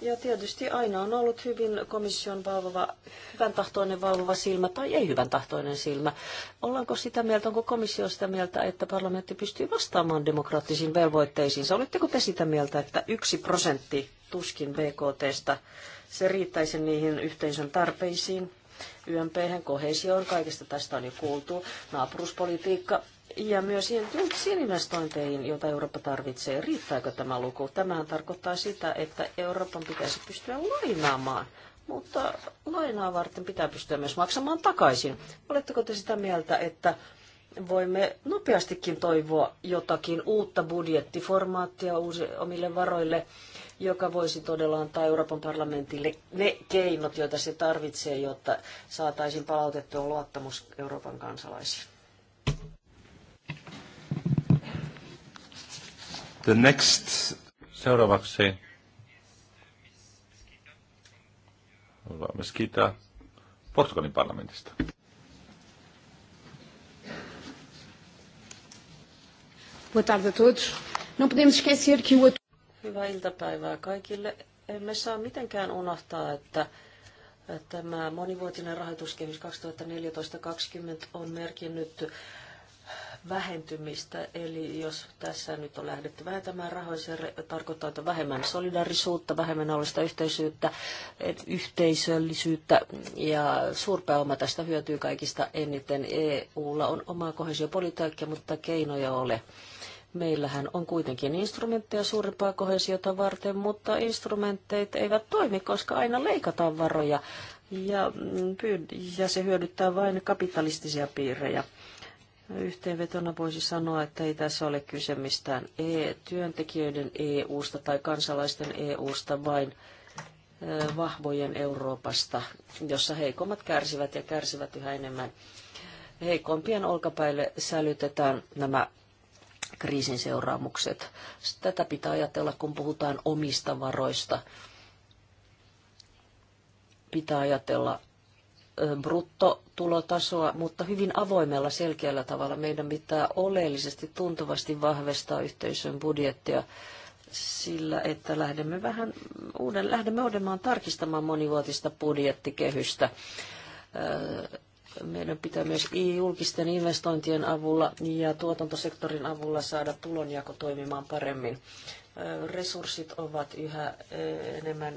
Speaker 4: Ja tietysti aina on ollut hyvin komission valvova, hyvän tahtoinen valvova silmä tai ei hyvän tahtoinen silmä. Ollaanko sitä mieltä, onko komissio sitä mieltä, että parlamentti pystyy vastaamaan demokraattisiin velvoitteisiin, Oletteko te sitä mieltä, että yksi prosentti tuskin BKTstä, se riittäisi niihin yhteisön tarpeisiin? YMP, on kaikesta tästä on jo kuultu, naapuruspolitiikka, ja myös julkisiin investointeihin, joita Eurooppa tarvitsee. Riittääkö tämä luku? Tämähän tarkoittaa sitä, että Euroopan pitäisi pystyä lainaamaan, mutta lainaa varten pitää pystyä myös maksamaan takaisin. Oletteko te sitä mieltä, että voimme nopeastikin toivoa jotakin uutta budjettiformaattia omille varoille? joka voisi todella antaa Euroopan parlamentille ne keinot, joita se tarvitsee, jotta saataisiin palautettua luottamus Euroopan kansalaisiin.
Speaker 1: The next. Seuraavaksi Meskita Portugalin parlamentista.
Speaker 2: Boa tarde a todos. Não podemos esquecer que o
Speaker 4: Hyvää iltapäivää kaikille. Emme saa mitenkään unohtaa, että tämä monivuotinen rahoituskehys 2014-2020 on merkinnyt vähentymistä. Eli jos tässä nyt on lähdetty vähentämään rahoja, se tarkoittaa, että vähemmän solidarisuutta, vähemmän alueellista yhteisyyttä, yhteisöllisyyttä ja suurpääoma tästä hyötyy kaikista eniten. EUlla on omaa kohesiopolitiikkaa, mutta keinoja ole. Meillähän on kuitenkin instrumentteja suurempaa kohesiota varten, mutta instrumentteet eivät toimi, koska aina leikataan varoja ja, mm, ja se hyödyttää vain kapitalistisia piirejä. Yhteenvetona voisi sanoa, että ei tässä ole kyse mistään e- työntekijöiden EU-sta tai kansalaisten EU-sta, vain vahvojen Euroopasta, jossa heikommat kärsivät ja kärsivät yhä enemmän. Heikompien olkapäille sälytetään nämä kriisin seuraamukset. Tätä pitää ajatella, kun puhutaan omista varoista. Pitää ajatella bruttotulotasoa, mutta hyvin avoimella, selkeällä tavalla. Meidän pitää oleellisesti, tuntuvasti vahvistaa yhteisön budjettia sillä, että lähdemme vähän uuden, lähdemme Uudenmaan tarkistamaan monivuotista budjettikehystä meidän pitää myös julkisten investointien avulla ja tuotantosektorin avulla saada tulonjako toimimaan paremmin. Resurssit ovat yhä enemmän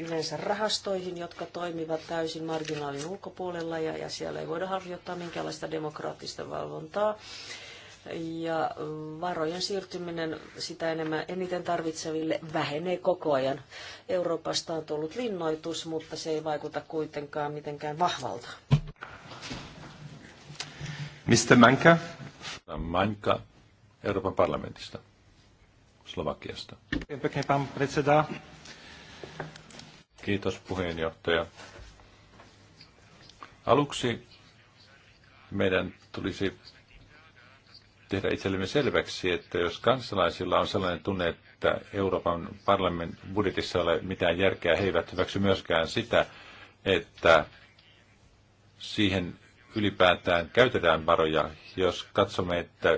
Speaker 4: yleensä rahastoihin, jotka toimivat täysin marginaalin ulkopuolella ja, siellä ei voida harjoittaa minkäänlaista demokraattista valvontaa. Ja varojen siirtyminen sitä enemmän, eniten tarvitseville vähenee koko ajan. Euroopasta on tullut linnoitus, mutta se ei vaikuta kuitenkaan mitenkään vahvalta.
Speaker 1: Mr. Manka. Euroopan parlamentista, Slovakiasta. Kiitos puheenjohtaja. Aluksi meidän tulisi tehdä itsellemme selväksi, että jos kansalaisilla on sellainen tunne, että Euroopan parlamentin budjetissa ei ole mitään järkeä, he eivät hyväksy myöskään sitä, että siihen ylipäätään käytetään varoja. Jos katsomme, että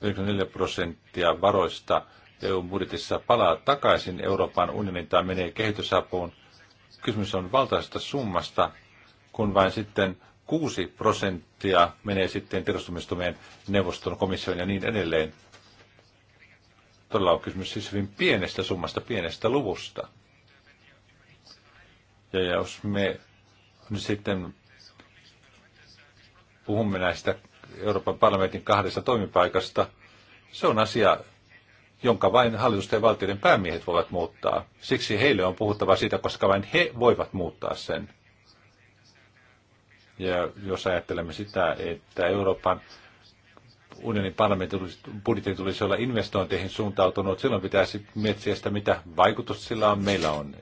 Speaker 1: 94 prosenttia varoista EU-budjetissa palaa takaisin Euroopan unionin tai menee kehitysapuun, kysymys on valtaisesta summasta, kun vain sitten 6 prosenttia menee sitten tiedostumistumien neuvoston, komission ja niin edelleen. Todella on kysymys siis hyvin pienestä summasta, pienestä luvusta. Ja jos me nyt sitten puhumme näistä Euroopan parlamentin kahdesta toimipaikasta, se on asia, jonka vain hallitusten ja valtioiden päämiehet voivat muuttaa. Siksi heille on puhuttava siitä, koska vain he voivat muuttaa sen. Ja jos ajattelemme sitä, että Euroopan unionin parlamentin budjetin tulisi olla investointeihin suuntautunut, silloin pitäisi miettiä sitä, mitä vaikutusta sillä on. Meillä on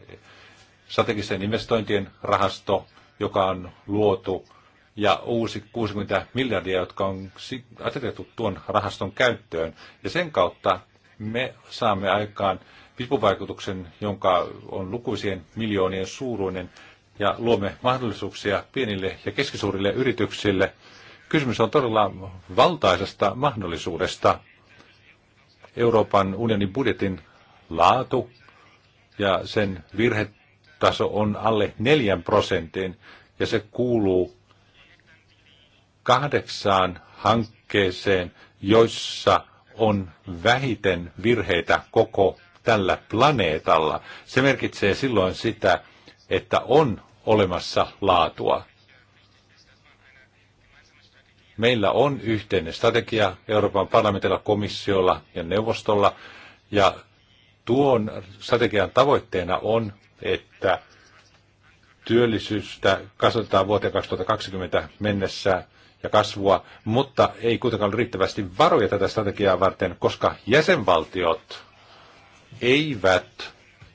Speaker 1: strategisen investointien rahasto, joka on luotu ja uusi 60 miljardia, jotka on asetettu tuon rahaston käyttöön. Ja sen kautta me saamme aikaan vipuvaikutuksen, jonka on lukuisien miljoonien suuruinen, ja luomme mahdollisuuksia pienille ja keskisuurille yrityksille. Kysymys on todella valtaisesta mahdollisuudesta. Euroopan unionin budjetin laatu ja sen virhetaso on alle 4 prosentin, ja se kuuluu kahdeksaan hankkeeseen, joissa on vähiten virheitä koko tällä planeetalla. Se merkitsee silloin sitä, että on olemassa laatua. Meillä on yhteinen strategia Euroopan parlamentilla, komissiolla ja neuvostolla, ja tuon strategian tavoitteena on, että työllisyystä kasvatetaan vuoteen 2020 mennessä ja kasvua, mutta ei kuitenkaan ole riittävästi varoja tätä strategiaa varten, koska jäsenvaltiot eivät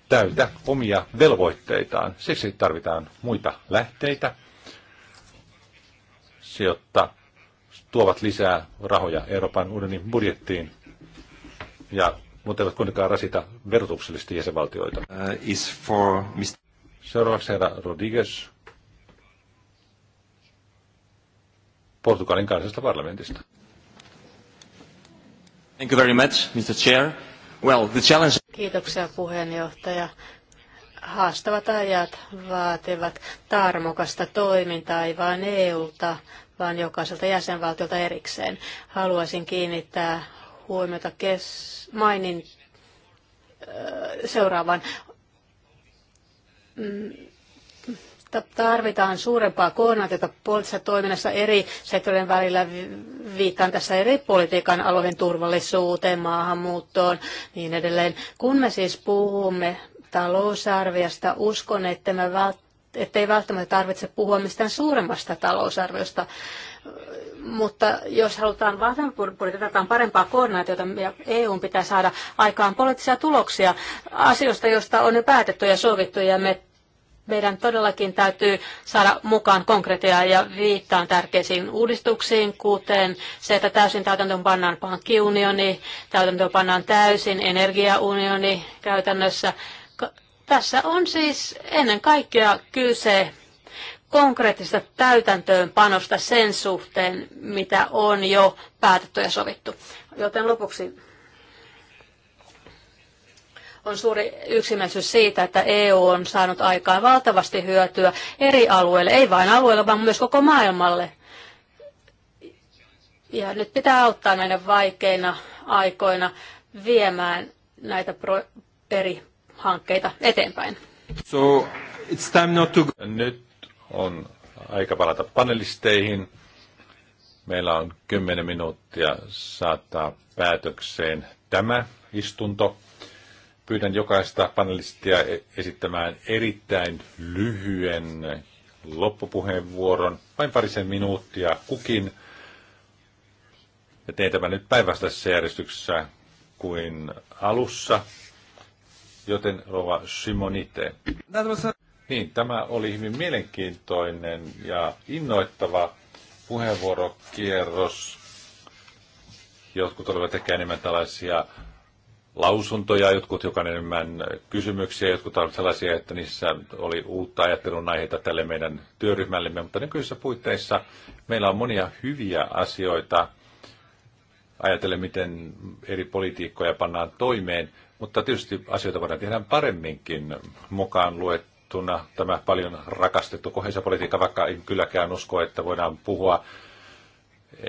Speaker 1: täytä omia velvoitteitaan. Siksi tarvitaan muita lähteitä, jotta tuovat lisää rahoja Euroopan unionin budjettiin, ja, mutta eivät kuitenkaan rasita verotuksellisesti jäsenvaltioita. Uh, is for Seuraavaksi herra Rodriguez. Portugalin kansallisesta parlamentista. Thank you very much, Mr. Chair. Well, the challenge...
Speaker 2: Kiitoksia puheenjohtaja. Haastavat ajat vaativat tarmokasta toimintaa ei vain EUlta, vaan jokaiselta jäsenvaltiolta erikseen. Haluaisin kiinnittää huomiota kes- mainin seuraavan. Mm, tarvitaan suurempaa koordinaatiota poliittisessa toiminnassa eri sektorien välillä. Viittaan tässä eri politiikan alojen turvallisuuteen, maahanmuuttoon niin edelleen. Kun me siis puhumme talousarviasta, uskon, että me välttämättä ettei välttämättä tarvitse puhua mistään suuremmasta talousarviosta. Mutta jos halutaan vahvempaa parempaa koordinaatiota ja EU pitäisi saada aikaan poliittisia tuloksia asioista, joista on jo päätetty ja sovittu ja me meidän todellakin täytyy saada mukaan konkretiaa ja viittaan tärkeisiin uudistuksiin, kuten se, että täysin täytäntöön pannaan pankkiunioni, täytäntöön pannaan täysin energiaunioni käytännössä. Tässä on siis ennen kaikkea kyse konkreettista täytäntöönpanosta sen suhteen, mitä on jo päätetty ja sovittu. Joten lopuksi on suuri yksimielisyys siitä, että EU on saanut aikaan valtavasti hyötyä eri alueille, ei vain alueille, vaan myös koko maailmalle. Ja nyt pitää auttaa näinä vaikeina aikoina viemään näitä pro- eri hankkeita eteenpäin.
Speaker 1: So, it's time not to... Nyt on aika palata panelisteihin. Meillä on 10 minuuttia saattaa päätökseen tämä istunto. Pyydän jokaista panelistia e- esittämään erittäin lyhyen loppupuheenvuoron, vain parisen minuuttia kukin. Ja teen tämän nyt päinvastaisessa järjestyksessä kuin alussa, joten rova Simonite. Niin, tämä oli hyvin mielenkiintoinen ja innoittava puheenvuorokierros. Jotkut olivat ehkä enemmän tällaisia lausuntoja, jotkut jokainen enemmän kysymyksiä, jotkut ovat sellaisia, että niissä oli uutta ajattelun aiheita tälle meidän työryhmällemme, mutta nykyisissä puitteissa meillä on monia hyviä asioita, ajatellen miten eri politiikkoja pannaan toimeen, mutta tietysti asioita voidaan tehdä paremminkin mukaan luettuna tämä paljon rakastettu kohesapolitiikka vaikka en kylläkään usko, että voidaan puhua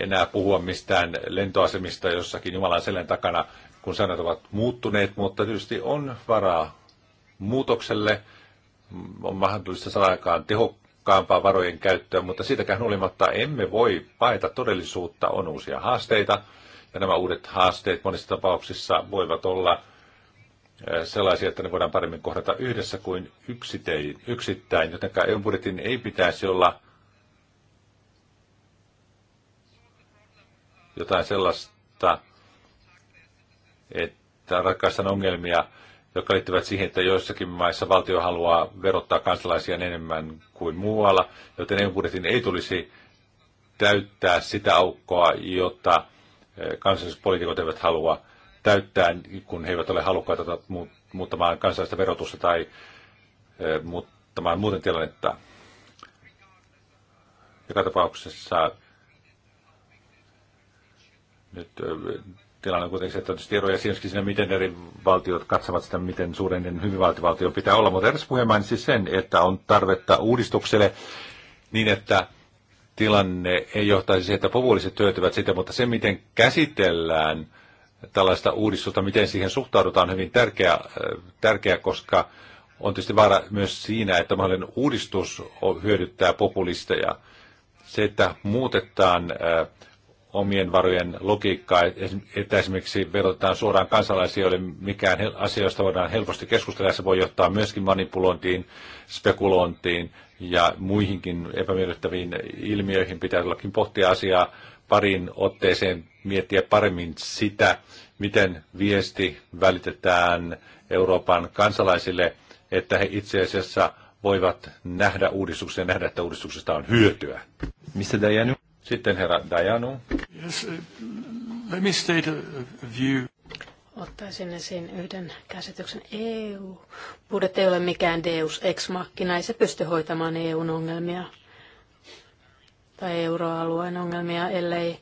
Speaker 1: enää puhua mistään lentoasemista jossakin Jumalan selän takana, kun sanat ovat muuttuneet, mutta tietysti on varaa muutokselle. On mahdollista saada aikaan tehokkaampaa varojen käyttöä, mutta siitäkään huolimatta emme voi paeta todellisuutta. On uusia haasteita, ja nämä uudet haasteet monissa tapauksissa voivat olla sellaisia, että ne voidaan paremmin kohdata yhdessä kuin yksittäin, joten EU-budjetin ei pitäisi olla jotain sellaista, että ratkaistaan ongelmia, jotka liittyvät siihen, että joissakin maissa valtio haluaa verottaa kansalaisia enemmän kuin muualla, joten EU-budjetin ei tulisi täyttää sitä aukkoa, jota eh, poliitikot eivät halua täyttää, kun he eivät ole halukkaita tuota muuttamaan kansallista verotusta tai eh, muuttamaan muuten tilannetta. Joka tapauksessa nyt eh, tilanne on kuitenkin se, että tietysti eroja siinä, miten eri valtiot katsovat sitä, miten suurennen niin hyvinvointivaltio pitää olla. Mutta eräs puhe mainitsi sen, että on tarvetta uudistukselle niin, että tilanne ei johtaisi siihen, että populiset hyötyvät sitä, mutta se, miten käsitellään tällaista uudistusta, miten siihen suhtaudutaan, on hyvin tärkeä, äh, tärkeä koska on tietysti vaara myös siinä, että mahdollinen uudistus hyödyttää populisteja. Se, että muutetaan äh, omien varojen logiikkaa, että esimerkiksi vedotetaan suoraan kansalaisia, joille mikään asioista voidaan helposti keskustella, se voi johtaa myöskin manipulointiin, spekulointiin ja muihinkin epämiellyttäviin ilmiöihin. Pitää tullakin pohtia asiaa parin otteeseen, miettiä paremmin sitä, miten viesti välitetään Euroopan kansalaisille, että he itse asiassa voivat nähdä uudistuksen ja nähdä, että uudistuksesta on hyötyä.
Speaker 3: Missä jäänyt?
Speaker 1: Sitten herra Dajanu.
Speaker 3: Yes, uh, let me state a view.
Speaker 2: Ottaisin esiin yhden käsityksen. EU-budjetti ei ole mikään deus ex machina, ei se pysty hoitamaan EUn ongelmia tai euroalueen ongelmia, ellei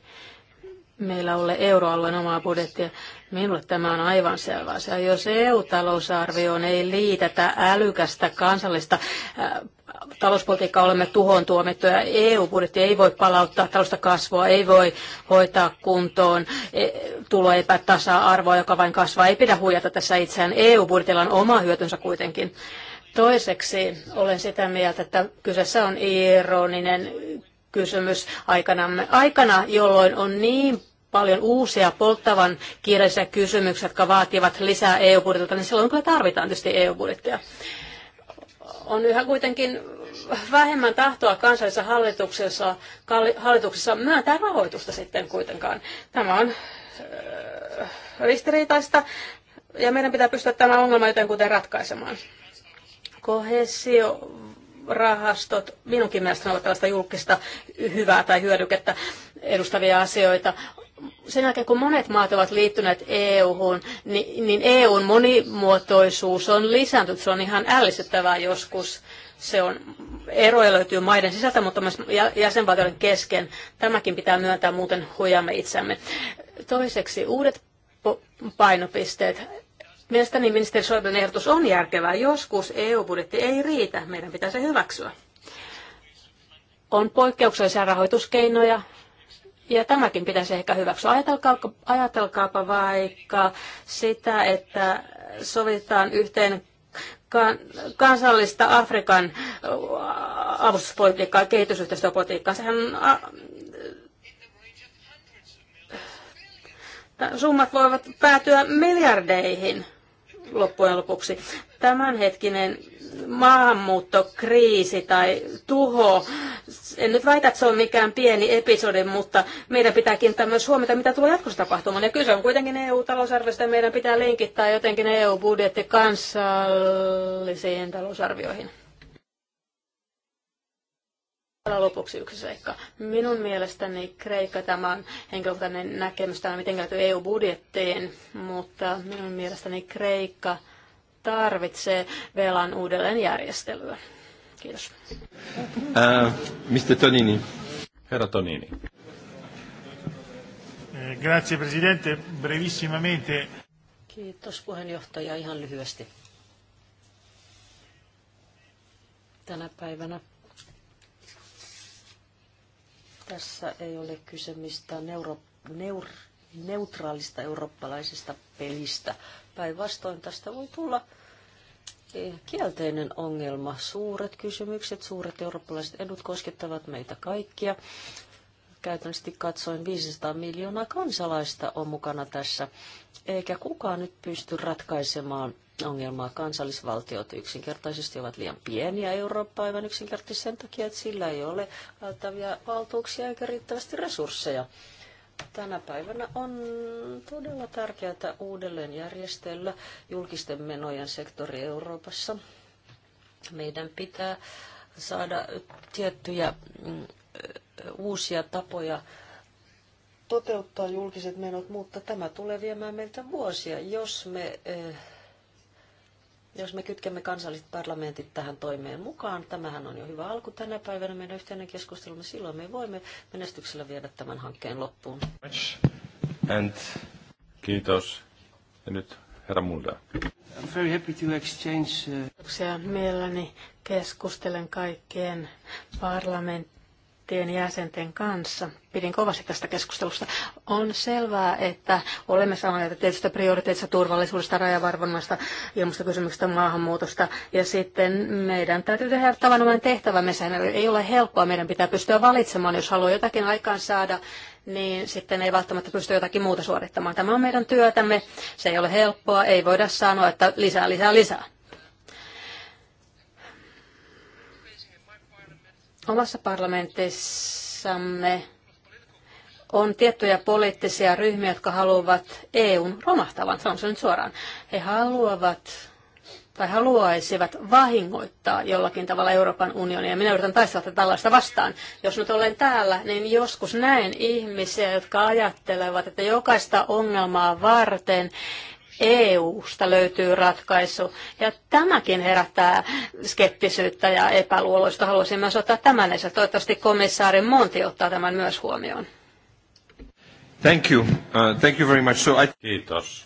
Speaker 2: meillä ole euroalueen omaa budjettia. Minulle tämä on aivan selvä asia. Jos EU-talousarvioon ei liitetä älykästä kansallista äh, talouspolitiikka olemme tuhoon tuomittuja. EU-budjetti ei voi palauttaa talousta kasvua, ei voi hoitaa kuntoon e, tuloepätasa arvoa joka vain kasvaa. Ei pidä huijata tässä itseään. EU-budjetilla on oma hyötynsä kuitenkin. Toiseksi olen sitä mieltä, että kyseessä on ironinen kysymys aikanamme. Aikana, jolloin on niin paljon uusia polttavan kiireisiä kysymyksiä, jotka vaativat lisää EU-budjetilta, niin silloin kyllä tarvitaan tietysti EU-budjettia on yhä kuitenkin vähemmän tahtoa kansallisessa hallituksessa, hallituksessa myöntää rahoitusta sitten kuitenkaan. Tämä on äh, ristiriitaista ja meidän pitää pystyä tämä ongelma jotenkin ratkaisemaan. Kohesio rahastot, minunkin mielestäni ovat tällaista julkista hyvää tai hyödykettä edustavia asioita sen jälkeen kun monet maat ovat liittyneet EU-hun, niin, niin e EUn monimuotoisuus on lisääntynyt. Se on ihan ällistyttävää joskus. Se on, eroja löytyy maiden sisältä, mutta myös jäsenvaltioiden kesken. Tämäkin pitää myöntää, muuten huijamme itsemme. Toiseksi uudet painopisteet. Mielestäni ministeri Soibin ehdotus on järkevää. Joskus EU-budjetti ei riitä. Meidän pitää se hyväksyä. On poikkeuksellisia rahoituskeinoja, ja tämäkin pitäisi ehkä hyväksyä. Ajatelkaa, ajatelkaapa vaikka sitä, että sovitaan yhteen kansallista Afrikan äh, avustuspolitiikkaa kehitysyhteistyöpolitiikkaa. Sehän äh, äh, summat voivat päätyä miljardeihin loppujen lopuksi. Tämänhetkinen maahanmuuttokriisi tai tuho. En nyt väitä, että se on mikään pieni episodi, mutta meidän pitää kiinnittää myös huomiota, mitä tulee jatkossa tapahtumaan. Ja kyse on kuitenkin EU-talousarviosta ja meidän pitää linkittää jotenkin EU-budjetti kansallisiin
Speaker 4: talousarvioihin.
Speaker 2: lopuksi yksi seikka. Minun mielestäni Kreikka, tämä on henkilökohtainen näkemys, tämä miten käyty EU-budjettiin, mutta minun mielestäni Kreikka tarvitsee velan uudelleenjärjestelyä. Kiitos. Uh,
Speaker 3: äh, Mr. Tonini. Herra Tonini. Eh, grazie Presidente, brevissimamente.
Speaker 4: Kiitos puheenjohtaja ihan lyhyesti. Tänä päivänä tässä ei ole kyse mistään neuro, neur, neutraalista eurooppalaisesta pelistä, Päinvastoin tästä voi tulla kielteinen ongelma. Suuret kysymykset, suuret eurooppalaiset edut koskettavat meitä kaikkia. Käytännössä katsoen 500 miljoonaa kansalaista on mukana tässä, eikä kukaan nyt pysty ratkaisemaan ongelmaa. Kansallisvaltiot yksinkertaisesti ovat liian pieniä Eurooppa aivan yksinkertaisesti sen takia, että sillä ei ole valtavia valtuuksia eikä riittävästi resursseja tänä päivänä on todella tärkeää uudelleen järjestellä julkisten menojen sektori Euroopassa. Meidän pitää saada tiettyjä mm, uusia tapoja toteuttaa julkiset menot, mutta tämä tulee viemään meiltä vuosia, jos me eh, jos me kytkemme kansalliset parlamentit tähän toimeen mukaan, tämähän on jo hyvä alku tänä päivänä meidän yhteinen keskustelumme. Silloin me voimme menestyksellä viedä tämän hankkeen loppuun.
Speaker 1: And kiitos. Ja nyt herra Mulda.
Speaker 3: I'm very happy to exchange... uh... Mielelläni
Speaker 2: keskustelen kaikkien parlament parlamenttien jäsenten kanssa. Pidin kovasti tästä keskustelusta. On selvää, että olemme samaa mieltä tietystä prioriteetista, turvallisuudesta, rajavarvonnasta, ilmastokysymyksistä, maahanmuutosta. Ja sitten meidän täytyy tehdä tavanomainen tehtävämme. Sehän ei ole helppoa. Meidän pitää pystyä valitsemaan, jos haluaa jotakin aikaan saada niin sitten ei välttämättä pysty jotakin muuta suorittamaan. Tämä on meidän työtämme. Se ei ole helppoa. Ei voida sanoa, että lisää, lisää, lisää Omassa parlamentissamme on tiettyjä poliittisia ryhmiä, jotka haluavat EUn romahtavan, sanon sen nyt suoraan. He haluavat tai haluaisivat vahingoittaa jollakin tavalla Euroopan unionia. Minä yritän taistella tällaista vastaan. Jos nyt olen täällä, niin joskus näen ihmisiä, jotka ajattelevat, että jokaista ongelmaa varten EU-sta löytyy ratkaisu. Ja tämäkin herättää skeptisyyttä ja epäluuloista. Haluaisin myös ottaa tämän esille. Toivottavasti komissaari Monti ottaa tämän myös huomioon.
Speaker 1: Thank you. Uh, thank you very much. So I... Kiitos.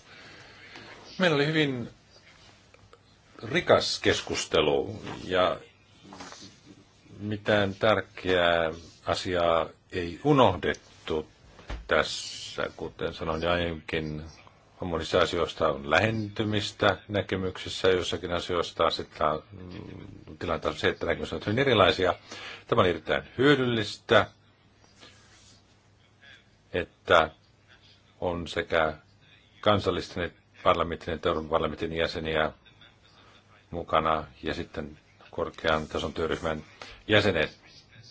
Speaker 1: Meillä oli hyvin rikas keskustelu ja mitään tärkeää asiaa ei unohdettu tässä, kuten sanoin aiemminkin, No, monissa asioista on lähentymistä näkemyksissä, jossakin asioista sitten mm, tilanne on se, että näkemykset ovat hyvin erilaisia. Tämä on erittäin hyödyllistä, että on sekä kansallisten parlamentin että Euroopan parlamentin jäseniä mukana ja sitten korkean tason työryhmän jäsenet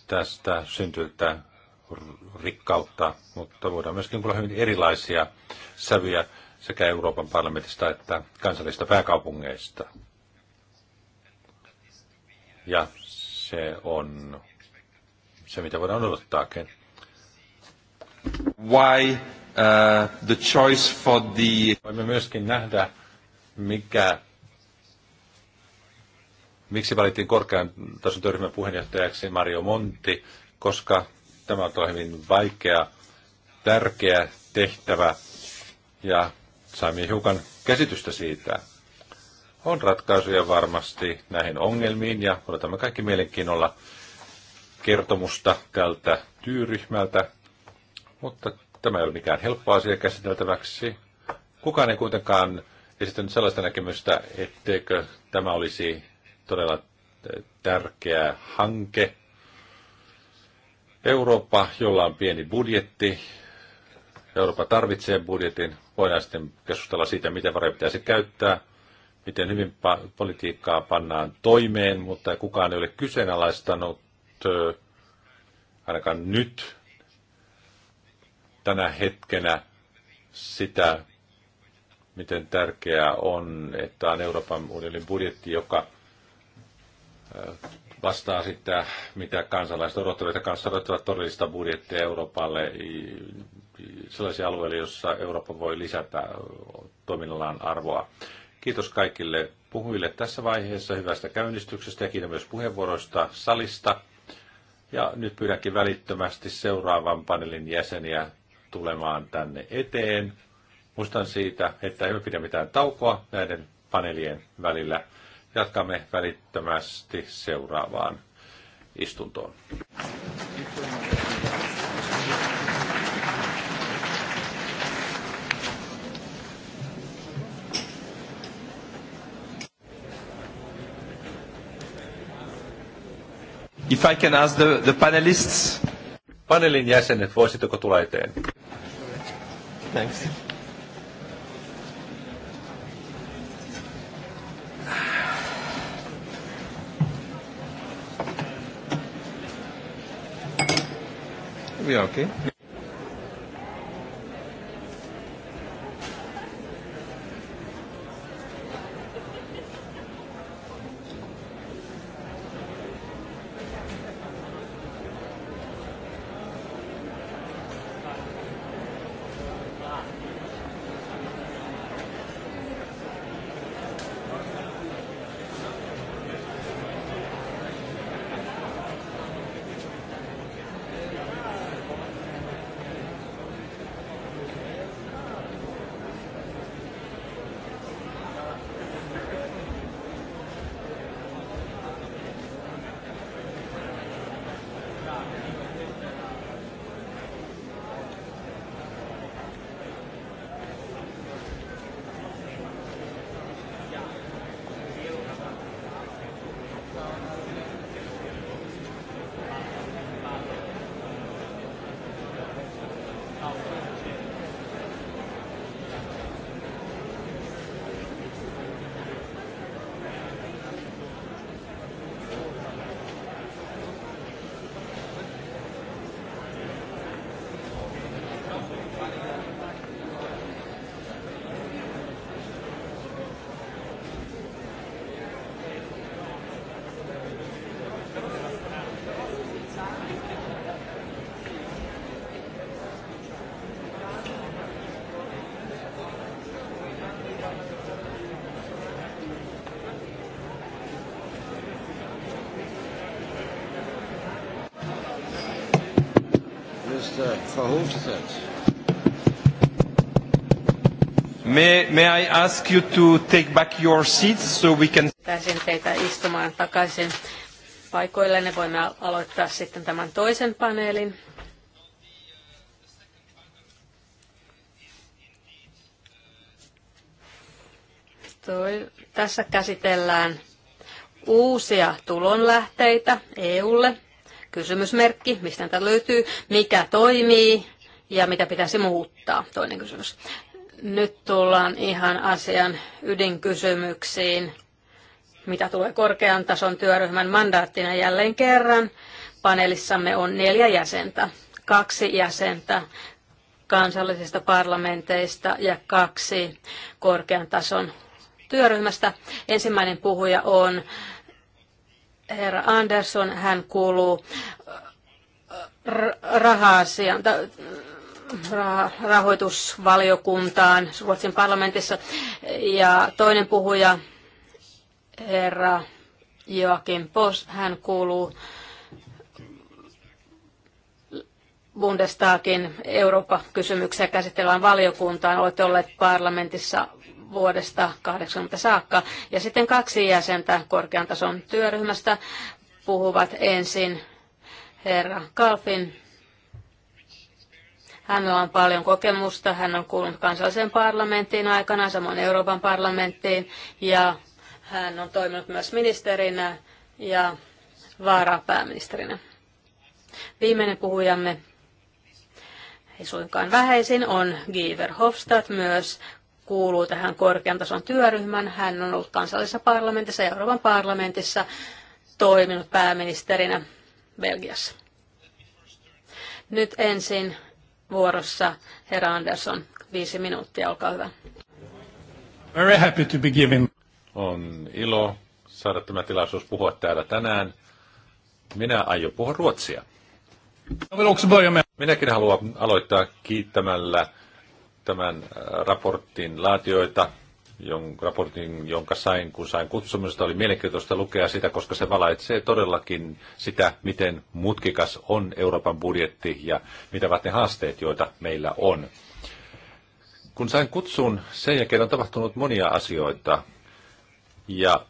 Speaker 1: tästä syntyiltä rikkautta, mutta voidaan myöskin olla hyvin erilaisia sävyjä sekä Euroopan parlamentista että kansallisista pääkaupungeista. Ja se on se, mitä voidaan odottaa. Why uh, the choice for the... Voimme myöskin nähdä, mikä, miksi valittiin korkean tason työryhmän puheenjohtajaksi Mario Monti, koska tämä on hyvin vaikea, tärkeä tehtävä ja saimme hiukan käsitystä siitä. On ratkaisuja varmasti näihin ongelmiin ja odotamme kaikki mielenkiinnolla kertomusta tältä työryhmältä, mutta tämä ei ole mikään helppo asia käsiteltäväksi. Kukaan ei kuitenkaan esittänyt sellaista näkemystä, etteikö tämä olisi todella tärkeä hanke. Eurooppa, jolla on pieni budjetti, Eurooppa tarvitsee budjetin. Voidaan sitten keskustella siitä, miten varoja pitäisi käyttää, miten hyvin politiikkaa pannaan toimeen, mutta kukaan ei ole kyseenalaistanut ainakaan nyt tänä hetkenä sitä, miten tärkeää on, että on Euroopan unionin budjetti, joka vastaa sitä, mitä kansalaiset odottavat, että kansalaiset odottavat todellista budjettia Euroopalle, sellaisia alueille, joissa Eurooppa voi lisätä toiminnallaan arvoa. Kiitos kaikille puhujille tässä vaiheessa hyvästä käynnistyksestä ja kiitos myös puheenvuoroista salista. Ja nyt pyydänkin välittömästi seuraavan paneelin jäseniä tulemaan tänne eteen. Muistan siitä, että emme pidä mitään taukoa näiden paneelien välillä. Jatkamme välittömästi seuraavaan istuntoon.
Speaker 3: If I can ask the, the panelists. Panelin
Speaker 1: jäsenet, voisitteko tulla eteen? Thanks.
Speaker 3: Yeah, okay. Verhofstadt. May, may I ask you to take back your seats so we can...
Speaker 2: Pääsen teitä istumaan takaisin paikoille. Ne voimme aloittaa sitten tämän toisen paneelin. Toi, tässä käsitellään uusia tulonlähteitä EUlle kysymysmerkki, mistä tätä löytyy, mikä toimii ja mitä pitäisi muuttaa, toinen kysymys. Nyt tullaan ihan asian ydinkysymyksiin, mitä tulee korkean tason työryhmän mandaattina jälleen kerran. Paneelissamme on neljä jäsentä, kaksi jäsentä kansallisista parlamenteista ja kaksi korkean tason työryhmästä. Ensimmäinen puhuja on herra Andersson, hän kuuluu äh, raha-asian, rahoitusvaliokuntaan Ruotsin parlamentissa. Ja toinen puhuja, herra Joakim Pos, hän kuuluu Bundestagin Eurooppa-kysymyksiä käsitellään valiokuntaan. Olette olleet parlamentissa vuodesta 80 saakka. Ja sitten kaksi jäsentä korkean tason työryhmästä puhuvat ensin herra Kalfin. Hänellä on paljon kokemusta. Hän on kuulunut kansalliseen parlamenttiin aikana, samoin Euroopan parlamenttiin. Ja hän on toiminut myös ministerinä ja vaarapääministerinä. Viimeinen puhujamme ei suinkaan vähäisin, on Giver Hofstad myös kuuluu tähän korkean tason työryhmän. Hän on ollut kansallisessa parlamentissa ja Euroopan parlamentissa toiminut pääministerinä Belgiassa. Nyt ensin vuorossa herra Andersson. Viisi minuuttia, olkaa hyvä.
Speaker 1: Very happy to be given. On ilo saada tämä tilaisuus puhua täällä tänään. Minä aion puhua ruotsia. Minäkin haluan aloittaa kiittämällä tämän äh, raportin laatioita, jon, raportin, jonka sain, kun sain kutsumusta. Oli mielenkiintoista lukea sitä, koska se valaitsee todellakin sitä, miten mutkikas on Euroopan budjetti ja mitä ovat ne haasteet, joita meillä on. Kun sain kutsun, sen jälkeen on tapahtunut monia asioita ja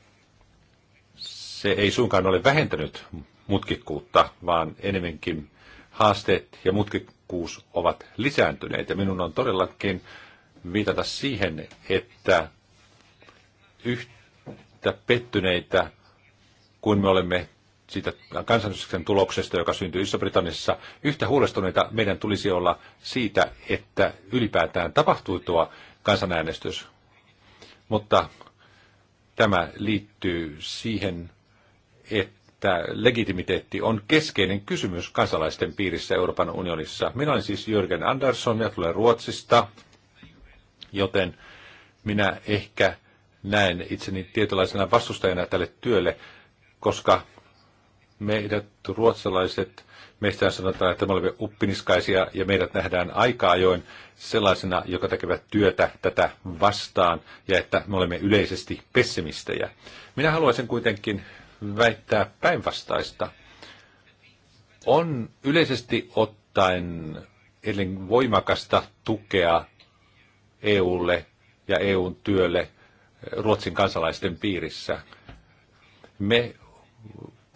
Speaker 1: se ei suinkaan ole vähentänyt mutkikkuutta, vaan enemmänkin haasteet ja mutkikkuutta tehokkuus ovat lisääntyneet. Ja minun on todellakin viitata siihen, että yhtä pettyneitä kuin me olemme siitä kansanäänestyksen tuloksesta, joka syntyi Iso-Britanniassa, yhtä huolestuneita meidän tulisi olla siitä, että ylipäätään tapahtui tuo kansanäänestys. Mutta tämä liittyy siihen, että että legitimiteetti on keskeinen kysymys kansalaisten piirissä Euroopan unionissa. Minä olen siis Jürgen Andersson ja tulen Ruotsista, joten minä ehkä näen itseni tietynlaisena vastustajana tälle työlle, koska meidät ruotsalaiset, meistä sanotaan, että me olemme uppiniskaisia ja meidät nähdään aika ajoin sellaisena, joka tekevät työtä tätä vastaan ja että me olemme yleisesti pessimistejä. Minä haluaisin kuitenkin väittää päinvastaista. On yleisesti ottaen voimakasta tukea EUlle ja EUn työlle Ruotsin kansalaisten piirissä. Me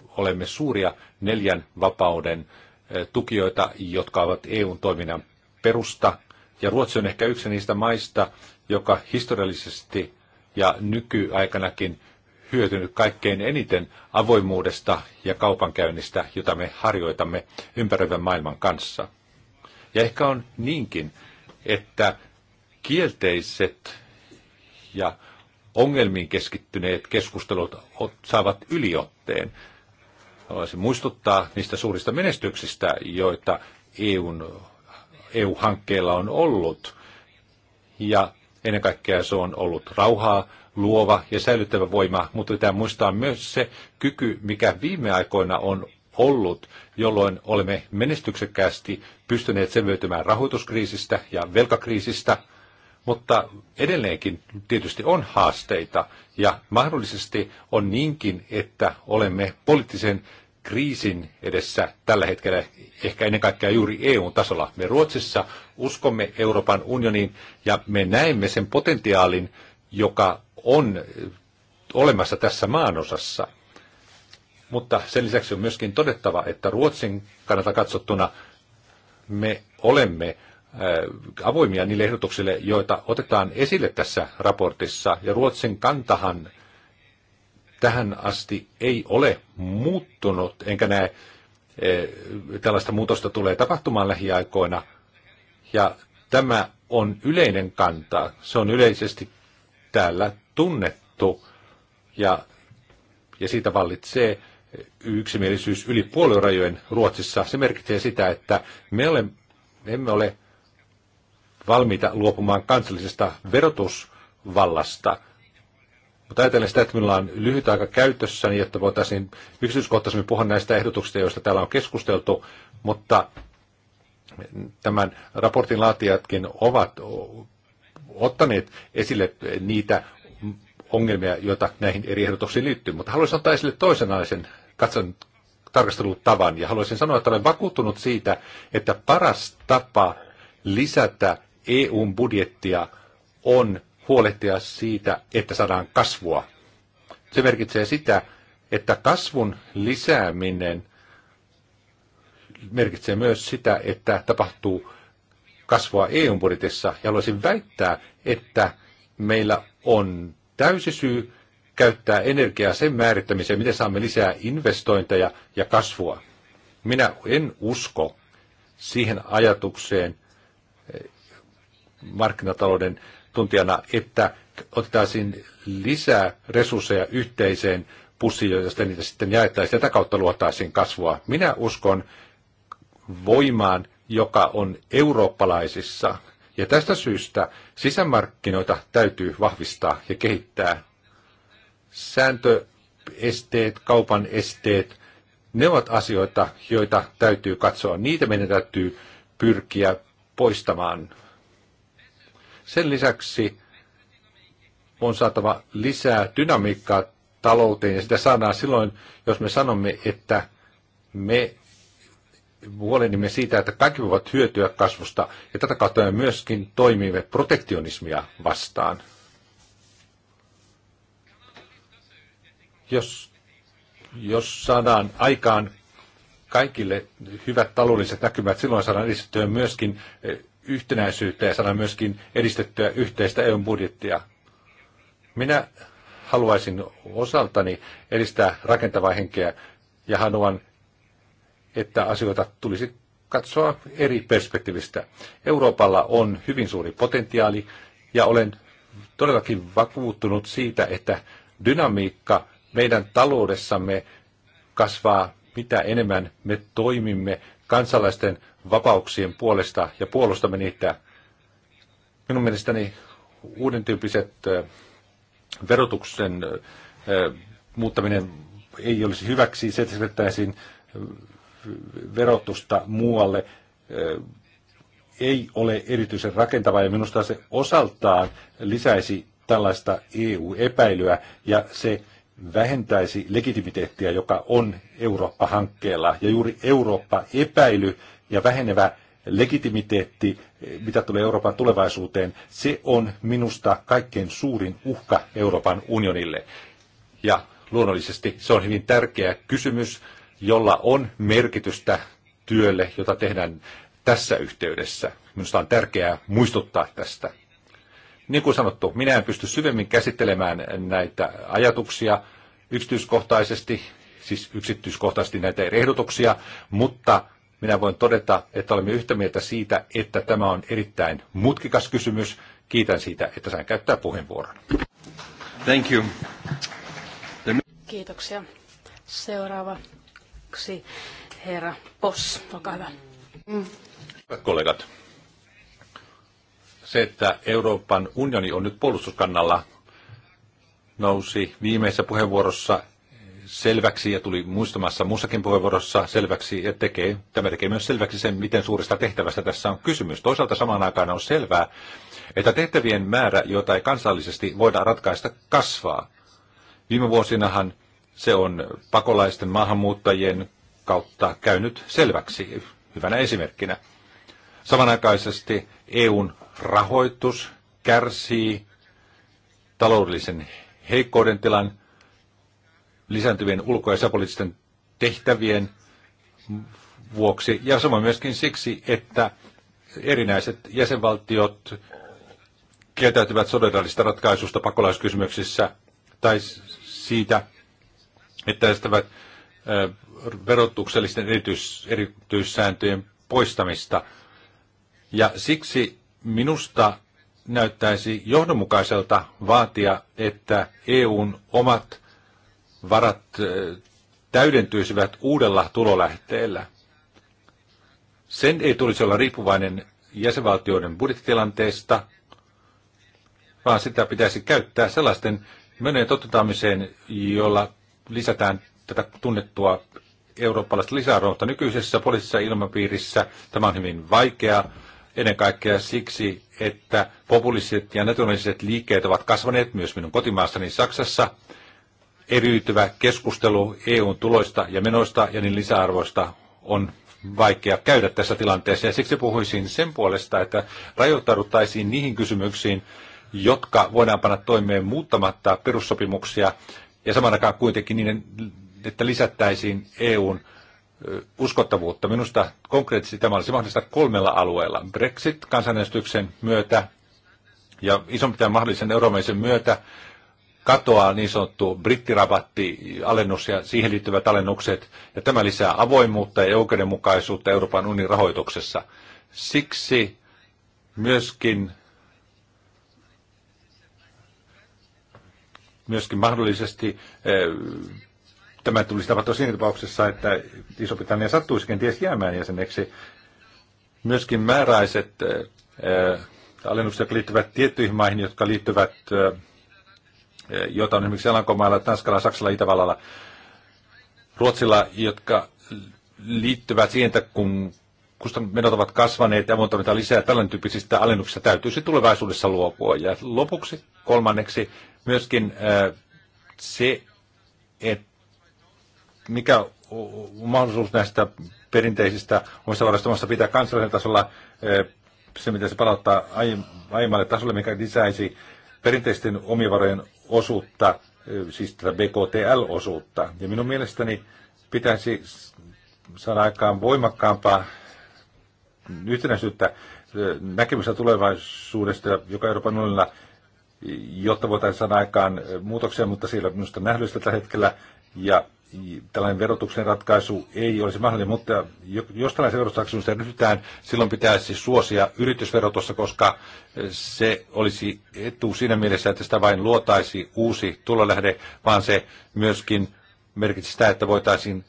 Speaker 1: olemme suuria neljän vapauden eh, tukijoita, jotka ovat EUn toiminnan perusta. Ja Ruotsi on ehkä yksi niistä maista, joka historiallisesti ja nykyaikanakin hyötynyt kaikkein eniten avoimuudesta ja kaupankäynnistä, jota me harjoitamme ympäröivän maailman kanssa. Ja ehkä on niinkin, että kielteiset ja ongelmiin keskittyneet keskustelut saavat yliotteen. Haluaisin muistuttaa niistä suurista menestyksistä, joita EUn, EU-hankkeella on ollut. Ja ennen kaikkea se on ollut rauhaa luova ja säilyttävä voima, mutta pitää muistaa myös se kyky, mikä viime aikoina on ollut, jolloin olemme menestyksekkäästi pystyneet selviytymään rahoituskriisistä ja velkakriisistä, mutta edelleenkin tietysti on haasteita ja mahdollisesti on niinkin, että olemme poliittisen kriisin edessä tällä hetkellä, ehkä ennen kaikkea juuri EU-tasolla. Me Ruotsissa uskomme Euroopan unioniin ja me näemme sen potentiaalin, joka on olemassa tässä maanosassa. Mutta sen lisäksi on myöskin todettava, että Ruotsin kannalta katsottuna me olemme äh, avoimia niille ehdotuksille, joita otetaan esille tässä raportissa. Ja Ruotsin kantahan tähän asti ei ole muuttunut, enkä näe äh, tällaista muutosta tulee tapahtumaan lähiaikoina. Ja tämä on yleinen kanta. Se on yleisesti täällä tunnettu ja, ja siitä vallitsee yksimielisyys yli puoluerajojen Ruotsissa. Se merkitsee sitä, että me ole, emme ole valmiita luopumaan kansallisesta verotusvallasta. Mutta ajatellen sitä, että meillä on lyhyt aika käytössä, niin että voitaisiin yksityiskohtaisemmin puhua näistä ehdotuksista, joista täällä on keskusteltu, mutta tämän raportin laatijatkin ovat ottaneet esille niitä ongelmia, joita näihin eri ehdotuksiin liittyy, mutta haluaisin ottaa esille toisenlaisen katson tarkastelutavan ja haluaisin sanoa, että olen vakuuttunut siitä, että paras tapa lisätä EUn budjettia on huolehtia siitä, että saadaan kasvua. Se merkitsee sitä, että kasvun lisääminen merkitsee myös sitä, että tapahtuu kasvua EU-budjetissa ja haluaisin väittää, että meillä on täysi syy käyttää energiaa sen määrittämiseen, miten saamme lisää investointeja ja kasvua. Minä en usko siihen ajatukseen eh, markkinatalouden tuntijana, että ottaisiin lisää resursseja yhteiseen pussiin, josta niitä sitten jaettaisiin. Tätä kautta luotaisiin kasvua. Minä uskon voimaan joka on eurooppalaisissa. Ja tästä syystä sisämarkkinoita täytyy vahvistaa ja kehittää. Sääntöesteet, kaupan esteet, ne ovat asioita, joita täytyy katsoa. Niitä meidän täytyy pyrkiä poistamaan. Sen lisäksi on saatava lisää dynamiikkaa talouteen ja sitä saadaan silloin, jos me sanomme, että me huolehdimme siitä, että kaikki voivat hyötyä kasvusta ja tätä kautta me myöskin toimimme protektionismia vastaan. Jos, jos saadaan aikaan kaikille hyvät taloudelliset näkymät, silloin saadaan edistettyä myöskin e, yhtenäisyyttä ja saadaan myöskin edistettyä yhteistä EUn budjettia. Minä haluaisin osaltani edistää rakentavaa henkeä ja haluan että asioita tulisi katsoa eri perspektiivistä. Euroopalla on hyvin suuri potentiaali ja olen todellakin vakuuttunut siitä, että dynamiikka meidän taloudessamme kasvaa mitä enemmän me toimimme kansalaisten vapauksien puolesta ja puolustamme niitä. Minun mielestäni uuden tyyppiset verotuksen muuttaminen ei olisi hyväksi, se että verotusta muualle ei ole erityisen rakentava ja minusta se osaltaan lisäisi tällaista EU-epäilyä ja se vähentäisi legitimiteettiä, joka on Eurooppa-hankkeella. Ja juuri Eurooppa-epäily ja vähenevä legitimiteetti, e, mitä tulee Euroopan tulevaisuuteen, se on minusta kaikkein suurin uhka Euroopan unionille. Ja luonnollisesti se on hyvin tärkeä kysymys jolla on merkitystä työlle, jota tehdään tässä yhteydessä. Minusta on tärkeää muistuttaa tästä. Niin kuin sanottu, minä en pysty syvemmin käsittelemään näitä ajatuksia yksityiskohtaisesti, siis yksityiskohtaisesti näitä ehdotuksia, mutta minä voin todeta, että olemme yhtä mieltä siitä, että tämä on erittäin mutkikas kysymys. Kiitän siitä, että sain käyttää puheenvuoron.
Speaker 3: Thank you.
Speaker 2: Kiitoksia. Seuraava Seuraavaksi herra Poss, olkaa hyvä. Mm.
Speaker 3: Hyvät
Speaker 1: kollegat, se, että Euroopan unioni on nyt puolustuskannalla, nousi viimeisessä puheenvuorossa selväksi ja tuli muistamassa muussakin puheenvuorossa selväksi ja tekee, tämä tekee myös selväksi sen, miten suurista tehtävästä tässä on kysymys. Toisaalta samaan aikaan on selvää, että tehtävien määrä, jota ei kansallisesti voida ratkaista, kasvaa. Viime vuosinahan se on pakolaisten maahanmuuttajien kautta käynyt selväksi hyvänä esimerkkinä. Samanaikaisesti EUn rahoitus kärsii taloudellisen heikkouden tilan lisääntyvien ulko- ja sisäpoliittisten tehtävien vuoksi ja samoin myöskin siksi, että erinäiset jäsenvaltiot kieltäytyvät sodallisista ratkaisusta pakolaiskysymyksissä tai siitä, että estävät verotuksellisten erityis, erityissääntöjen poistamista. Ja siksi minusta näyttäisi johdonmukaiselta vaatia, että EUn omat varat täydentyisivät uudella tulolähteellä. Sen ei tulisi olla riippuvainen jäsenvaltioiden budjettitilanteesta, vaan sitä pitäisi käyttää sellaisten menojen toteuttamiseen, jolla lisätään tätä tunnettua eurooppalaista lisäarvoa nykyisessä poliittisessa ilmapiirissä. Tämä on hyvin vaikea ennen kaikkea siksi, että populistiset ja nationalistiset liikkeet ovat kasvaneet myös minun kotimaassani Saksassa. Eriytyvä keskustelu EUn tuloista ja menoista ja niin lisäarvoista on vaikea käydä tässä tilanteessa. Ja siksi puhuisin sen puolesta, että rajoittauduttaisiin niihin kysymyksiin, jotka voidaan panna toimeen muuttamatta perussopimuksia ja saman aikaan kuitenkin niiden, että lisättäisiin EUn uskottavuutta. Minusta konkreettisesti tämä olisi mahdollista kolmella alueella. Brexit-kansanäänestyksen myötä ja isompiten mahdollisen euromeisen myötä katoaa niin sanottu brittirabatti, alennus ja siihen liittyvät alennukset, ja tämä lisää avoimuutta ja oikeudenmukaisuutta Euroopan unionin rahoituksessa. Siksi myöskin myöskin mahdollisesti eh, tämä tulisi tapahtua siinä tapauksessa, että Iso-Britannia sattuisi kenties jäämään jäseneksi. Myöskin määräiset eh, eh, alennukset liittyvät tiettyihin maihin, jotka liittyvät, joita on esimerkiksi Alankomailla, Tanskalla, Saksalla, Itävallalla, Ruotsilla, jotka liittyvät siihen, että kun menot ovat kasvaneet ja monta lisää tällainen tyyppisistä alennuksista täytyisi tulevaisuudessa luopua. Ja lopuksi kolmanneksi myöskin äh, se, että mikä mahdollisuus näistä perinteisistä omista varastomasta pitää kansallisen tasolla äh, se, mitä se palauttaa aiemmalle tasolle, mikä lisäisi perinteisten omivarojen osuutta, äh, siis tätä BKTL-osuutta. Ja minun mielestäni pitäisi saada aikaan voimakkaampaa yhtenäisyyttä näkemystä tulevaisuudesta, joka Euroopan unionilla, jotta voitaisiin saada aikaan muutoksia, mutta siellä on minusta nähdyllistä tällä hetkellä, ja tällainen verotuksen ratkaisu ei olisi mahdollinen, mutta jos tällaisen verotusratkaisuun ryhdytään, silloin pitäisi suosia yritysverotusta, koska se olisi etu siinä mielessä, että sitä vain luotaisi uusi tulolähde, vaan se myöskin merkitsisi sitä, että voitaisiin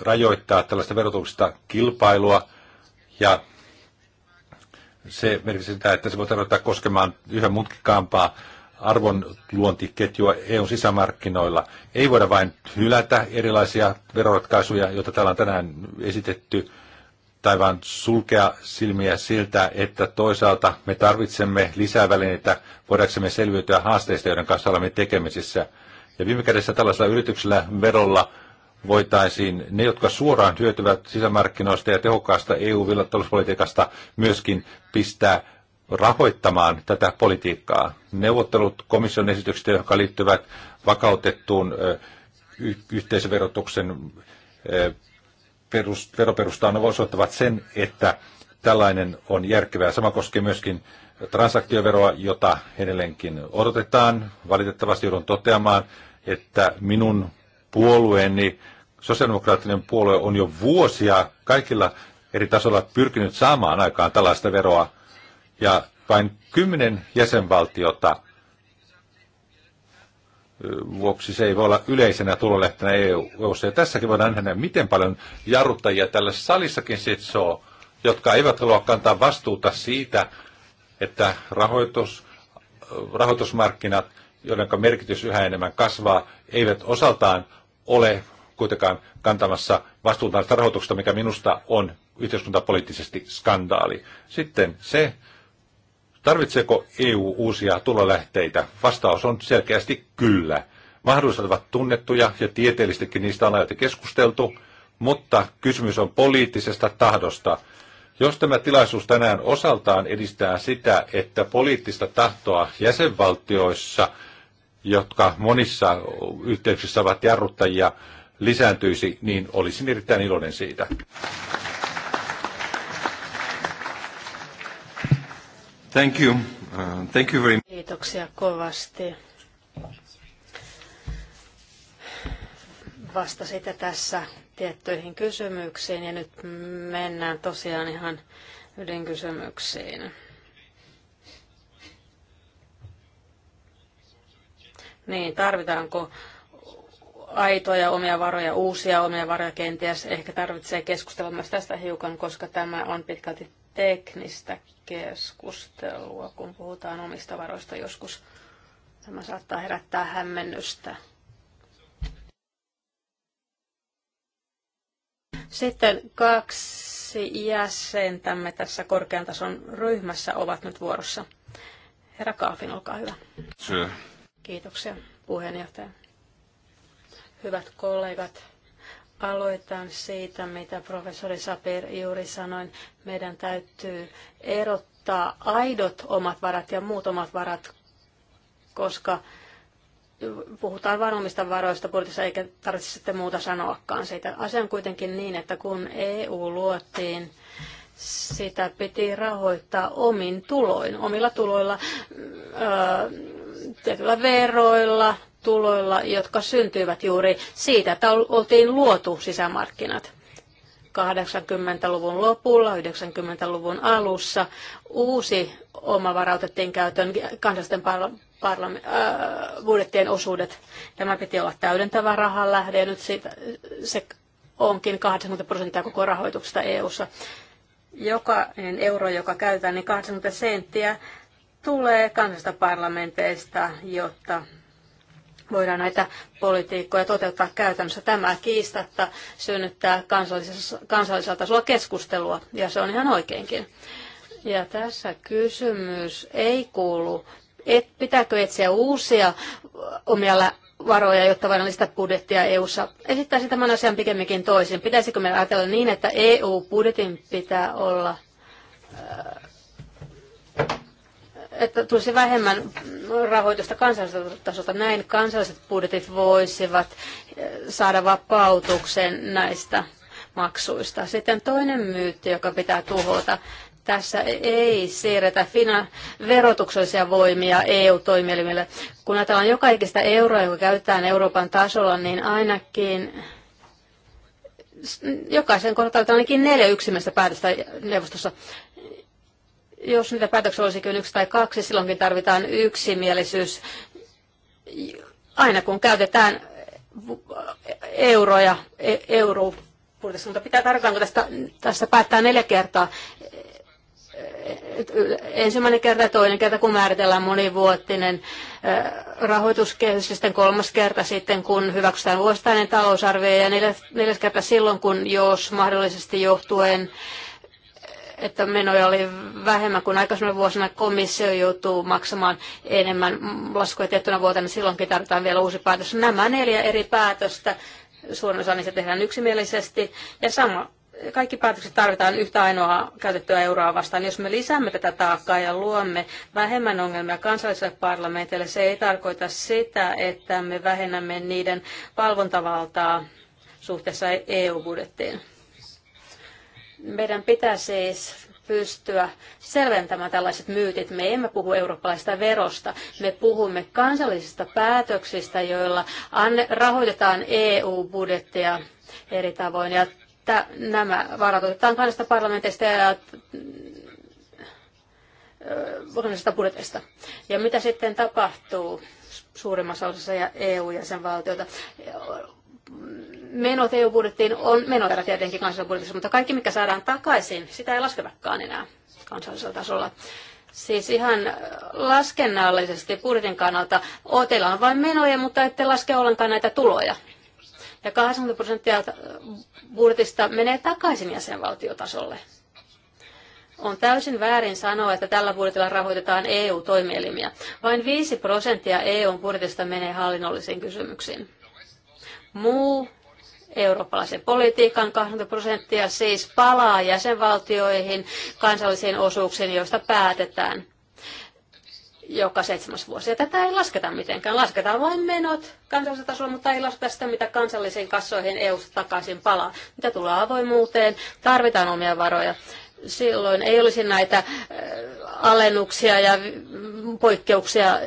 Speaker 1: rajoittaa tällaista verotuksesta kilpailua, ja se merkitsee sitä, että se voi tarkoittaa koskemaan yhä mutkikaampaa arvonluontiketjua EUn sisämarkkinoilla. Ei voida vain hylätä erilaisia veroratkaisuja, joita täällä on tänään esitetty, tai vaan sulkea silmiä siltä, että toisaalta me tarvitsemme lisävälineitä, voidaksemme selviytyä haasteista, joiden kanssa olemme tekemisissä. Ja viime kädessä tällaisella yrityksellä verolla voitaisiin ne, jotka suoraan hyötyvät sisämarkkinoista ja tehokkaasta EU-villatalouspolitiikasta, myöskin pistää rahoittamaan tätä politiikkaa. Neuvottelut komission esityksistä, jotka liittyvät vakautettuun y- yhteisöverotuksen perus, veroperustaan, osoittavat sen, että tällainen on järkevää. Sama koskee myöskin transaktioveroa, jota edelleenkin odotetaan. Valitettavasti joudun toteamaan, että minun puolueeni, niin sosiaalidemokraattinen puolue, on jo vuosia kaikilla eri tasolla pyrkinyt saamaan aikaan tällaista veroa, ja vain kymmenen jäsenvaltiota vuoksi se ei voi olla yleisenä tulolähteenä EU-ssa. Ja tässäkin voidaan nähdä, miten paljon jarruttajia tällä salissakin sitsoo, jotka eivät halua kantaa vastuuta siitä, että rahoitus, rahoitusmarkkinat, joiden merkitys yhä enemmän kasvaa, eivät osaltaan ole kuitenkaan kantamassa vastuuta tästä rahoituksesta, mikä minusta on yhteiskuntapoliittisesti skandaali. Sitten se, tarvitseeko EU uusia tulolähteitä? Vastaus on selkeästi kyllä. Mahdollisuudet ovat tunnettuja ja tieteellisestikin niistä on ajoitte keskusteltu, mutta kysymys on poliittisesta tahdosta. Jos tämä tilaisuus tänään osaltaan edistää sitä, että poliittista tahtoa jäsenvaltioissa – jotka monissa yhteyksissä ovat jarruttajia, lisääntyisi, niin olisin erittäin iloinen siitä. Thank you. Uh, thank you very...
Speaker 2: Kiitoksia kovasti. sitä tässä tiettyihin kysymyksiin ja nyt mennään tosiaan ihan ydinkysymyksiin. Niin, tarvitaanko aitoja omia varoja, uusia omia varoja kenties. Ehkä tarvitsee keskustella myös tästä hiukan, koska tämä on pitkälti teknistä keskustelua, kun puhutaan omista varoista joskus. Tämä saattaa herättää hämmennystä. Sitten kaksi jäsentämme tässä korkean tason ryhmässä ovat nyt vuorossa. Herra Kaafin, olkaa hyvä. Sure. Kiitoksia puheenjohtaja. Hyvät kollegat, aloitan siitä, mitä professori Saper juuri sanoi. Meidän täytyy erottaa aidot omat varat ja muut omat varat, koska puhutaan vain omista varoista budjetissa, eikä tarvitse sitten muuta sanoakaan siitä. Asia on kuitenkin niin, että kun EU luotiin, sitä piti rahoittaa omin tuloin, omilla tuloilla. Öö, tietyillä veroilla, tuloilla, jotka syntyivät juuri siitä, että oltiin luotu sisämarkkinat. 80-luvun lopulla, 90-luvun alussa uusi oma varautettiin käytön kansallisten parla- äh, budjettien osuudet. Tämä piti olla täydentävä rahan lähde ja nyt siitä, se onkin 80 prosenttia koko rahoituksesta EU-ssa. Jokainen euro, joka käytetään, niin 80 senttiä tulee kansasta parlamenteista, jotta voidaan näitä politiikkoja toteuttaa käytännössä. Tämä kiistatta synnyttää kansallisella tasolla keskustelua, ja se on ihan oikeinkin. Ja tässä kysymys ei kuulu, et, pitääkö etsiä uusia omia varoja, jotta voidaan lisätä budjettia EU-ssa. Esittäisin tämän asian pikemminkin toisin. Pitäisikö meillä ajatella niin, että EU-budjetin pitää olla että tulisi vähemmän rahoitusta kansalliselta tasolta. Näin kansalliset budjetit voisivat eh, saada vapautuksen näistä maksuista. Sitten toinen myytti, joka pitää tuhota. Tässä ei siirretä fina- verotuksellisia voimia EU-toimielimille. Kun ajatellaan joka ikistä euroa, joka käytetään Euroopan tasolla, niin ainakin jokaisen kohdalla ainakin neljä yksimmäistä päätöstä neuvostossa jos niitä päätöksiä kyllä yksi tai kaksi, silloinkin tarvitaan yksimielisyys. Aina kun käytetään euroja, e- euro, mutta pitää tarkkaan, kun tästä, tästä päättää neljä kertaa. Ensimmäinen kerta ja toinen kerta, kun määritellään monivuotinen rahoituskehys, sitten kolmas kerta sitten, kun hyväksytään vuosittainen talousarvio ja neljäs, neljäs kerta silloin, kun jos mahdollisesti johtuen että menoja oli vähemmän kuin aikaisemmin vuosina. Komissio joutuu maksamaan enemmän laskuja tiettynä vuotena, niin silloinkin tarvitaan vielä uusi päätös. Nämä neljä eri päätöstä, suurin osa niistä tehdään yksimielisesti, ja sama, kaikki päätökset tarvitaan yhtä ainoa käytettyä euroa vastaan. Jos me lisäämme tätä taakkaa ja luomme vähemmän ongelmia kansalliselle parlamentille, se ei tarkoita sitä, että me vähennämme niiden valvontavaltaa suhteessa e- EU-budjettiin. Meidän pitää siis pystyä selventämään tällaiset myytit. Me emme puhu eurooppalaista verosta, me puhumme kansallisista päätöksistä, joilla rahoitetaan EU-budjettia eri tavoin. Ja nämä varat otetaan kansallisista parlamenteista ja äh, kansallisista budjeteista. Ja mitä sitten tapahtuu? suurimmassa osassa EU-jäsenvaltioita menot EU-budjettiin on menot tietenkin kansallisessa budjetissa, mutta kaikki mikä saadaan takaisin, sitä ei lasketakaan enää kansallisella tasolla. Siis ihan laskennallisesti budjetin kannalta teillä on vain menoja, mutta ette laske ollenkaan näitä tuloja. Ja 80 prosenttia budjetista menee takaisin jäsenvaltiotasolle. On täysin väärin sanoa, että tällä budjetilla rahoitetaan EU-toimielimiä. Vain 5 prosenttia EUn budjetista menee hallinnollisiin kysymyksiin muu eurooppalaisen politiikan 20 prosenttia siis palaa jäsenvaltioihin kansallisiin osuuksiin, joista päätetään joka seitsemäs vuosi. Ja tätä ei lasketa mitenkään. Lasketaan vain menot kansallisella tasolla, mutta ei lasketa sitä, mitä kansallisiin kassoihin eu takaisin palaa. Mitä tulee avoimuuteen, tarvitaan omia varoja silloin ei olisi näitä äh, alennuksia ja poikkeuksia,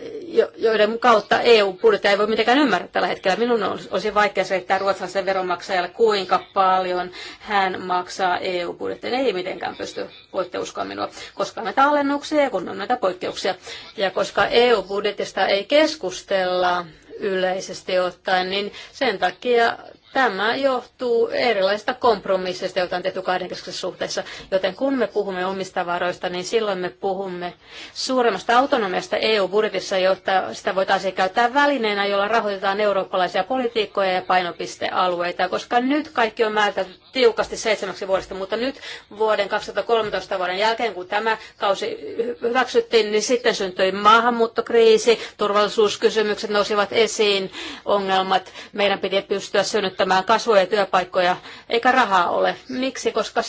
Speaker 2: joiden kautta EU-budjettia ei voi mitenkään ymmärtää tällä hetkellä. Minun olisi vaikea selittää ruotsalaisen veronmaksajalle, kuinka paljon hän maksaa EU-budjettiin. Ei mitenkään pysty, voitte uskoa minua, koska on näitä alennuksia ja kun on näitä poikkeuksia. Ja koska EU-budjetista ei keskustella yleisesti ottaen, niin sen takia Tämä johtuu erilaisista kompromisseista, joita on tehty kahdenkeskisessä suhteessa. Joten kun me puhumme omista varoista, niin silloin me puhumme suuremmasta autonomiasta EU-budjetissa, jotta sitä voitaisiin käyttää välineenä, jolla rahoitetaan eurooppalaisia politiikkoja ja painopistealueita, koska nyt kaikki on määritelty tiukasti seitsemäksi vuodesta, mutta nyt vuoden 2013 vuoden jälkeen, kun tämä kausi hyväksyttiin, niin sitten syntyi maahanmuuttokriisi, turvallisuuskysymykset nousivat esiin, ongelmat, meidän piti pystyä synnyttämään kasvua ja työpaikkoja, eikä rahaa ole. Miksi? Koska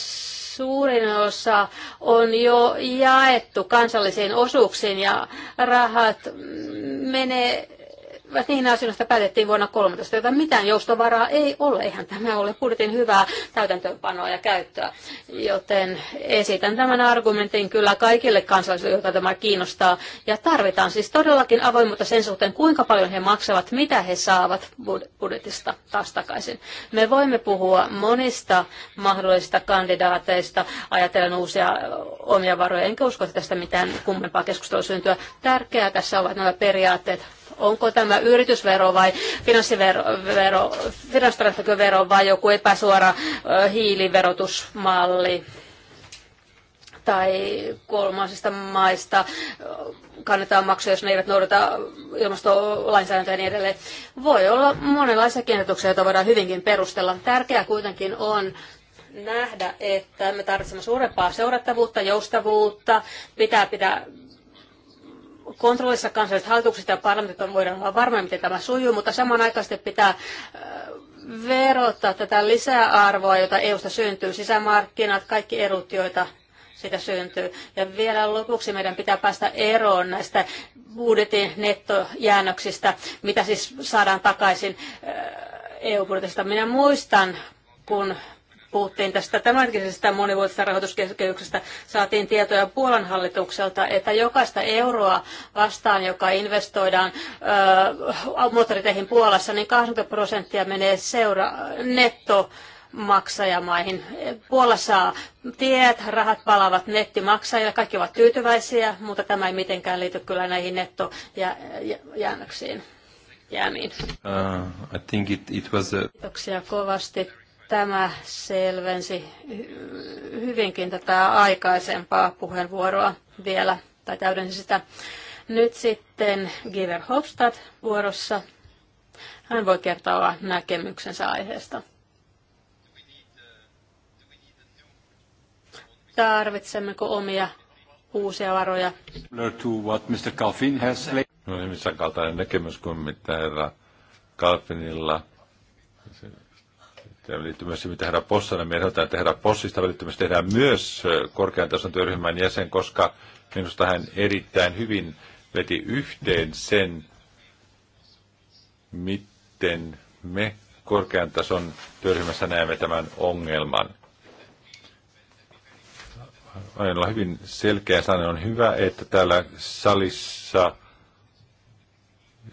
Speaker 2: suurin osa on jo jaettu kansallisiin osuuksiin ja rahat menee niihin asioihin, joista päätettiin vuonna 13, joten mitään joustovaraa ei ole. Eihän tämä ole budjetin hyvää täytäntöönpanoa ja käyttöä. Joten esitän tämän argumentin kyllä kaikille kansalaisille, joita tämä kiinnostaa. Ja tarvitaan siis todellakin avoimuutta sen suhteen, kuinka paljon he maksavat, mitä he saavat budjetista taas takaisin. Me voimme puhua monista mahdollisista kandidaateista, ajatellen uusia omia varoja. Enkä usko, että tästä mitään kummempaa keskustelua syntyä. Tärkeää tässä ovat nämä periaatteet Onko tämä yritysvero vai finanssivero, vero, finanssitransaktiovero vai joku epäsuora hiiliverotusmalli? tai kolmansista maista kannetaan maksuja, jos ne eivät noudata ilmastolainsäädäntöä ja niin edelleen. Voi olla monenlaisia kiinnityksiä, joita voidaan hyvinkin perustella. Tärkeää kuitenkin on nähdä, että me tarvitsemme suurempaa seurattavuutta, joustavuutta, pitää pitää kontrollissa kansalliset hallitukset ja parlamentit voidaan olla varmoja, miten tämä sujuu, mutta samanaikaisesti pitää äh, verottaa tätä lisäarvoa, jota EUsta syntyy, sisämarkkinat, kaikki erut, joita sitä syntyy. Ja vielä lopuksi meidän pitää päästä eroon näistä budjetin nettojäännöksistä, mitä siis saadaan takaisin äh, EU-budjetista. Minä muistan, kun puhuttiin tästä tämänhetkisestä monivuotisesta rahoituskehyksestä, saatiin tietoja Puolan hallitukselta, että jokaista euroa vastaan, joka investoidaan öö, moottoriteihin Puolassa, niin 20 prosenttia menee seura netto maksajamaihin. Puola saa tiet, rahat palaavat nettimaksajille, kaikki ovat tyytyväisiä, mutta tämä ei mitenkään liity kyllä näihin nettojäännöksiin. Jäämiin.
Speaker 1: Uh, I think it, it was a...
Speaker 2: Kiitoksia kovasti Tämä selvensi hyvinkin tätä aikaisempaa puheenvuoroa vielä, tai täydensi sitä. Nyt sitten Giver Hofstad vuorossa. Hän voi kertoa näkemyksensä aiheesta. Tarvitsemmeko omia uusia varoja?
Speaker 1: No, niin missä kaltainen näkemys kuin mitä herra Kalfinilla – Tämä liittyy myös siihen, mitä herra Possana. Me ehdotan, että herra Possista välittömästi tehdään myös korkean tason työryhmän jäsen, koska minusta hän erittäin hyvin veti yhteen sen, miten me korkean tason työryhmässä näemme tämän ongelman. Aina hyvin selkeä sanoa. On hyvä, että täällä salissa –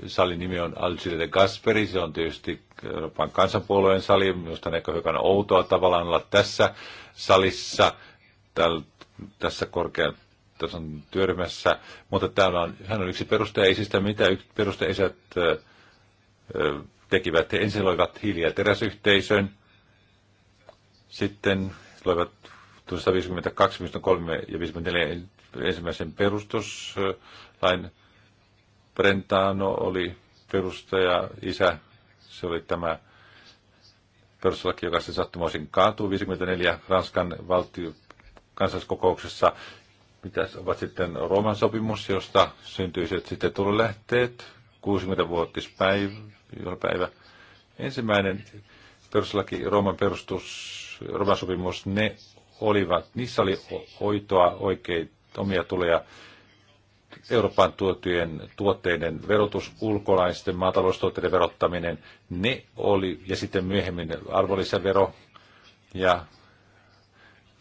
Speaker 1: Salin nimi on de Gasperi, se on tietysti Euroopan kansanpuolueen sali, minusta on ehkä hiukan outoa tavallaan olla tässä salissa, täl, tässä korkean tason työryhmässä, mutta täällä on, hän on yksi perustajaisista, mitä perusteiset tekivät. He ensin loivat hiili- ja teräsyhteisön, sitten loivat 1952, 1953 ja 1954 ensimmäisen perustuslain Brentano oli perustaja, isä, se oli tämä perustuslaki, joka se sattumoisin kaatuu 54 Ranskan valtio kansalliskokouksessa. Mitä ovat sitten Rooman sopimus, josta syntyisit sitten tulolähteet, 60-vuotispäivä. Ensimmäinen perustuslaki, Rooman perustus, Rooman sopimus, ne olivat, niissä oli oitoa oikein omia tuleja Eurooppaan tuotujen tuotteiden verotus, ulkolaisten maataloustuotteiden verottaminen, ne oli, ja sitten myöhemmin arvonlisävero, ja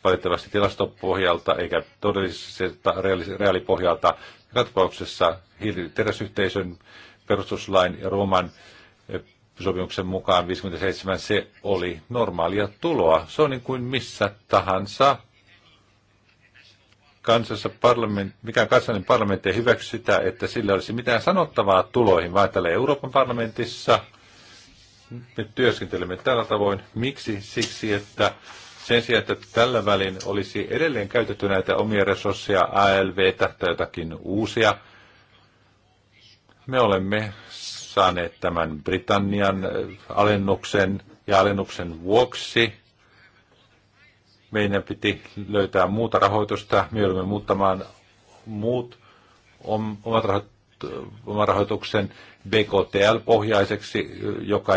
Speaker 1: valitettavasti tilastopohjalta eikä todellisesta reaalipohjalta. katkauksessa tapauksessa hiiliteräsyhteisön perustuslain ja Rooman eh, sopimuksen mukaan 57 se oli normaalia tuloa. Se on niin kuin missä tahansa kansassa parlament, mikään kansallinen parlamentti ei hyväksy sitä, että sillä olisi mitään sanottavaa tuloihin, vaan täällä Euroopan parlamentissa me työskentelemme tällä tavoin. Miksi? Siksi, että sen sijaan, että tällä välin olisi edelleen käytetty näitä omia resursseja, alv tai jotakin uusia, me olemme saaneet tämän Britannian äh, alennuksen ja alennuksen vuoksi meidän piti löytää muuta rahoitusta. Me joudumme muuttamaan muut omat rahoitukset oman rahoituksen BKTL-pohjaiseksi, joka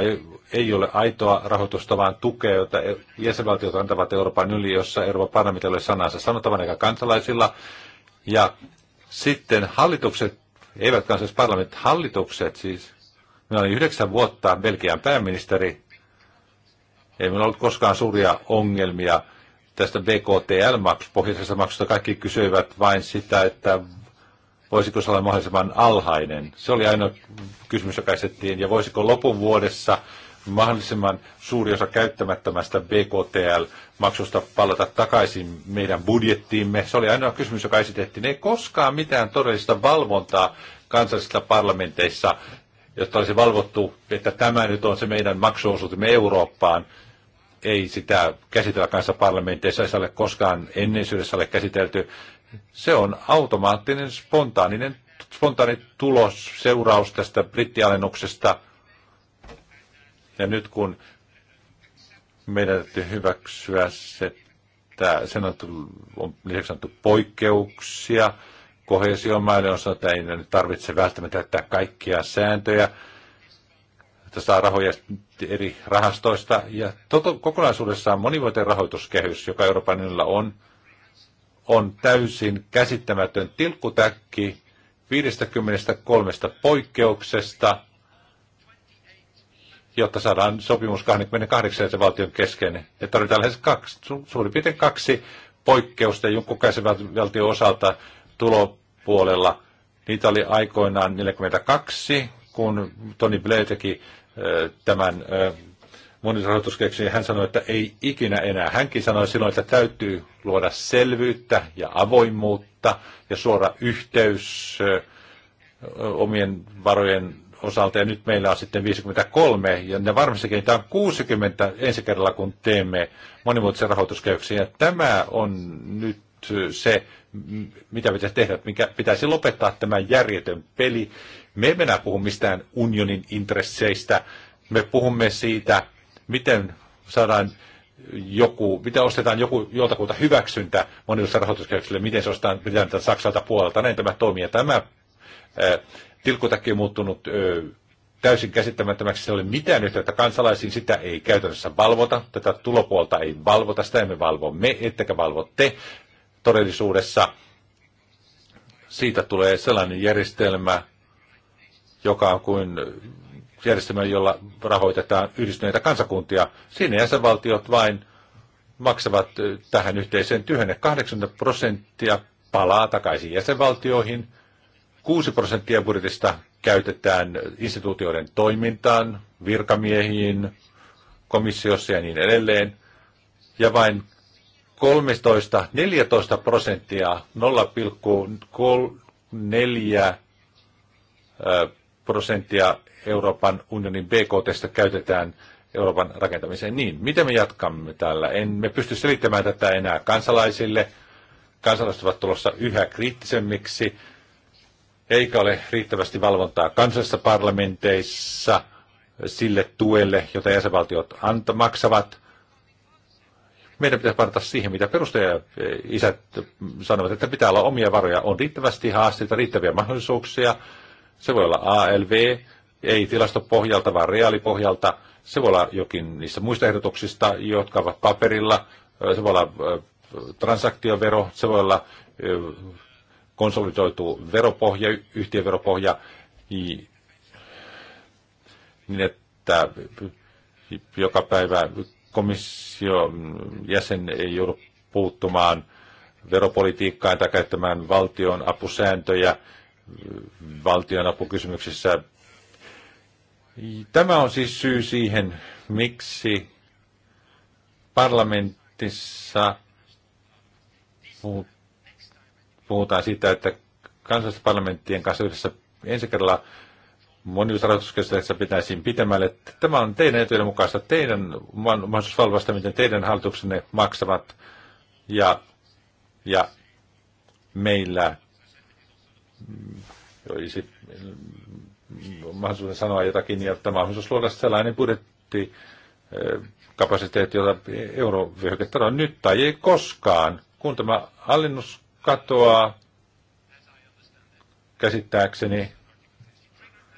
Speaker 1: ei, ole aitoa rahoitusta, vaan tukea, jota e-, jäsenvaltiot antavat Euroopan yli, jossa Euroopan parlamentti ei sanansa sanottavan eikä kansalaisilla. Ja sitten hallitukset, eivät kansalliset parlamentit, hallitukset siis. Minä olin yhdeksän vuotta Belgian pääministeri. Ei minulla ollut koskaan suuria ongelmia – tästä BKTL-maksusta, pohjoisesta maksusta, kaikki kysyivät vain sitä, että voisiko se olla mahdollisimman alhainen. Se oli ainoa kysymys, joka esitettiin, ja voisiko lopun vuodessa mahdollisimman suuri osa käyttämättömästä BKTL-maksusta palata takaisin meidän budjettiimme. Se oli ainoa kysymys, joka esitettiin. Ei koskaan mitään todellista valvontaa kansallisissa parlamenteissa, jotta olisi valvottu, että tämä nyt on se meidän maksuosuutemme Eurooppaan ei sitä käsitellä kanssa parlamenteissa, ei ole koskaan enneisyydessä ole käsitelty. Se on automaattinen, spontaaninen, spontaani tulos, seuraus tästä brittialennuksesta. Ja nyt kun meidän täytyy hyväksyä se, että sen on, tullut, on lisäksi sanottu poikkeuksia, kohesiomaille on sanottu, että ei tarvitse välttämättä täyttää kaikkia sääntöjä että saa rahoja eri rahastoista. Ja toto, kokonaisuudessaan monivuotinen rahoituskehys, joka Euroopan unionilla on, on täysin käsittämätön tilkkutäkki 53 poikkeuksesta, jotta saadaan sopimus 28 valtion kesken. Että tarvitaan lähes kaksi, su- suurin piirtein kaksi poikkeusta jonkun valtion osalta tulopuolella. Niitä oli aikoinaan 42, kun Tony Blair teki tämän monitorahoituskeksin, hän sanoi, että ei ikinä enää. Hänkin sanoi silloin, että täytyy luoda selvyyttä ja avoimuutta ja suora yhteys omien varojen osalta. Ja nyt meillä on sitten 53 ja ne varmasti kehitetään 60 ensi kerralla, kun teemme monimuotoisen rahoituskehyksen. Ja tämä on nyt se, mitä pitäisi tehdä, mikä pitäisi lopettaa tämä järjetön peli, me emme enää puhu mistään unionin intresseistä. Me puhumme siitä, miten saadaan joku, miten ostetaan joku joltakulta hyväksyntä monille rahoituskehyksille, miten se ostetaan Britannian Saksalta puolelta. Näin tämä toimii. tämä ää, äh, on muuttunut ö, täysin käsittämättömäksi. Se ei ole mitään yhteyttä kansalaisiin. Sitä ei käytännössä valvota. Tätä tulopuolta ei valvota. Sitä emme valvo me, ettekä valvo te todellisuudessa. Siitä tulee sellainen järjestelmä, joka on kuin järjestelmä, jolla rahoitetaan yhdistyneitä kansakuntia. Siinä jäsenvaltiot vain maksavat tähän yhteiseen työhön. 80 prosenttia palaa takaisin jäsenvaltioihin, 6 prosenttia budjetista käytetään instituutioiden toimintaan, virkamiehiin, komissiossa ja niin edelleen. Ja vain 13-14 prosenttia, 0,4 prosenttia Euroopan unionin BKTstä käytetään Euroopan rakentamiseen. Niin, miten me jatkamme täällä? En me pysty selittämään tätä enää kansalaisille. Kansalaiset ovat tulossa yhä kriittisemmiksi, eikä ole riittävästi valvontaa kansallisissa parlamenteissa sille tuelle, jota jäsenvaltiot anta, maksavat. Meidän pitäisi parata siihen, mitä perustajat sanovat, että pitää olla omia varoja. On riittävästi haasteita, riittäviä mahdollisuuksia se voi olla ALV, ei tilastopohjalta, vaan reaalipohjalta. Se voi olla jokin niistä muista ehdotuksista, jotka ovat paperilla. Se voi olla transaktiovero, se voi olla konsolidoitu veropohja, yhtiöveropohja, niin että joka päivä komission mm, jäsen ei joudu puuttumaan veropolitiikkaan tai käyttämään valtion apusääntöjä – valtionapukysymyksissä. Tämä on siis syy siihen, miksi parlamentissa puhutaan siitä, että kansallisten parlamenttien kanssa yhdessä ensi kerralla moniusrahoituskeskuksessa pitäisiin pitemmälle. Tämä on teidän etujen mukaista, teidän mahdollisuus valvasta, miten teidän hallituksenne maksavat ja, ja meillä olisi mm, mahdollisuus sanoa jotakin, ja tämä mahdollisuus luoda sellainen budjetti, eh, kapasiteetti, jota eurovyöhykettä on nyt tai ei koskaan. Kun tämä hallinnus katoaa, käsittääkseni,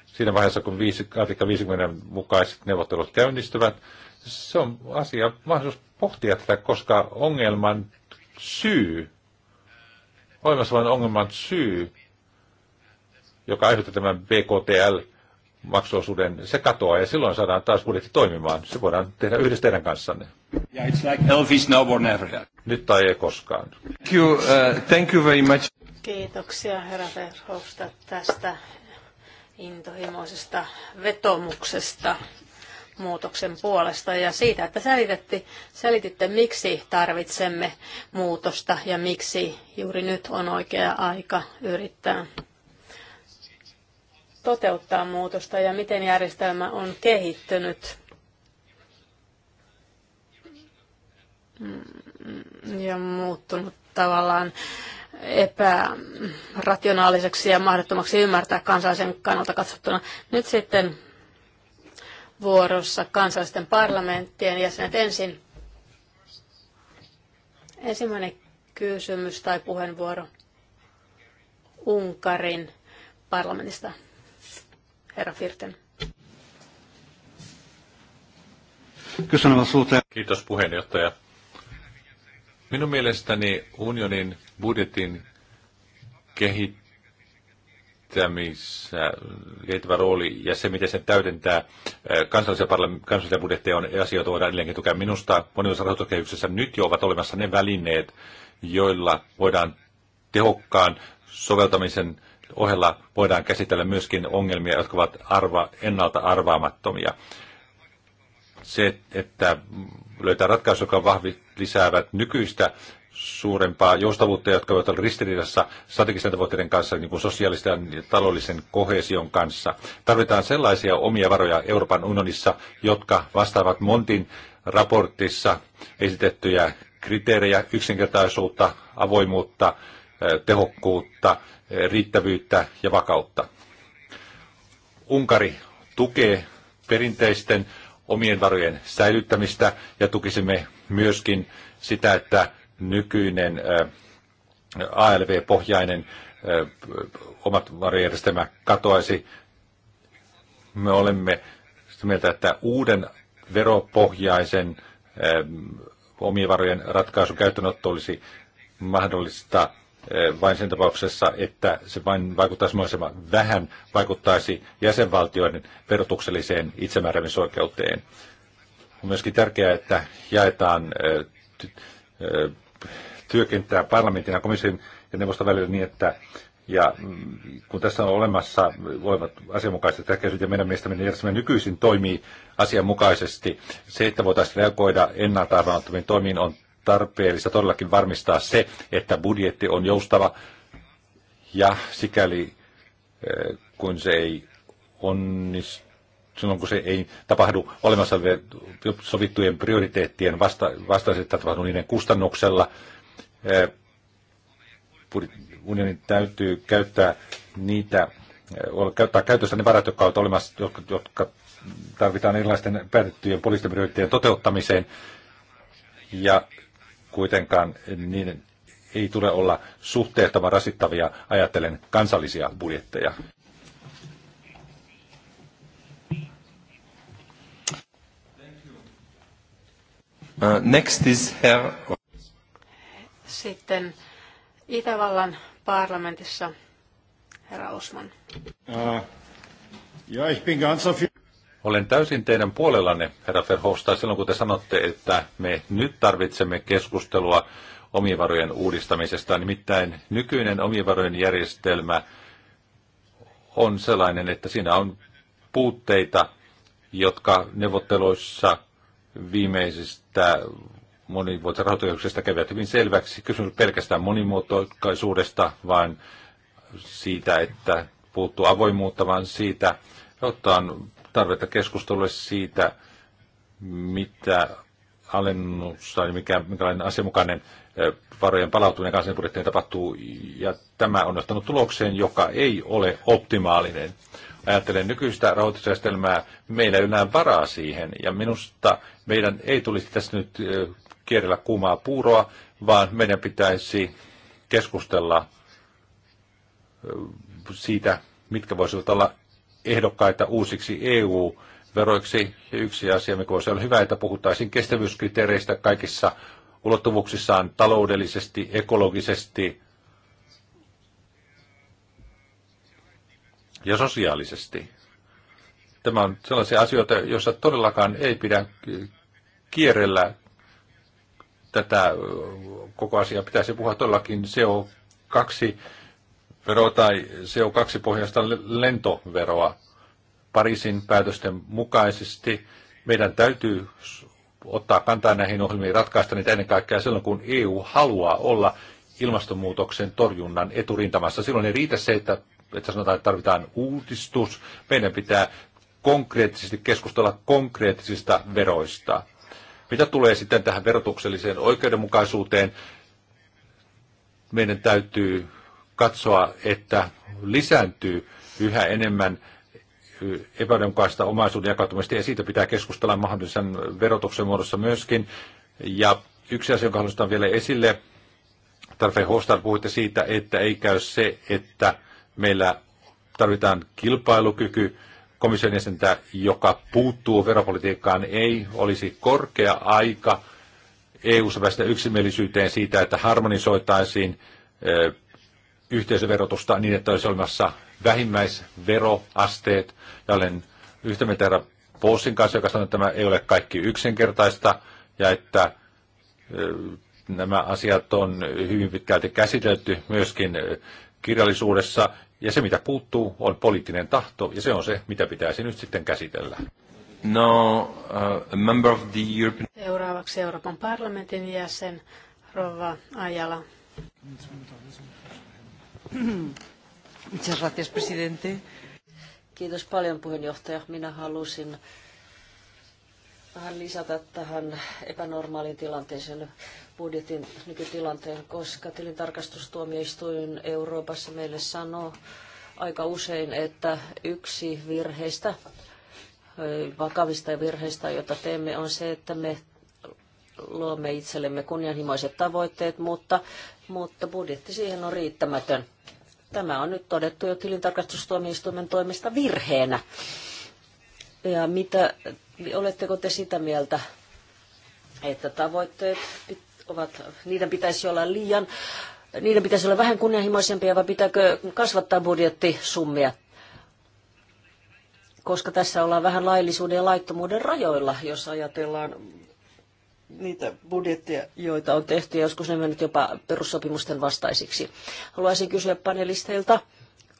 Speaker 1: siinä vaiheessa kun artikka 50 mukaiset neuvottelut käynnistyvät, se on asia, mahdollisuus pohtia tätä, koska ongelman syy, olemassa vain ongelman syy, joka aiheutti tämän BKTL, maksuosuuden, se katoaa ja silloin saadaan taas budjetti toimimaan. Se voidaan tehdä yhdessä teidän kanssanne.
Speaker 3: Yeah, it's like Elvis
Speaker 1: now or never. Nyt tai ei koskaan.
Speaker 3: Thank you, uh, thank you very much.
Speaker 2: Kiitoksia herra Verhofstadt tästä intohimoisesta vetomuksesta muutoksen puolesta ja siitä, että selitetti, selititte, miksi tarvitsemme muutosta ja miksi juuri nyt on oikea aika yrittää toteuttaa muutosta ja miten järjestelmä on kehittynyt. Mm, ja muuttunut tavallaan
Speaker 3: epärationaaliseksi
Speaker 2: ja mahdottomaksi ymmärtää kansallisen kannalta katsottuna. Nyt sitten vuorossa kansallisten parlamenttien jäsenet ensin. Ensimmäinen kysymys tai puheenvuoro Unkarin parlamentista herra Firten.
Speaker 1: Kiitos puheenjohtaja. Minun mielestäni unionin budjetin kehittämissä liittyvä rooli ja se, miten se täydentää eh, kansallisia, kansallisia budjetteja on asioita voidaan edelleenkin tukea. Minusta monissa rahoituskehyksissä nyt jo ovat olemassa ne välineet, joilla voidaan tehokkaan soveltamisen ohella voidaan käsitellä myöskin ongelmia, jotka ovat arva, ennalta arvaamattomia. Se, että löytää ratkaisuja, jotka vahvi, lisäävät nykyistä suurempaa joustavuutta, jotka voivat olla ristiriidassa strategisten tavoitteiden kanssa, niin kuin sosiaalisten ja taloudellisen kohesion kanssa. Tarvitaan sellaisia omia varoja Euroopan unionissa, jotka vastaavat Montin raportissa esitettyjä kriteerejä, yksinkertaisuutta, avoimuutta, eh, tehokkuutta riittävyyttä ja vakautta. Unkari tukee perinteisten omien varojen säilyttämistä ja tukisimme myöskin sitä, että nykyinen ALV-pohjainen omat varojärjestelmä katoaisi. Me olemme sitä mieltä, että uuden veropohjaisen omien varojen ratkaisun käyttöönotto olisi mahdollista vain sen tapauksessa, että se vain vaikuttaisi mahdollisimman vähän, vaikuttaisi jäsenvaltioiden verotukselliseen itsemääräämisoikeuteen. On myöskin tärkeää, että jaetaan työkenttää parlamentin ja komission ja neuvoston välillä niin, että ja mm, kun tässä on olemassa olevat asianmukaiset räkäisyt ja meidän mielestämme järjestelmä nykyisin toimii asianmukaisesti, se, että voitaisiin reagoida ennalta arvaamattomiin toimiin on tarpeellista todellakin varmistaa se, että budjetti on joustava ja sikäli eh, kun se ei onnistu, silloin kun se ei tapahdu olemassa sovittujen prioriteettien vasta, vastaisesti tapahdu niiden kustannuksella, eh, unionin täytyy käyttää niitä, eh, käyttää käytössä ne varat, jotka ovat olemassa, jotka, jotka tarvitaan erilaisten päätettyjen poliittisten prioriteettien toteuttamiseen. Ja kuitenkaan niin ei tule olla suhteettoman rasittavia ajatellen kansallisia budjetteja. Uh, next is Herr...
Speaker 2: Sitten Itävallan parlamentissa herra Osman.
Speaker 1: Uh, ja, ich bin ganz auf... Olen täysin teidän puolellanne, herra Verhofstadt, silloin kun te sanotte, että me nyt tarvitsemme keskustelua omivarojen uudistamisesta. Nimittäin nykyinen omivarojen järjestelmä on sellainen, että siinä on puutteita, jotka neuvotteluissa viimeisistä monivuotisesta rahoituksesta kävivät hyvin selväksi. Kysymys pelkästään monimuotoisuudesta, vaan siitä, että puuttuu avoimuutta, vaan siitä, jotta on tarvetta keskustelulle siitä, mitä alennus tai mikä, minkälainen asianmukainen varojen palautuminen kansanbudjettiin tapahtuu, ja tämä on johtanut tulokseen, joka ei ole optimaalinen. Ajattelen nykyistä rahoitusjärjestelmää, meillä ei enää varaa siihen, ja minusta meidän ei tulisi tässä nyt kierrellä kuumaa puuroa, vaan meidän pitäisi keskustella siitä, mitkä voisivat olla ehdokkaita uusiksi EU-veroiksi. Ja yksi asia, mikä voisi olla hyvä, että puhuttaisiin kestävyyskriteereistä kaikissa ulottuvuuksissaan taloudellisesti, ekologisesti ja sosiaalisesti. Tämä on sellaisia asioita, joissa todellakaan ei pidä kierrellä tätä koko asiaa. Pitäisi puhua todellakin CO2 vero tai CO2-pohjaista lentoveroa. Pariisin päätösten mukaisesti meidän täytyy ottaa kantaa näihin ohjelmiin, ratkaista niitä ennen kaikkea silloin, kun EU haluaa olla ilmastonmuutoksen torjunnan eturintamassa. Silloin ei riitä se, että, että sanotaan, että tarvitaan uudistus. Meidän pitää konkreettisesti keskustella konkreettisista veroista. Mitä tulee sitten tähän verotukselliseen oikeudenmukaisuuteen, meidän täytyy katsoa, että lisääntyy yhä enemmän epäoikeudenmukaista omaisuuden jakautumista, ja siitä pitää keskustella mahdollisen verotuksen muodossa myöskin. Ja yksi asia, jonka haluan vielä esille, Tarfe Hostar, puhuitte siitä, että ei käy se, että meillä tarvitaan kilpailukyky, komission jäsentä, joka puuttuu veropolitiikkaan, ei olisi korkea aika eu sä yksimielisyyteen siitä, että harmonisoitaisiin yhteisöverotusta niin, että olisi olemassa vähimmäisveroasteet. Ja olen yhtä mieltä herra Poussin kanssa, joka sanoi, että tämä ei ole kaikki yksinkertaista ja että nämä asiat on hyvin pitkälti käsitelty myöskin kirjallisuudessa. Ja se, mitä puuttuu, on poliittinen tahto, ja se on se, mitä pitäisi nyt sitten käsitellä. No, uh, member of the European...
Speaker 2: Seuraavaksi Euroopan parlamentin jäsen Rova Ajala.
Speaker 3: Muchas gracias, presidente.
Speaker 4: Kiitos paljon puheenjohtaja. Minä halusin vähän lisätä tähän epänormaaliin tilanteeseen budjetin nykytilanteen, koska tilintarkastustuomioistuin Euroopassa meille sanoo aika usein, että yksi virheistä, vakavista virheistä, joita teemme, on se, että me luomme itsellemme kunnianhimoiset tavoitteet, mutta, mutta budjetti siihen on riittämätön. Tämä on nyt todettu jo tilintarkastustuomioistuimen toimesta virheenä. Ja mitä, oletteko te sitä mieltä, että tavoitteet ovat, niiden pitäisi olla liian, niiden pitäisi olla vähän kunnianhimoisempia, vai pitääkö kasvattaa budjettisummia? Koska tässä ollaan vähän laillisuuden ja laittomuuden rajoilla, jos ajatellaan niitä budjetteja, joita on tehty, ja joskus ne mennyt jopa perussopimusten vastaisiksi. Haluaisin kysyä panelisteilta,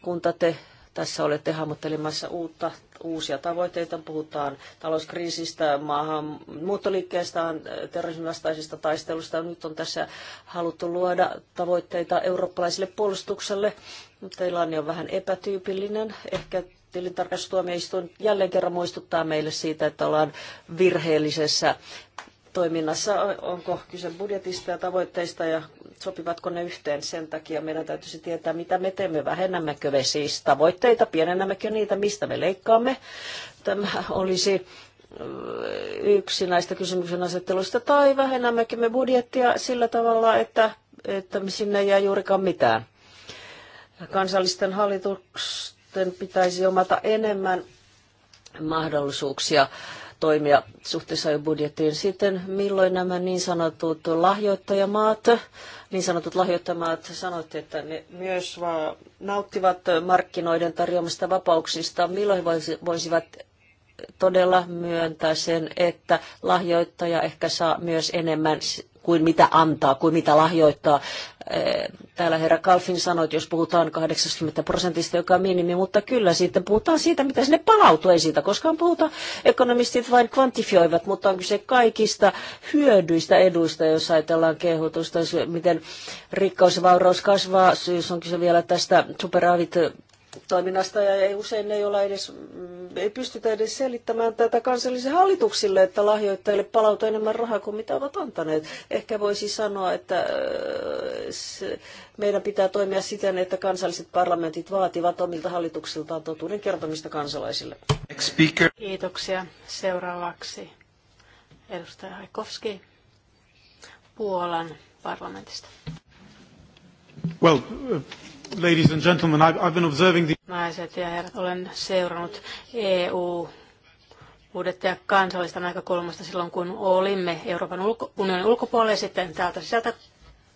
Speaker 4: kun te tässä olette hahmottelemassa uutta, uusia tavoitteita. Puhutaan talouskriisistä, maahan, muuttoliikkeestä, terrorismin vastaisesta taistelusta. Nyt on tässä haluttu luoda tavoitteita eurooppalaiselle puolustukselle. tilanne on jo vähän epätyypillinen. Ehkä tilintarkastustuomioistuin jälleen kerran muistuttaa meille siitä, että ollaan virheellisessä toiminnassa, onko kyse budjetista ja tavoitteista ja sopivatko ne yhteen. Sen takia meidän täytyisi tietää, mitä me teemme, vähennämmekö me siis tavoitteita, pienennämmekö niitä, mistä me leikkaamme. Tämä olisi äh, yksi näistä kysymyksen asetteluista, tai vähennämmekö me budjettia sillä tavalla, että, että sinne ei jää juurikaan mitään. Kansallisten hallitusten pitäisi omata enemmän mahdollisuuksia äh, toimia suhteessa jo budjettiin. Sitten milloin nämä niin sanotut lahjoittajamaat, niin sanotut lahjoittajamaat, sanoitte, että ne myös nauttivat markkinoiden tarjoamista vapauksista. Milloin voisivat todella myöntää sen, että lahjoittaja ehkä saa myös enemmän kuin mitä antaa, kuin mitä lahjoittaa. Eh, täällä herra Kalfin sanoi, että jos puhutaan 80 prosentista, joka on minimi, mutta kyllä sitten puhutaan siitä, mitä sinne palautuu, ei siitä koskaan puhuta. Ekonomistit vain kvantifioivat, mutta on kyse kaikista hyödyistä, eduista, jos ajatellaan kehotusta, miten rikkaus ja vauraus kasvaa. Jos siis on kyse vielä tästä superaavit toiminnasta ja ei, usein ei, olla edes, mm, ei pystytä edes selittämään tätä kansallisille hallituksille, että lahjoittajille palautuu enemmän rahaa kuin mitä ovat antaneet. Ehkä voisi sanoa, että äh, se, meidän pitää toimia siten, että kansalliset parlamentit vaativat omilta hallituksiltaan totuuden kertomista kansalaisille.
Speaker 2: Kiitoksia. Seuraavaksi edustaja Haikovski Puolan parlamentista.
Speaker 3: Well, Ladies and gentlemen, I've been observing the...
Speaker 2: Naiset ja herrat, olen seurannut EU budjettia kansallista näkökulmasta silloin, kun olimme Euroopan ulko- unionin ulkopuolella ja sitten täältä sisältä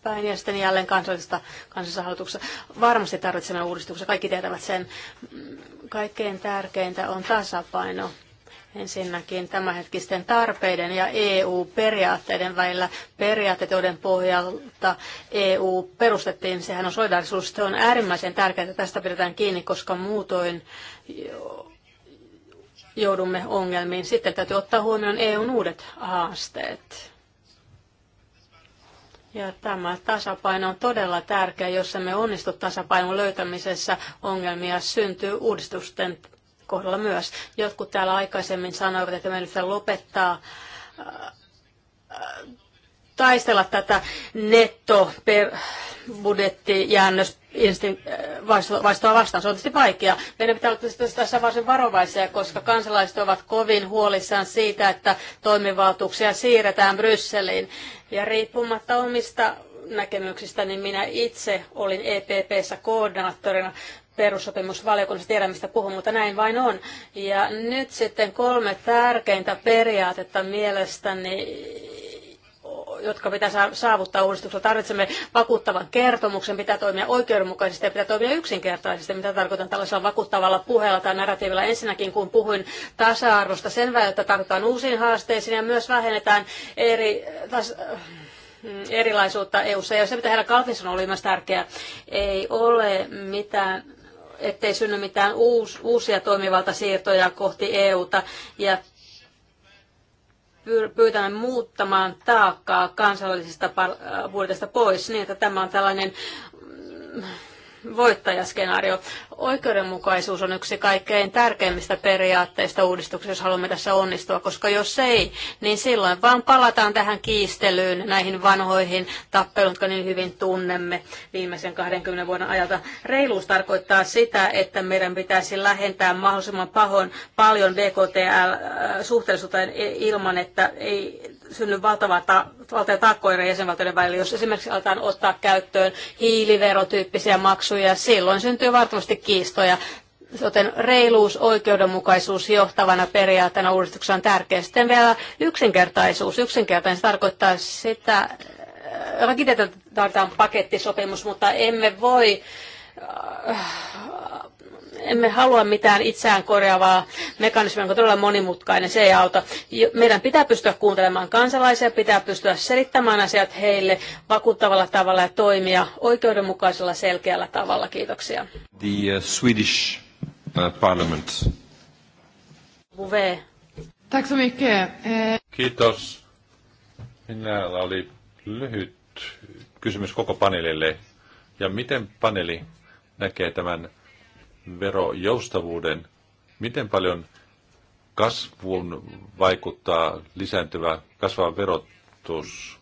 Speaker 2: päin ja sitten jälleen kansallisesta kansallisessa Varmasti tarvitsemme uudistuksia, kaikki tietävät sen. Kaikkein tärkeintä on tasapaino ensinnäkin tämänhetkisten tarpeiden ja EU-periaatteiden välillä. Periaatteet, joiden pohjalta EU perustettiin, sehän on solidaarisuus. Se on äärimmäisen tärkeää, että tästä pidetään kiinni, koska muutoin joudumme ongelmiin. Sitten täytyy ottaa huomioon EUn uudet haasteet. Ja tämä tasapaino on todella tärkeä. Jos me onnistu tasapainon löytämisessä, ongelmia syntyy uudistusten kohdalla myös. Jotkut täällä aikaisemmin sanoivat, että meidän nyt lopettaa äh, äh, taistella tätä netto per budjettijäännös
Speaker 3: äh,
Speaker 2: vastoa vastaan. Se on tietysti vaikea. Meidän pitää olla tässä varsin varovaisia, koska kansalaiset ovat kovin huolissaan siitä, että toimivaltuuksia siirretään Brysseliin. Ja riippumatta omista näkemyksistä, niin minä itse olin EPPssä koordinaattorina perussopimusvaliokunnassa tiedä, mistä puhun, mutta näin vain on. Ja nyt sitten kolme tärkeintä periaatetta mielestäni jotka pitää saavuttaa uudistuksella. Tarvitsemme vakuuttavan kertomuksen, pitää toimia oikeudenmukaisesti ja pitää toimia yksinkertaisesti. Mitä tarkoitan tällaisella vakuuttavalla puheella tai narratiivilla? Ensinnäkin, kun puhuin tasa-arvosta, sen välillä, että tartutaan uusiin haasteisiin ja myös vähennetään eri... Tas, mm, erilaisuutta EU-ssa. Ja se, mitä herra Kalfinson oli myös tärkeää. Ei ole mitään ettei synny mitään uus, uusia toimivaltasiirtoja kohti EUta ja pyytämään muuttamaan taakkaa kansallisesta äh, budjetista pois niin, että tämä on tällainen mm, voittajaskenaario. Oikeudenmukaisuus on yksi kaikkein tärkeimmistä periaatteista uudistuksessa, jos haluamme tässä onnistua, koska jos ei, niin silloin vaan palataan tähän kiistelyyn, näihin vanhoihin tappeluihin, jotka niin hyvin tunnemme viimeisen 20 vuoden ajalta. Reiluus tarkoittaa sitä, että meidän pitäisi lähentää mahdollisimman pahoin paljon BKTL-suhteellisuutta äh, ilman, että ei synny valtava, ta- valtava ja eri jäsenvaltioiden välillä. Jos esimerkiksi aletaan ottaa käyttöön hiiliverotyyppisiä maksuja, silloin syntyy varmasti kiistoja. Joten reiluus, oikeudenmukaisuus johtavana periaatteena uudistuksessa on tärkeä. Sitten vielä yksinkertaisuus. Yksinkertainen tarkoittaa sitä, rakitetaan äh, tarvitaan pakettisopimus, mutta emme voi äh, emme halua mitään itseään korjaavaa mekanismia, joka on todella monimutkainen, se ei auta. Meidän pitää pystyä kuuntelemaan kansalaisia, pitää pystyä selittämään asiat heille vakuuttavalla tavalla ja toimia oikeudenmukaisella selkeällä tavalla. Kiitoksia.
Speaker 1: The uh, Swedish uh, Parliament.
Speaker 2: Uwe. Tack så mycket. Eh,
Speaker 1: Kiitos. Minä oli lyhyt kysymys koko paneelille. Ja miten paneeli näkee tämän verojoustavuuden. Miten paljon kasvuun vaikuttaa lisääntyvä kasvava verotus?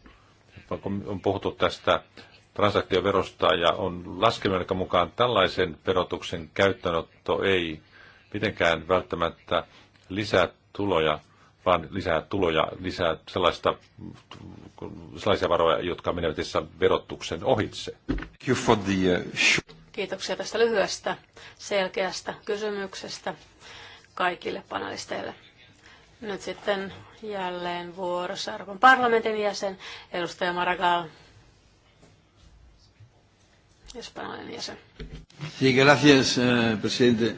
Speaker 1: On puhuttu tästä transaktioverosta ja on laskelmien mukaan tällaisen verotuksen käyttöönotto ei mitenkään välttämättä lisää tuloja, vaan lisää tuloja, lisää sellaista, sellaisia varoja, jotka menevät tässä verotuksen ohitse. Uh,
Speaker 2: Kiitoksia tästä lyhyestä, selkeästä kysymyksestä kaikille panelisteille. Nyt sitten jälleen vuorossa Euroopan parlamentin jäsen, edustaja Maragall. Espanjalainen jäsen.
Speaker 3: Sí, gracias, eh, presidente.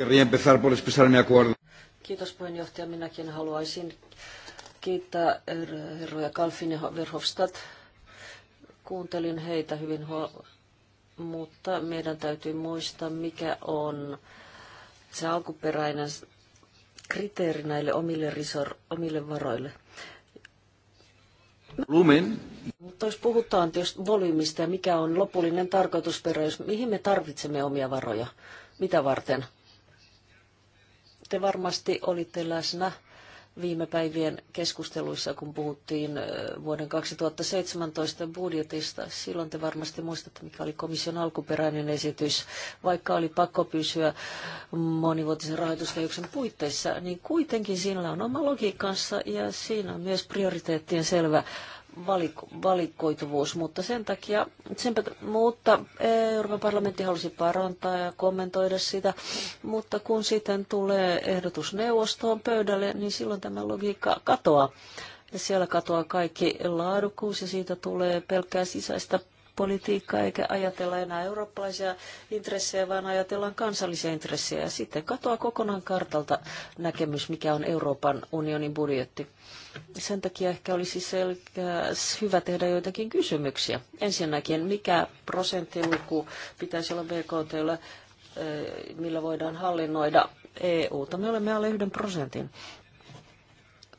Speaker 3: Querría empezar por expresar mi acuerdo.
Speaker 4: Kiitos puheenjohtaja. Minäkin haluaisin kiittää herroja Kalfin ja Verhofstadt. Kuuntelin heitä hyvin mutta meidän täytyy muistaa, mikä on se alkuperäinen kriteeri näille omille, risor, omille varoille. Lumen. Mutta jos puhutaan jos volyymista ja mikä on lopullinen tarkoitusperä, jos mihin me tarvitsemme omia varoja, mitä varten? Te varmasti olitte läsnä viime päivien keskusteluissa, kun puhuttiin vuoden 2017 budjetista. Silloin te varmasti muistatte, mikä oli komission alkuperäinen esitys. Vaikka oli pakko pysyä monivuotisen rahoituskehyksen puitteissa, niin kuitenkin siinä on oma logiikkansa ja siinä on myös prioriteettien selvä valiko- valikoituvuus, mutta sen takia, senpä, mutta Euroopan parlamentti halusi parantaa ja kommentoida sitä, mutta kun sitten tulee ehdotus neuvostoon pöydälle, niin silloin tämä logiikka katoaa. Ja siellä katoaa kaikki laadukkuus ja siitä tulee pelkkää sisäistä politiikkaa, eikä ajatella enää eurooppalaisia intressejä, vaan ajatellaan kansallisia intressejä. Ja sitten katoaa kokonaan kartalta näkemys, mikä on Euroopan unionin budjetti. Sen takia ehkä olisi selkeä, hyvä tehdä joitakin kysymyksiä. Ensinnäkin, mikä prosenttiluku pitäisi olla BKTllä, millä voidaan hallinnoida EUta? Me olemme alle yhden prosentin.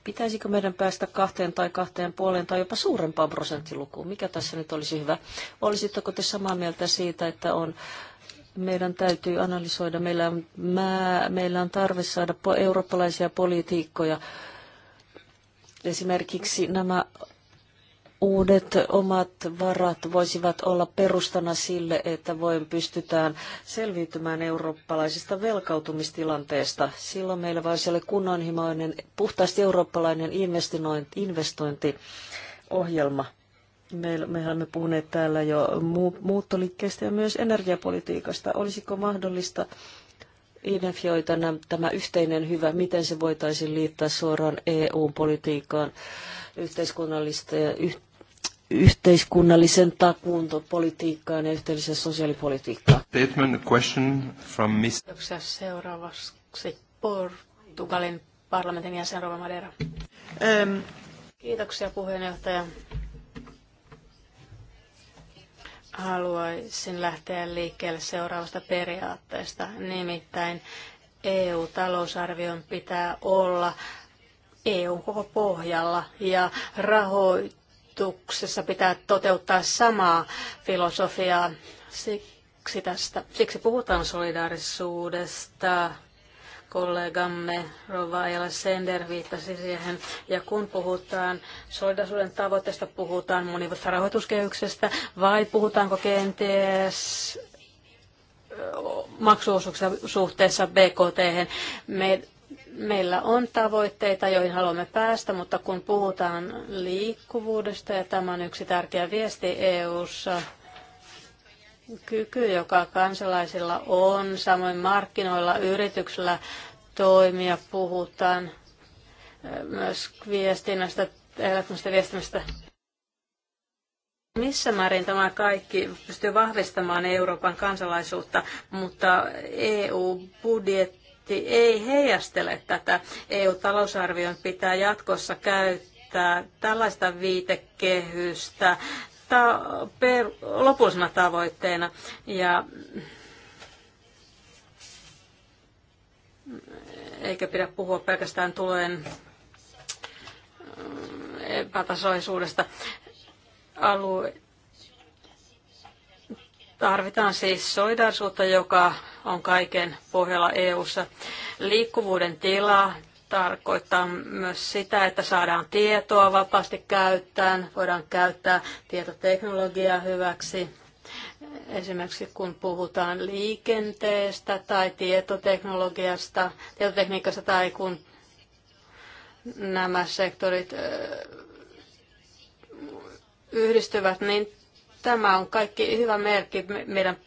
Speaker 4: Pitäisikö meidän päästä kahteen tai kahteen puoleen tai jopa suurempaan prosenttilukuun? Mikä tässä nyt olisi hyvä? Olisitteko te samaa mieltä siitä, että on meidän täytyy analysoida. Meillä on, mä, meillä on tarve saada eurooppalaisia politiikkoja Esimerkiksi nämä uudet omat varat voisivat olla perustana sille, että voin pystytään selviytymään eurooppalaisesta velkautumistilanteesta. Silloin meillä voisi olla kunnonhimoinen, puhtaasti eurooppalainen investointiohjelma. Me mehän olemme puhuneet täällä jo muuttoliikkeestä ja myös energiapolitiikasta. Olisiko mahdollista identifioida tämä yhteinen hyvä, miten se voitaisiin liittää suoraan EU-politiikkaan yhteiskunnallista ja yhteiskunnallista yhteiskunnallisen takuuntopolitiikkaan ja yhteiseen sosiaalipolitiikkaan.
Speaker 3: Statement question from Miss...
Speaker 4: Kiitoksia. Seuraavaksi
Speaker 2: Portugalin parlamentin jäsen Rova Madeira. Ähm. Kiitoksia puheenjohtaja haluaisin lähteä liikkeelle seuraavasta periaatteesta. Nimittäin EU-talousarvion pitää olla EUn koko pohjalla ja rahoituksessa pitää toteuttaa samaa filosofiaa. Siksi, tästä, siksi puhutaan solidaarisuudesta, kollegamme Rova Ajala Sender viittasi siihen. Ja kun puhutaan solidaisuuden tavoitteesta, puhutaan monivuotisesta rahoituskehyksestä vai puhutaanko kenties maksuosuuksista suhteessa BKT. Me, meillä on tavoitteita, joihin haluamme päästä, mutta kun puhutaan liikkuvuudesta, ja tämä on yksi tärkeä viesti EU:ssa, kyky, joka kansalaisilla on, samoin markkinoilla, yrityksillä toimia, puhutaan myös viestinnästä, ehdottomasta viestinnästä. Missä määrin tämä kaikki pystyy vahvistamaan Euroopan kansalaisuutta, mutta EU-budjetti ei heijastele tätä. EU-talousarvion pitää jatkossa käyttää tällaista viitekehystä ta- per- lopullisena tavoitteena. Ja eikä pidä puhua pelkästään tulojen äh, epätasoisuudesta. Alue Tarvitaan siis solidaarisuutta, joka on kaiken pohjalla EU:ssa. Liikkuvuuden tilaa tarkoittaa myös sitä, että saadaan tietoa vapaasti käyttäen, voidaan käyttää tietoteknologiaa hyväksi. Esimerkiksi kun puhutaan liikenteestä tai tietoteknologiasta, tietotekniikasta tai kun nämä sektorit yhdistyvät, niin tämä on kaikki hyvä merkki. Meidän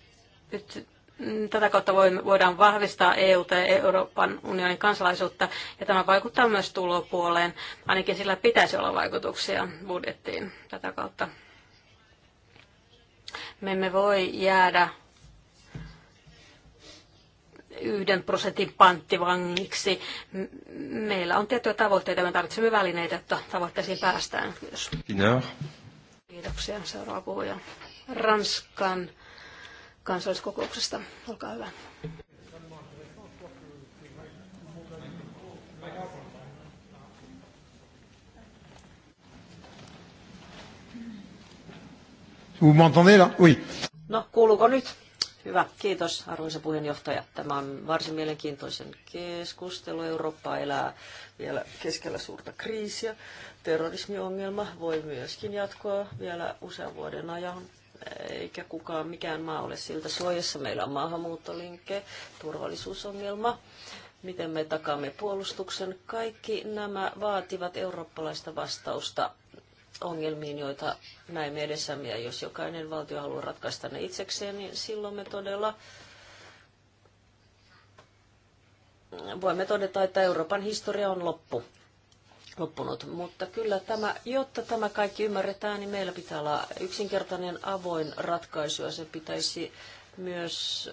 Speaker 2: Tätä kautta voidaan vahvistaa EU- ja Euroopan unionin kansalaisuutta, ja tämä vaikuttaa myös tulopuoleen. Ainakin sillä pitäisi olla vaikutuksia budjettiin tätä kautta. Me emme voi jäädä yhden prosentin panttivangiksi. Meillä on tiettyjä tavoitteita, me tarvitsemme välineitä, että tavoitteisiin päästään. Kiitos. Kiitoksia. Seuraava puhuja. Ranskan kansalliskokouksesta. Olkaa hyvä.
Speaker 4: No, kuuluuko nyt? Hyvä, kiitos arvoisa puheenjohtaja. Tämä on varsin mielenkiintoisen keskustelu. Eurooppa elää vielä keskellä suurta kriisiä. Terrorismiongelma voi myöskin jatkoa vielä usean vuoden ajan eikä kukaan mikään maa ole siltä suojassa. Meillä on maahanmuuttolinke, turvallisuusongelma, miten me takaamme puolustuksen. Kaikki nämä vaativat eurooppalaista vastausta ongelmiin, joita näemme edessämme. Ja jos jokainen valtio haluaa ratkaista ne itsekseen, niin silloin me todella voimme todeta, että Euroopan historia on loppu loppunut. Mutta kyllä tämä, jotta tämä kaikki ymmärretään, niin meillä pitää olla yksinkertainen avoin ratkaisu ja se pitäisi myös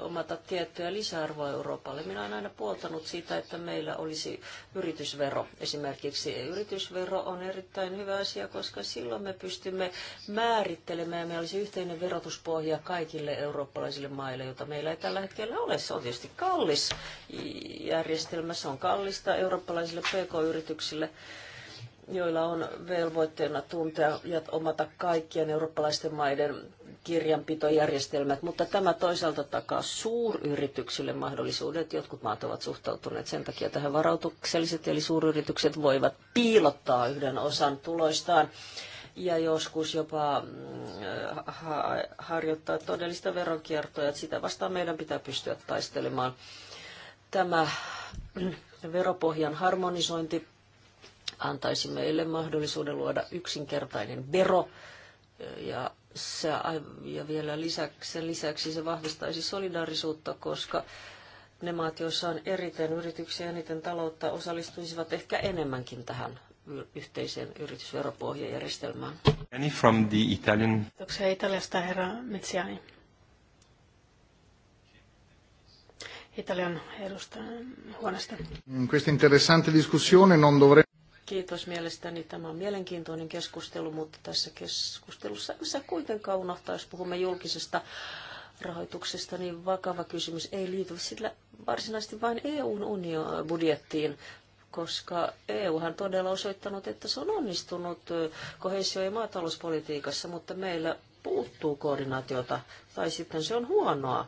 Speaker 4: omata tiettyä lisäarvoa Euroopalle. Minä olen aina puoltanut sitä, että meillä olisi yritysvero. Esimerkiksi yritysvero on erittäin hyvä asia, koska silloin me pystymme määrittelemään ja meillä olisi yhteinen verotuspohja kaikille eurooppalaisille maille, jota meillä ei tällä hetkellä ole. Se on tietysti kallis järjestelmä, se on kallista eurooppalaisille pk-yrityksille joilla on velvoitteena tuntea ja omata kaikkien eurooppalaisten maiden kirjanpitojärjestelmät, mutta tämä toisaalta takaa suuryrityksille mahdollisuudet. Jotkut maat ovat suhtautuneet sen takia tähän varautukselliset, eli suuryritykset voivat piilottaa yhden osan tuloistaan ja joskus jopa mm, harjoittaa todellista veronkiertoa, että sitä vastaan meidän pitää pystyä taistelemaan. Tämä mm, veropohjan harmonisointi antaisi meille mahdollisuuden luoda yksinkertainen vero ja, se, ja vielä lisäksi, sen lisäksi se vahvistaisi solidaarisuutta, koska ne maat, joissa on eriten yrityksiä ja eniten taloutta, osallistuisivat ehkä enemmänkin tähän yhteiseen yritysveropohjajärjestelmään.
Speaker 1: Any from the Italian...
Speaker 4: Kiitoksia Italiasta, herra Metsiani. Italian edustajan huoneesta.
Speaker 3: Questa interessante discussione non dovrebbe...
Speaker 4: Kiitos mielestäni. Tämä on mielenkiintoinen keskustelu, mutta tässä keskustelussa missä kuitenkaan unohtaa, jos puhumme julkisesta rahoituksesta, niin vakava kysymys ei liity sillä varsinaisesti vain EUn unio- budjettiin, koska on todella osoittanut, että se on onnistunut kohesio- ja maatalouspolitiikassa, mutta meillä puuttuu koordinaatiota, tai sitten se on huonoa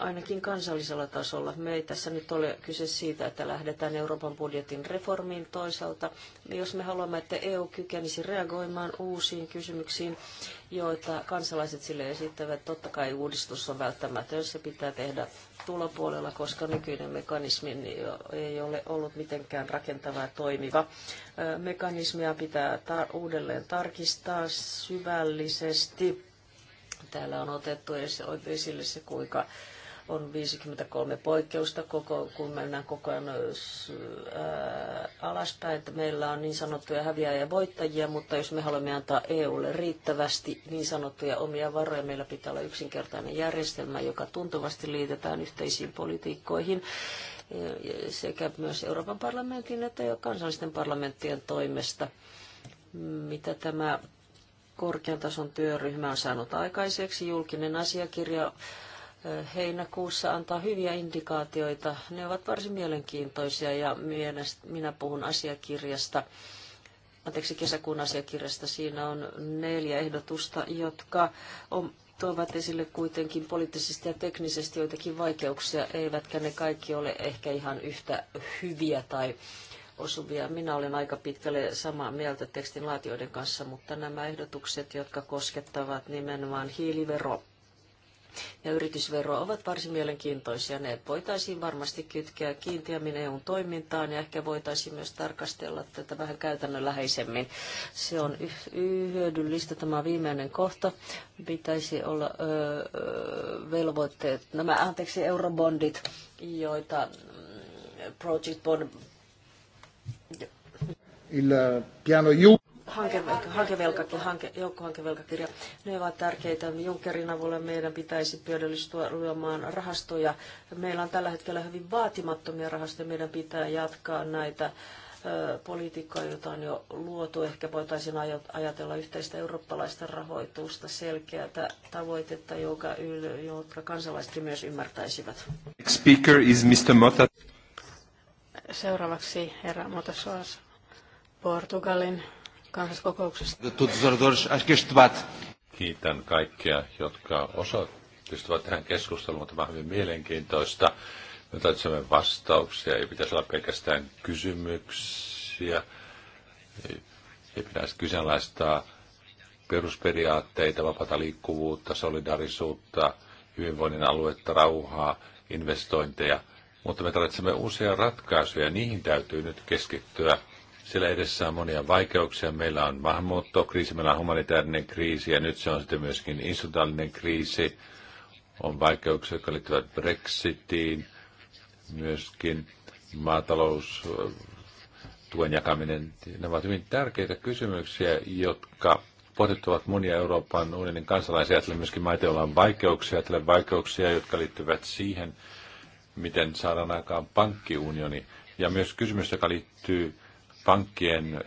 Speaker 4: ainakin kansallisella tasolla. Me ei tässä nyt ole kyse siitä, että lähdetään Euroopan budjetin reformiin toisaalta. Jos me haluamme, että EU kykenisi reagoimaan uusiin kysymyksiin, joita kansalaiset sille esittävät, totta kai uudistus on välttämätön. Se pitää tehdä tulopuolella, koska nykyinen mekanismi ei ole ollut mitenkään rakentava ja toimiva. Mekanismia pitää ta- uudelleen tarkistaa syvällisesti Täällä on otettu edes esille se, kuinka on 53 poikkeusta, koko, kun mennään koko ajan alaspäin, että meillä on niin sanottuja häviäjiä ja voittajia, mutta jos me haluamme antaa EUlle riittävästi niin sanottuja omia varoja, meillä pitää olla yksinkertainen järjestelmä, joka tuntuvasti liitetään yhteisiin politiikkoihin sekä myös Euroopan parlamentin että jo kansallisten parlamenttien toimesta. Mitä tämä korkean tason työryhmä on saanut aikaiseksi. Julkinen asiakirja eh, heinäkuussa antaa hyviä indikaatioita. Ne ovat varsin mielenkiintoisia ja minä puhun asiakirjasta, anteeksi kesäkuun asiakirjasta. Siinä on neljä ehdotusta, jotka on, tuovat esille kuitenkin poliittisesti ja teknisesti joitakin vaikeuksia, eivätkä ne kaikki ole ehkä ihan yhtä hyviä tai osuvia. Minä olen aika pitkälle samaa mieltä tekstin laatioiden kanssa, mutta nämä ehdotukset, jotka koskettavat nimenomaan hiilivero ja yritysvero ovat varsin mielenkiintoisia. Ne voitaisiin varmasti kytkeä kiinteämmin EUn toimintaan ja ehkä voitaisiin myös tarkastella tätä vähän käytännönläheisemmin. Se on hyödyllistä tämä viimeinen kohta. Pitäisi olla öö, velvoitteet, nämä anteeksi eurobondit, joita mm, Project Bond
Speaker 1: il piano Juncker
Speaker 4: hankevelka, hanke, joukkohankevelkakirja, ne ovat tärkeitä. Junckerin avulla meidän pitäisi työllistyä luomaan rahastoja. Meillä on tällä hetkellä hyvin vaatimattomia rahastoja. Meidän pitää jatkaa näitä politiikkaa, jota on jo luotu. Ehkä voitaisiin ajatella yhteistä eurooppalaista rahoitusta, selkeää tavoitetta, joka, yl, jotka kansalaisetkin myös ymmärtäisivät.
Speaker 3: Speaker is Mr. Mota.
Speaker 2: Seuraavaksi herra Motasoas. Portugalin
Speaker 3: kansalliskokouksesta.
Speaker 1: Kiitän kaikkia, jotka osallistuvat tähän keskusteluun. Tämä on hyvin mielenkiintoista. Me tarvitsemme vastauksia, ei pitäisi olla pelkästään kysymyksiä. Ei, ei pitäisi kyseenalaistaa perusperiaatteita, vapaata liikkuvuutta, solidarisuutta, hyvinvoinnin aluetta, rauhaa, investointeja. Mutta me tarvitsemme uusia ratkaisuja ja niihin täytyy nyt keskittyä siellä edessä on monia vaikeuksia. Meillä on maahanmuuttokriisi, meillä on humanitaarinen kriisi ja nyt se on sitten myöskin insultaalinen kriisi. On vaikeuksia, jotka liittyvät Brexitiin, myöskin maatalous, äh, tuen jakaminen. Nämä ovat hyvin tärkeitä kysymyksiä, jotka pohdittavat monia Euroopan unionin kansalaisia, Ajattelen myöskin maita, joilla on vaikeuksia, ajatellen vaikeuksia, jotka liittyvät siihen, miten saadaan aikaan pankkiunioni. Ja myös kysymys, joka liittyy pankkien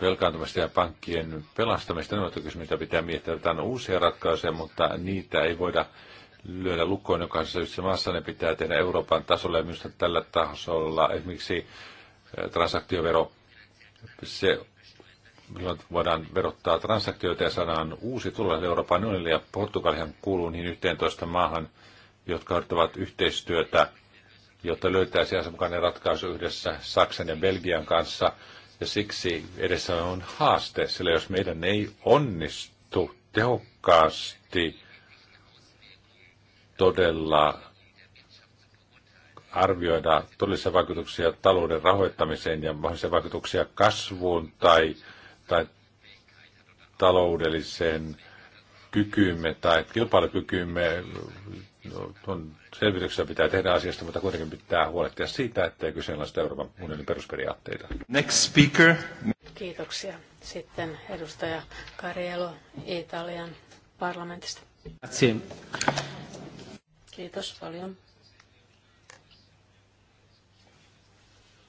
Speaker 1: velkaantumista ja pankkien pelastamista, ne ovat kysymys, mitä pitää miettiä. Tämä on uusia ratkaisuja, mutta niitä ei voida lyödä lukkoon jokaisessa yhdessä maassa. Ne pitää tehdä Euroopan tasolla ja minusta tällä tasolla esimerkiksi transaktiovero, se milloin voidaan verottaa transaktioita ja saadaan uusi tulos Euroopan unionille ja Portugalihan kuuluu niin 11 maahan, jotka odottavat yhteistyötä jotta löytäisi asianmukainen ratkaisu yhdessä Saksan ja Belgian kanssa. Ja siksi edessä on haaste, sillä jos meidän ei onnistu tehokkaasti todella arvioida todellisia vaikutuksia talouden rahoittamiseen ja mahdollisia vaikutuksia kasvuun tai, tai taloudelliseen kykyymme tai kilpailukykyymme No, tuon selvityksessä pitää tehdä asiasta, mutta kuitenkin pitää huolehtia siitä, ettei kyseenalaista Euroopan unionin perusperiaatteita. Next speaker.
Speaker 2: Kiitoksia. Sitten edustaja Karielo Italian parlamentista.
Speaker 3: Siin.
Speaker 4: Kiitos paljon.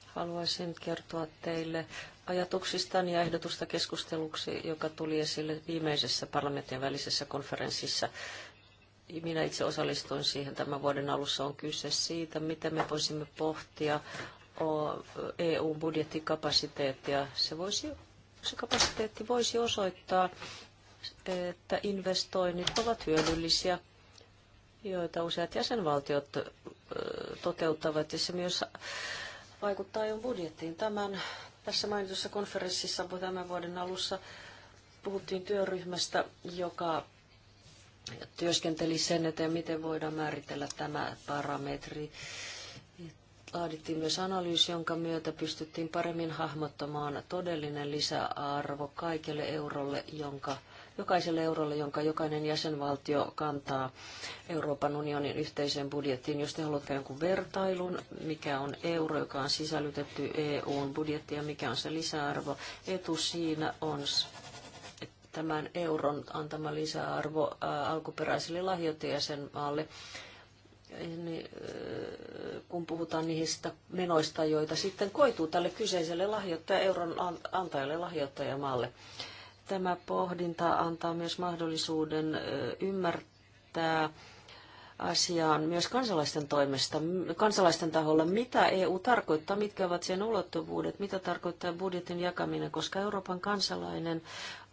Speaker 4: Haluaisin kertoa teille ajatuksistani ja ehdotusta keskusteluksi, joka tuli esille viimeisessä parlamentin välisessä konferenssissa minä itse osallistuin siihen tämän vuoden alussa, on kyse siitä, miten me voisimme pohtia EU-budjettikapasiteettia. Se, voisi, se kapasiteetti voisi osoittaa, että investoinnit ovat hyödyllisiä, joita useat jäsenvaltiot toteuttavat, ja se myös vaikuttaa jo e budjettiin. Tämän, tässä mainitussa konferenssissa tämän vuoden alussa puhuttiin työryhmästä, joka ja työskenteli sen eteen, miten voidaan määritellä tämä parametri. Laadittiin myös analyysi, jonka myötä pystyttiin paremmin hahmottamaan todellinen lisäarvo kaikelle eurolle, jonka jokaiselle eurolle, jonka jokainen jäsenvaltio kantaa Euroopan unionin yhteiseen budjettiin. Jos te haluatte jonkun vertailun, mikä on euro, joka on sisällytetty EUn budjettiin ja mikä on se lisäarvo, etu siinä on tämän euron antama lisäarvo alkuperäiselle lahjoittajäsenmaalle. Niin, kun puhutaan niistä menoista, joita sitten koituu tälle kyseiselle lahjoittaja, euron antajalle lahjoittajamaalle. Tämä pohdinta antaa myös mahdollisuuden ymmärtää asiaan myös kansalaisten toimesta, kansalaisten taholla, mitä EU tarkoittaa, mitkä ovat sen ulottuvuudet, mitä tarkoittaa budjetin jakaminen, koska Euroopan kansalainen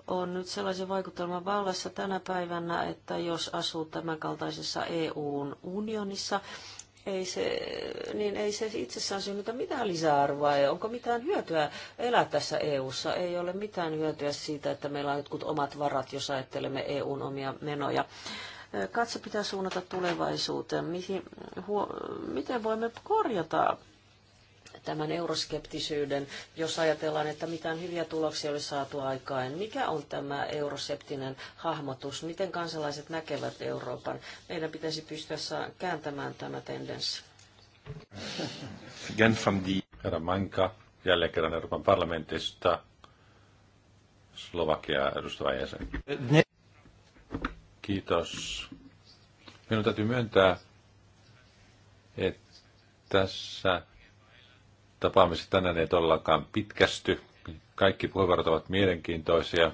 Speaker 4: on nyt sellaisen vaikutelman vallassa tänä päivänä, että jos asuu tämänkaltaisessa EUn unionissa, ei se, niin ei se itsessään synnytä mitään lisäarvoa ja onko mitään hyötyä elää tässä EUssa. Ei ole mitään hyötyä siitä, että meillä on jotkut omat varat, jos ajattelemme EUn omia menoja. Katso pitää suunnata tulevaisuuteen. Mihin, huo, miten voimme korjata tämän euroskeptisyyden, jos ajatellaan, että mitään hyviä tuloksia oli saatu aikaan. Mikä on tämä euroseptinen hahmotus? Miten kansalaiset näkevät Euroopan? Meidän pitäisi pystyä kääntämään tämä tendenssi.
Speaker 1: Again from the... Herra Manka, jälleen kerran Euroopan parlamentista, Slovakia edustava jäsen. Kiitos. Minun täytyy myöntää, että tässä Tapaamiset siis tänään ei todellakaan pitkästy. Kaikki puheenvuorot ovat mielenkiintoisia.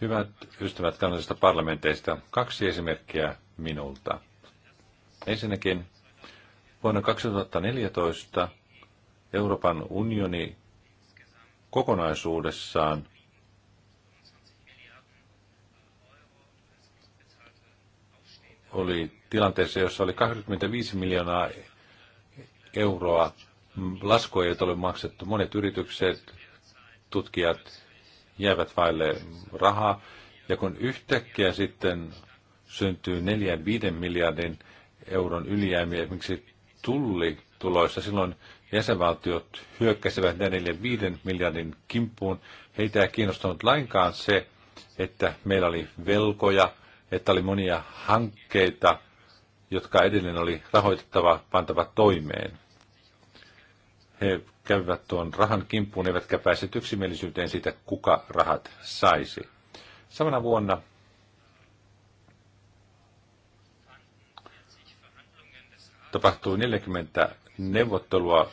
Speaker 1: Hyvät ystävät kansallisista parlamenteista, kaksi esimerkkiä minulta. Ensinnäkin vuonna 2014 Euroopan unioni kokonaisuudessaan oli tilanteessa, jossa oli 25 miljoonaa euroa laskua, joita oli maksettu. Monet yritykset, tutkijat jäävät vaille rahaa. Ja kun yhtäkkiä sitten syntyy 4-5 miljardin euron ylijäämiä esimerkiksi tullituloissa, silloin jäsenvaltiot hyökkäsivät 4-5 miljardin kimppuun. Heitä ei kiinnostanut lainkaan se, että meillä oli velkoja, että oli monia hankkeita, jotka edelleen oli rahoitettava, pantava toimeen. He kävivät tuon rahan kimppuun, eivätkä päässeet yksimielisyyteen siitä, kuka rahat saisi. Samana vuonna tapahtui 40 neuvottelua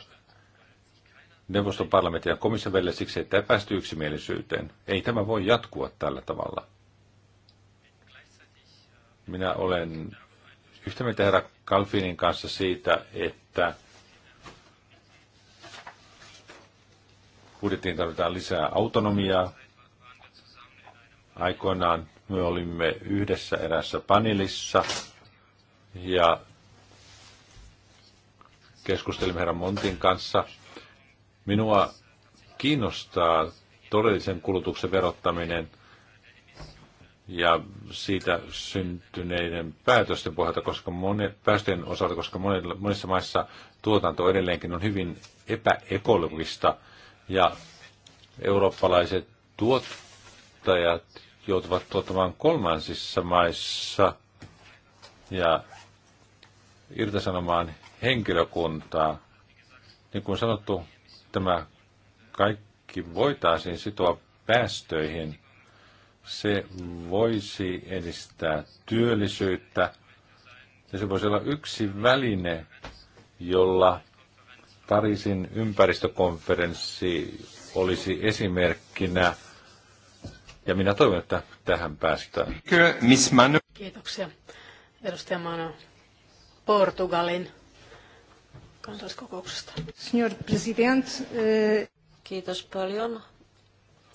Speaker 1: neuvoston parlamentin ja komission välillä siksi, että ei päästy yksimielisyyteen. Ei tämä voi jatkua tällä tavalla. Minä olen yhtä mieltä herra Kalfinin kanssa siitä, että budjettiin tarvitaan lisää autonomiaa. Aikoinaan me olimme yhdessä erässä panelissa ja keskustelimme herran Montin kanssa. Minua kiinnostaa todellisen kulutuksen verottaminen – ja siitä syntyneiden päätösten pohjalta, koska monet, päästöjen osalta, koska monilla, monissa maissa tuotanto edelleenkin on hyvin epäekologista ja eurooppalaiset tuottajat joutuvat tuottamaan kolmansissa maissa ja irtisanomaan henkilökuntaa. Niin kuin sanottu, tämä kaikki voitaisiin sitoa päästöihin – se voisi edistää työllisyyttä ja se voisi olla yksi väline, jolla Pariisin ympäristökonferenssi olisi esimerkkinä. Ja minä toivon, että tähän päästään.
Speaker 2: Kiitoksia. Edustaja Mano Portugalin
Speaker 4: kansalliskokouksesta.
Speaker 2: Signor President,
Speaker 4: eh, Kiitos paljon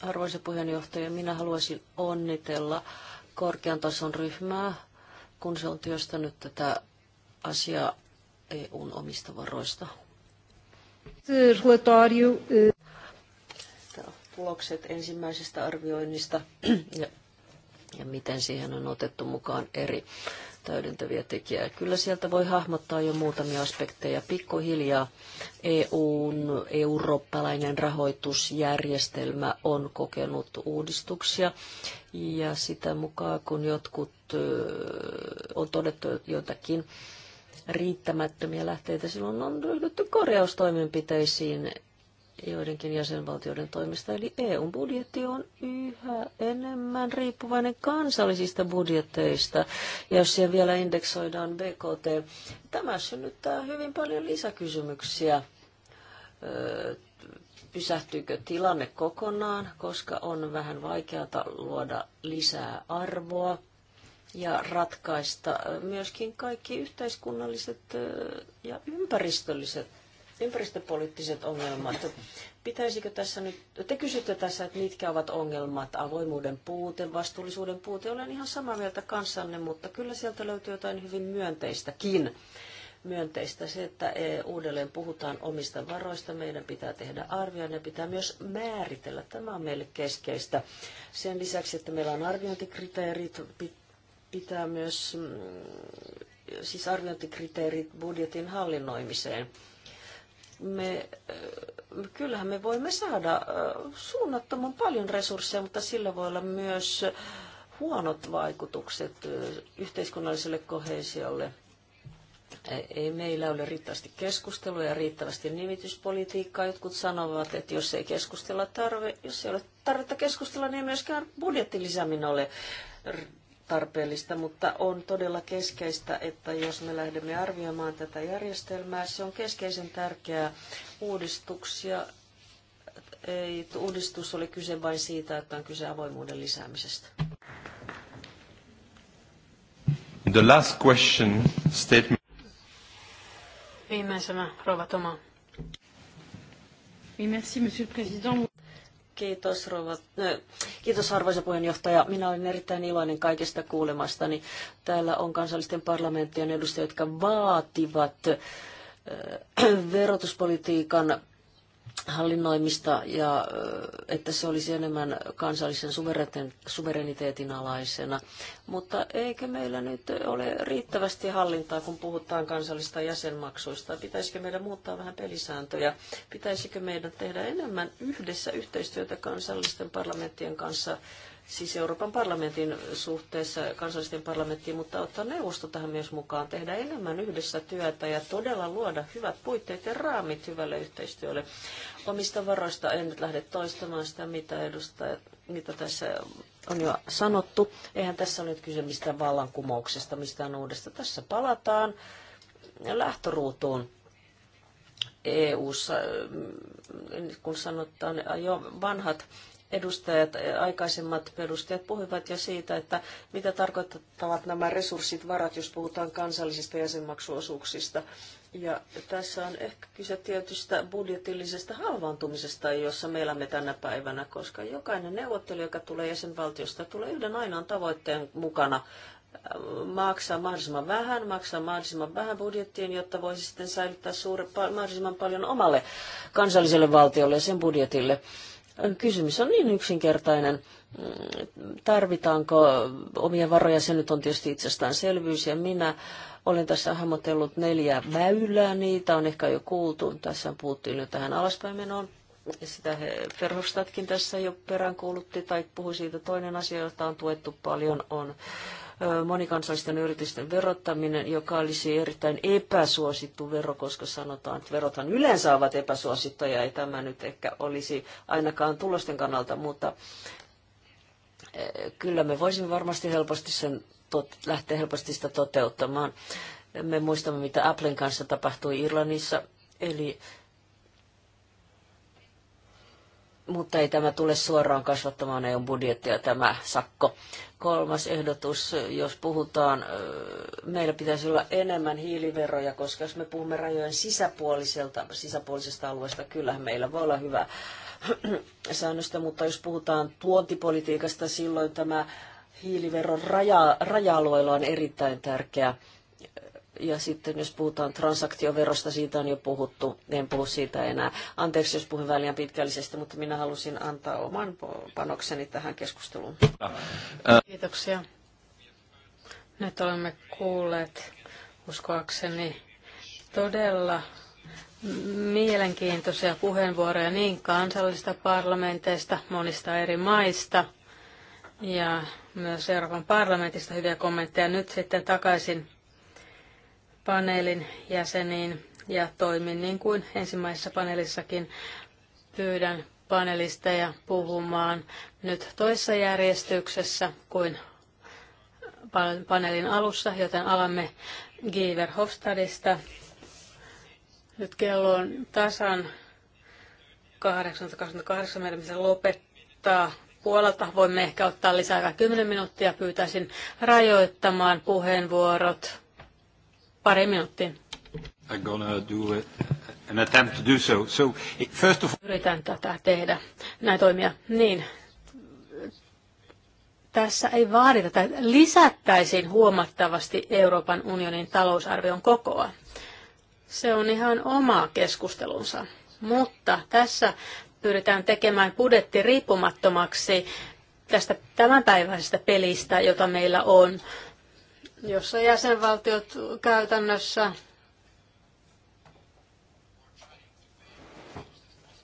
Speaker 4: Arvoisa puheenjohtaja, minä haluaisin onnitella korkean tason ryhmää, kun se on työstänyt tätä asiaa EUn omista varoista. Eh, Tulokset ensimmäisestä arvioinnista ja, ja miten siihen on otettu mukaan eri täydentäviä tekijää. Kyllä sieltä voi hahmottaa jo muutamia aspekteja. Pikkuhiljaa EUn eurooppalainen rahoitusjärjestelmä on kokenut uudistuksia ja sitä mukaan kun jotkut on todettu jotakin riittämättömiä lähteitä, silloin on ryhdytty korjaustoimenpiteisiin joidenkin jäsenvaltioiden toimesta. Eli EUn budjetti on yhä enemmän riippuvainen kansallisista budjetteista, ja jos siellä vielä indeksoidaan BKT. Tämä synnyttää hyvin paljon lisäkysymyksiä pysähtyykö tilanne kokonaan, koska on vähän vaikeata luoda lisää arvoa ja ratkaista myöskin kaikki yhteiskunnalliset ja ympäristölliset ympäristöpoliittiset ongelmat. Pitäisikö tässä nyt, te kysytte tässä, että mitkä ovat ongelmat, avoimuuden puute, vastuullisuuden puute. Olen ihan samaa mieltä kanssanne, mutta kyllä sieltä löytyy jotain hyvin myönteistäkin. Myönteistä se, että e, uudelleen puhutaan omista varoista, meidän pitää tehdä arvio, ja pitää myös määritellä. Tämä on meille keskeistä. Sen lisäksi, että meillä on arviointikriteerit, pitää myös mm, siis arviointikriteerit budjetin hallinnoimiseen – me, äh, kyllähän me voimme saada äh, suunnattoman paljon resursseja, mutta sillä voi olla myös huonot vaikutukset äh, yhteiskunnalliselle kohesiolle. E, ei meillä ole riittävästi keskustelua ja riittävästi nimityspolitiikkaa. Jotkut sanovat, että jos ei keskustella tarve, jos ei ole tarvetta keskustella, niin ei myöskään budjettilisäminen ole tarpeellista, mutta on todella keskeistä, että jos me lähdemme arvioimaan tätä järjestelmää, se on keskeisen tärkeää uudistuksia. Ei, uudistus oli kyse vain siitä, että on kyse avoimuuden lisäämisestä.
Speaker 3: The last question, statement.
Speaker 4: Viimeisenä, Rova Toma. merci, Monsieur le Président. Kiitos, rouva, kiitos arvoisa puheenjohtaja. Minä olen erittäin iloinen kaikesta kuulemastani. Täällä on kansallisten parlamenttien edustajia, jotka vaativat verotuspolitiikan hallinnoimista ja että se olisi enemmän kansallisen suvereniteetin alaisena. Mutta eikö meillä nyt ole riittävästi hallintaa, kun puhutaan kansallista jäsenmaksuista? Pitäisikö meidän muuttaa vähän pelisääntöjä? Pitäisikö meidän tehdä enemmän yhdessä yhteistyötä kansallisten parlamenttien kanssa siis Euroopan parlamentin suhteessa kansallisten parlamenttiin, mutta ottaa neuvosto tähän myös mukaan, tehdä enemmän yhdessä työtä ja todella luoda hyvät puitteet ja raamit hyvälle yhteistyölle. Omista varoista en nyt lähde toistamaan sitä, mitä, edustaja, mitä tässä on jo sanottu. Eihän tässä ole nyt kyse mistään vallankumouksesta, mistään uudesta. Tässä palataan lähtöruutuun. EU-ssa, kun sanotaan jo vanhat edustajat, aikaisemmat edustajat puhuivat jo siitä, että mitä tarkoittavat nämä resurssit, varat, jos puhutaan kansallisista jäsenmaksuosuuksista. Ja tässä on ehkä kyse tietystä budjetillisesta halvaantumisesta, jossa me elämme tänä päivänä, koska jokainen neuvottelija, joka tulee jäsenvaltiosta, tulee yhden ainoan tavoitteen mukana maksaa mahdollisimman vähän, maksaa mahdollisimman vähän budjettiin, jotta voisi sitten säilyttää suure, mahdollisimman paljon omalle kansalliselle valtiolle ja sen budjetille. Kysymys on niin yksinkertainen. Tarvitaanko omia varoja, se nyt on tietysti itsestäänselvyys, ja minä olen tässä hahmotellut neljä väylää, niitä on ehkä jo kuultu. Tässä on puhuttu nyt tähän alaspäin menoon. Sitä Ferhostatkin tässä jo peräänkuulutti, tai puhui siitä toinen asia, jota on tuettu paljon, on monikansallisten yritysten verottaminen, joka olisi erittäin epäsuosittu vero, koska sanotaan, että verothan yleensä ovat epäsuosittuja, ei tämä nyt ehkä olisi ainakaan tulosten kannalta, mutta kyllä me voisimme varmasti helposti sen lähteä helposti sitä toteuttamaan. Me muistamme, mitä Applen kanssa tapahtui Irlannissa, eli mutta ei tämä tule suoraan kasvattamaan EUn budjettia tämä sakko. Kolmas ehdotus, jos puhutaan, meillä pitäisi olla enemmän hiiliveroja, koska jos me puhumme rajojen sisäpuoliselta, sisäpuolisesta alueesta, kyllähän meillä voi olla hyvä säännöstä, mutta jos puhutaan tuontipolitiikasta, silloin tämä hiiliveron raja, raja-alueella on erittäin tärkeä ja sitten jos puhutaan transaktioverosta, siitä on jo puhuttu, en puhu siitä enää. Anteeksi, jos puhun väliin pitkällisesti, mutta minä halusin antaa oman panokseni tähän keskusteluun.
Speaker 2: Kiitoksia. Nyt olemme kuulleet, uskoakseni, todella mielenkiintoisia puheenvuoroja niin kansallisista parlamenteista, monista eri maista ja myös Euroopan parlamentista hyviä kommentteja. Nyt sitten takaisin paneelin jäseniin ja toimin niin kuin ensimmäisessä paneelissakin. Pyydän panelisteja puhumaan nyt toisessa järjestyksessä kuin paneelin alussa, joten alamme Giver Hofstadista. Nyt kello on tasan 8.28. Meidän pitää lopettaa puolelta. Voimme ehkä ottaa lisää 10 minuuttia. Pyytäisin rajoittamaan puheenvuorot pari minuuttiin.
Speaker 1: I'm gonna do it, an attempt to do so. so first of...
Speaker 2: Yritän tätä tehdä, näin toimia. Niin, tässä ei vaadita, että lisättäisiin huomattavasti Euroopan unionin talousarvion kokoa. Se on ihan oma keskustelunsa. Mutta tässä pyritään tekemään budjetti riippumattomaksi tästä tämänpäiväisestä pelistä, jota meillä on jossa jäsenvaltiot käytännössä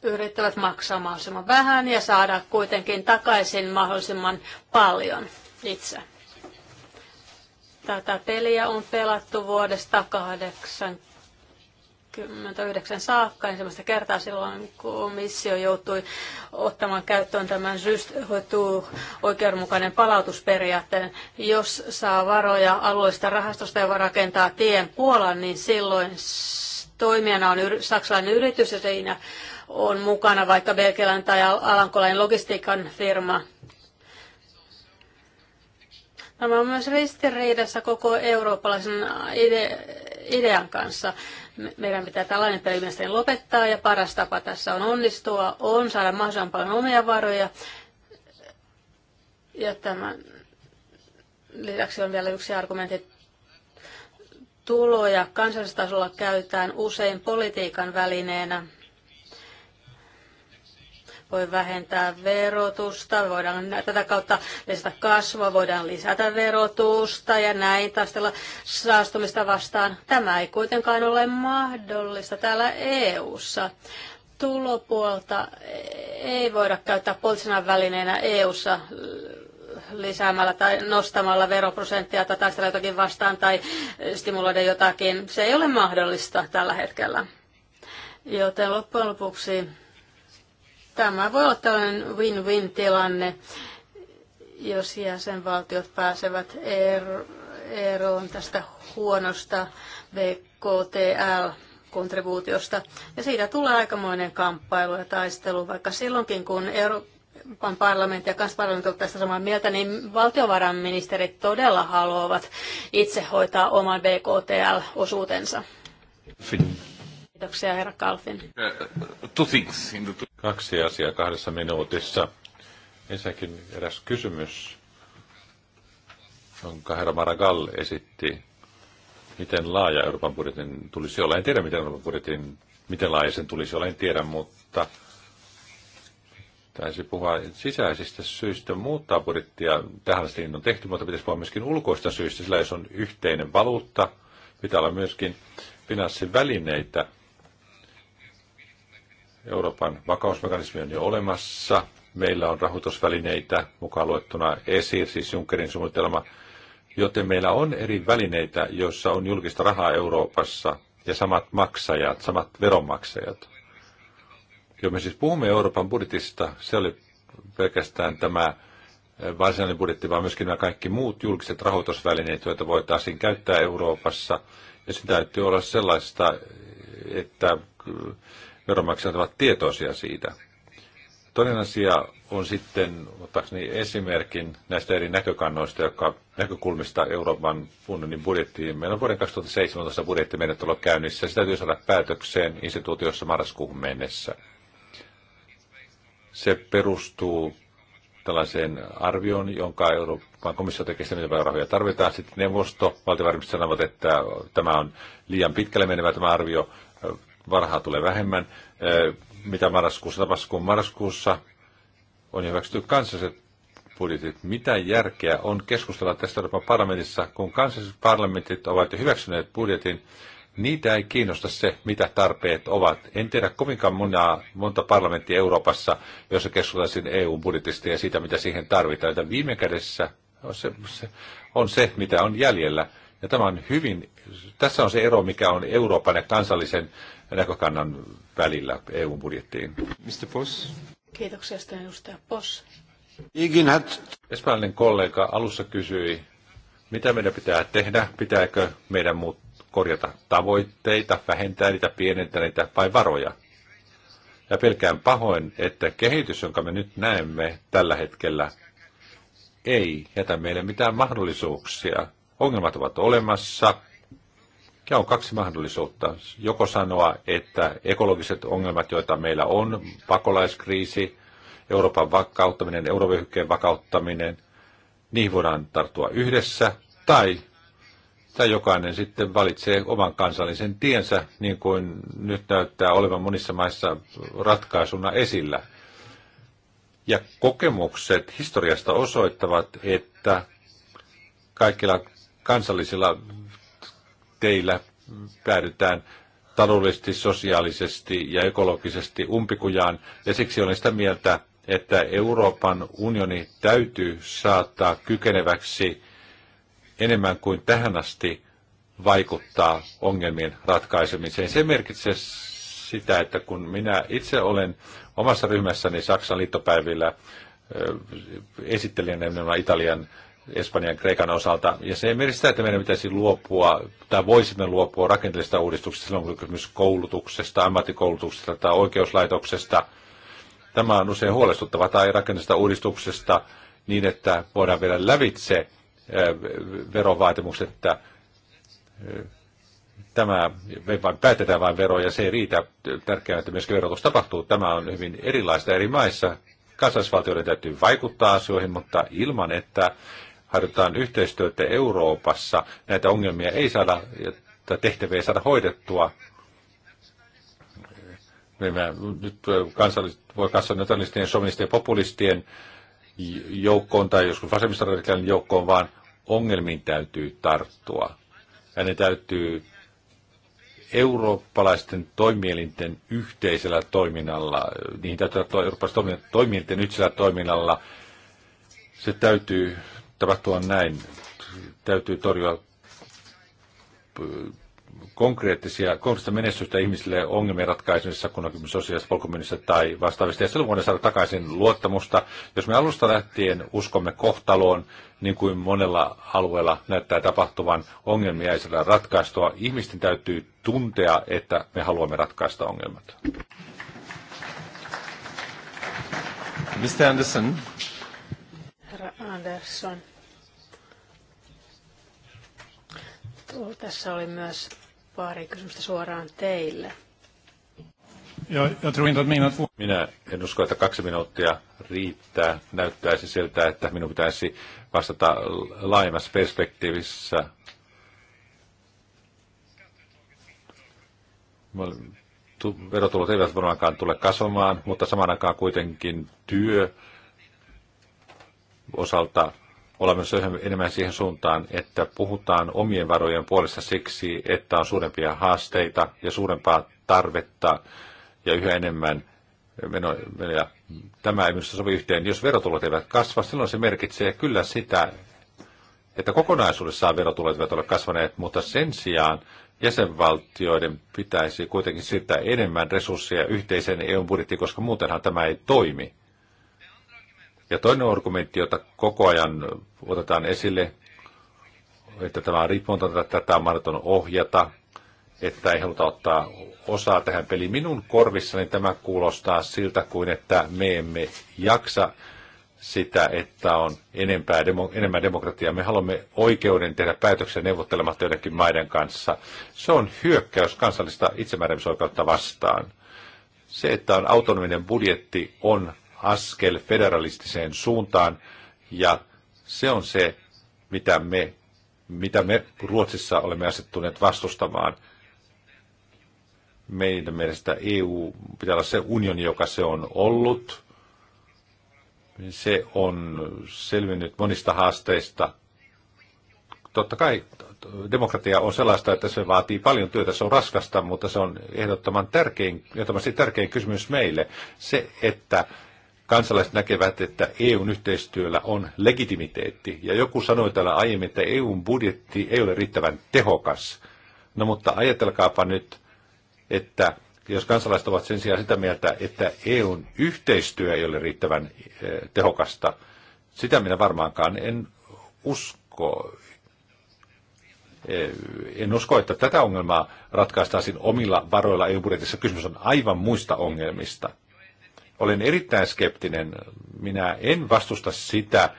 Speaker 2: yrittävät maksaa mahdollisimman vähän ja saada kuitenkin takaisin mahdollisimman paljon itse. Tätä peliä on pelattu vuodesta 80 1999 saakka ensimmäistä kertaa silloin kun komissio joutui ottamaan käyttöön tämän just oikeudenmukainen palautusperiaatteen. Jos saa varoja alueesta rahastosta, ja rakentaa tien Puolan, niin silloin toimijana on saksalainen yritys ja siinä on mukana vaikka belgialainen tai alankolainen logistiikan firma. Tämä on myös ristiriidassa koko eurooppalaisen ide- idean kanssa meidän pitää tällainen peli lopettaa ja paras tapa tässä on onnistua, on saada mahdollisimman paljon omia varoja. Ja tämän lisäksi on vielä yksi argumentti. Tuloja tasolla käytetään usein politiikan välineenä voi vähentää verotusta, voidaan tätä kautta lisätä kasvua, voidaan lisätä verotusta ja näin taistella saastumista vastaan. Tämä ei kuitenkaan ole mahdollista täällä EU:ssa. Tulopuolta ei voida käyttää poliittisena välineenä EU:ssa äh, lisäämällä tai nostamalla veroprosenttia tai taistella jotakin vastaan tai stimuloida jotakin. Se ei ole mahdollista tällä hetkellä. Joten loppujen lopuksi Tämä voi olla tällainen win-win-tilanne, jos jäsenvaltiot pääsevät er-, eroon tästä huonosta VKTL-kontribuutiosta. Ja siitä tulee aikamoinen kamppailu ja taistelu, vaikka silloinkin kun Euroopan parlamentti ja kansparlamentti ovat tästä samaa mieltä, niin valtiovarainministerit todella haluavat itse hoitaa oman BKTL-osuutensa. Kiitoksia, herra Kalfin.
Speaker 1: Kaksi asiaa kahdessa minuutissa. Ensinnäkin eräs kysymys, jonka herra Maragall esitti. Miten laaja Euroopan budjetin tulisi olla? En tiedä, miten Euroopan budjetin, miten laaja sen tulisi olla, en tiedä, mutta taisi puhua sisäisistä syistä muuttaa budjettia. Tähän asti niin on tehty, mutta pitäisi puhua myöskin ulkoista syistä, sillä jos on yhteinen valuutta, pitää olla myöskin finanssivälineitä, Euroopan vakausmekanismi on jo olemassa. Meillä on rahoitusvälineitä mukaan luettuna ESIR, siis Junckerin suunnitelma, joten meillä on eri välineitä, joissa on julkista rahaa Euroopassa ja samat maksajat, samat veronmaksajat. Jos me siis puhumme Euroopan budjetista, se oli pelkästään tämä eh, varsinainen budjetti, vaan myöskin nämä kaikki muut julkiset rahoitusvälineet, joita voitaisiin käyttää Euroopassa. Ja se täytyy olla sellaista, eh, että eh, veronmaksajat ovat tietoisia siitä. Toinen asia on sitten, ottaakseni esimerkin näistä eri näkökannoista, jotka näkökulmista Euroopan unionin budjettiin. Meillä on vuoden 2017 budjetti olla käynnissä. Sitä täytyy saada päätökseen instituutiossa marraskuuhun mennessä. Se perustuu tällaiseen arvioon, jonka Euroopan komissio tekee sen, mitä rahoja tarvitaan. Sitten neuvosto, valtiovarmistus sanovat, että tämä on liian pitkälle menevä tämä arvio varhaa tulee vähemmän. Mitä marraskuussa tapahtuu, kun marraskuussa on jo hyväksytty kansalliset budjetit. Mitä järkeä on keskustella tästä Euroopan parlamentissa, kun kansalliset parlamentit ovat jo hyväksyneet budjetin, niitä ei kiinnosta se, mitä tarpeet ovat. En tiedä kovinkaan monta, monta parlamenttia Euroopassa, jossa keskustellaan EU-budjetista ja siitä, mitä siihen tarvitaan. Joten viime kädessä on se, se, on se, mitä on jäljellä. Ja tämä on hyvin, tässä on se ero, mikä on Euroopan ja kansallisen näkökannan välillä EU-budjettiin. Mr. Voss.
Speaker 2: Kiitoksia sitten edustaja Voss.
Speaker 1: Iginhat. Espanjalainen kollega alussa kysyi, mitä meidän pitää tehdä, pitääkö meidän muut korjata tavoitteita, vähentää niitä, pienentää niitä vai varoja. Ja pelkään pahoin, että kehitys, jonka me nyt näemme tällä hetkellä, ei jätä meille mitään mahdollisuuksia Ongelmat ovat olemassa ja on kaksi mahdollisuutta. Joko sanoa, että ekologiset ongelmat, joita meillä on, pakolaiskriisi, Euroopan vakauttaminen, eurovyöhykkeen vakauttaminen, niihin voidaan tarttua yhdessä, tai, tai jokainen sitten valitsee oman kansallisen tiensä, niin kuin nyt näyttää olevan monissa maissa ratkaisuna esillä. Ja kokemukset historiasta osoittavat, että kaikilla kansallisilla teillä päädytään taloudellisesti, sosiaalisesti ja ekologisesti umpikujaan, ja siksi olen sitä mieltä, että Euroopan unioni täytyy saattaa kykeneväksi enemmän kuin tähän asti vaikuttaa ongelmien ratkaisemiseen. Se merkitsee sitä, että kun minä itse olen omassa ryhmässäni Saksan liittopäivillä esittelijänä Italian Espanjan ja Kreikan osalta. Ja se ei merkitse sitä, että meidän pitäisi luopua tai voisimme luopua rakenteellisista uudistuksista silloin, kun kysymys koulutuksesta, ammattikoulutuksesta tai oikeuslaitoksesta. Tämä on usein huolestuttava tai rakenteellisesta uudistuksesta niin, että voidaan vielä lävitse verovaatimukset, että tämä, me vain päätetään vain veroja, se ei riitä. Tärkeää, että myöskin verotus tapahtuu. Tämä on hyvin erilaista eri maissa. Kansallisvaltioiden täytyy vaikuttaa asioihin, mutta ilman, että harjoitetaan yhteistyötä Euroopassa, näitä ongelmia ei saada, tai tehtäviä ei saada hoidettua. nyt kansalliset voi katsoa natalistien, sovinistien ja populistien joukkoon tai joskus vasemmistoradikaalien joukkoon, vaan ongelmiin täytyy tarttua. Ja ne täytyy eurooppalaisten toimielinten yhteisellä toiminnalla, niihin täytyy olla eurooppalaisten toimielinten yhteisellä toiminnalla, se täytyy tapahtua näin. Täytyy torjua konkreettisia, konkreettista menestystä ihmisille ongelmien ratkaisemisessa, kun on sosiaalisessa sosiaalisesta polkumyynnissä tai vastaavista. Ja silloin voidaan saada takaisin luottamusta. Jos me alusta lähtien uskomme kohtaloon, niin kuin monella alueella näyttää tapahtuvan, ongelmia ei saada ratkaistua. Ihmisten täytyy tuntea, että me haluamme ratkaista ongelmat. Mr. Anderson.
Speaker 2: Andersson. Tässä oli myös pari kysymystä suoraan teille.
Speaker 1: Ja, ja Minä en usko, että kaksi minuuttia riittää. Näyttäisi siltä, että minun pitäisi vastata laajemmassa perspektiivissä. Verotulot eivät varmaankaan tule kasvamaan, mutta samaan aikaan kuitenkin työ osalta olemme enemmän siihen suuntaan, että puhutaan omien varojen puolesta siksi, että on suurempia haasteita ja suurempaa tarvetta ja yhä enemmän menoja. Tämä ei minusta sovi yhteen. Jos verotulot eivät kasva, silloin se merkitsee kyllä sitä, että kokonaisuudessaan verotulot eivät ole kasvaneet, mutta sen sijaan jäsenvaltioiden pitäisi kuitenkin siirtää enemmän resursseja yhteiseen EU-budjettiin, koska muutenhan tämä ei toimi. Ja toinen argumentti, jota koko ajan otetaan esille, että tämä on että tätä on mahdoton ohjata, että ei haluta ottaa osaa tähän peliin. Minun korvissani tämä kuulostaa siltä kuin, että me emme jaksa sitä, että on enempää, demo, enemmän demokratiaa. Me haluamme oikeuden tehdä päätöksiä neuvottelematta joidenkin maiden kanssa. Se on hyökkäys kansallista itsemääräämisoikeutta vastaan. Se, että on autonominen budjetti, on askel federalistiseen suuntaan ja se on se, mitä me, mitä me Ruotsissa olemme asettuneet vastustamaan. Meidän mielestä EU pitää olla se unioni, joka se on ollut. Se on selvinnyt monista haasteista. Totta kai demokratia on sellaista, että se vaatii paljon työtä, se on raskasta, mutta se on ehdottoman tärkein, ehdottomasti tärkein kysymys meille. Se, että kansalaiset näkevät, että EUn yhteistyöllä on legitimiteetti. Ja joku sanoi täällä aiemmin, että EUn budjetti ei ole riittävän tehokas. No mutta ajatelkaapa nyt, että jos kansalaiset ovat sen sijaan sitä mieltä, että EUn yhteistyö ei ole riittävän e, tehokasta, sitä minä varmaankaan en usko. E, en usko, että tätä ongelmaa ratkaistaisiin omilla varoilla EU-budjetissa. Kysymys on aivan muista ongelmista. Olen erittäin skeptinen. Minä en vastusta sitä,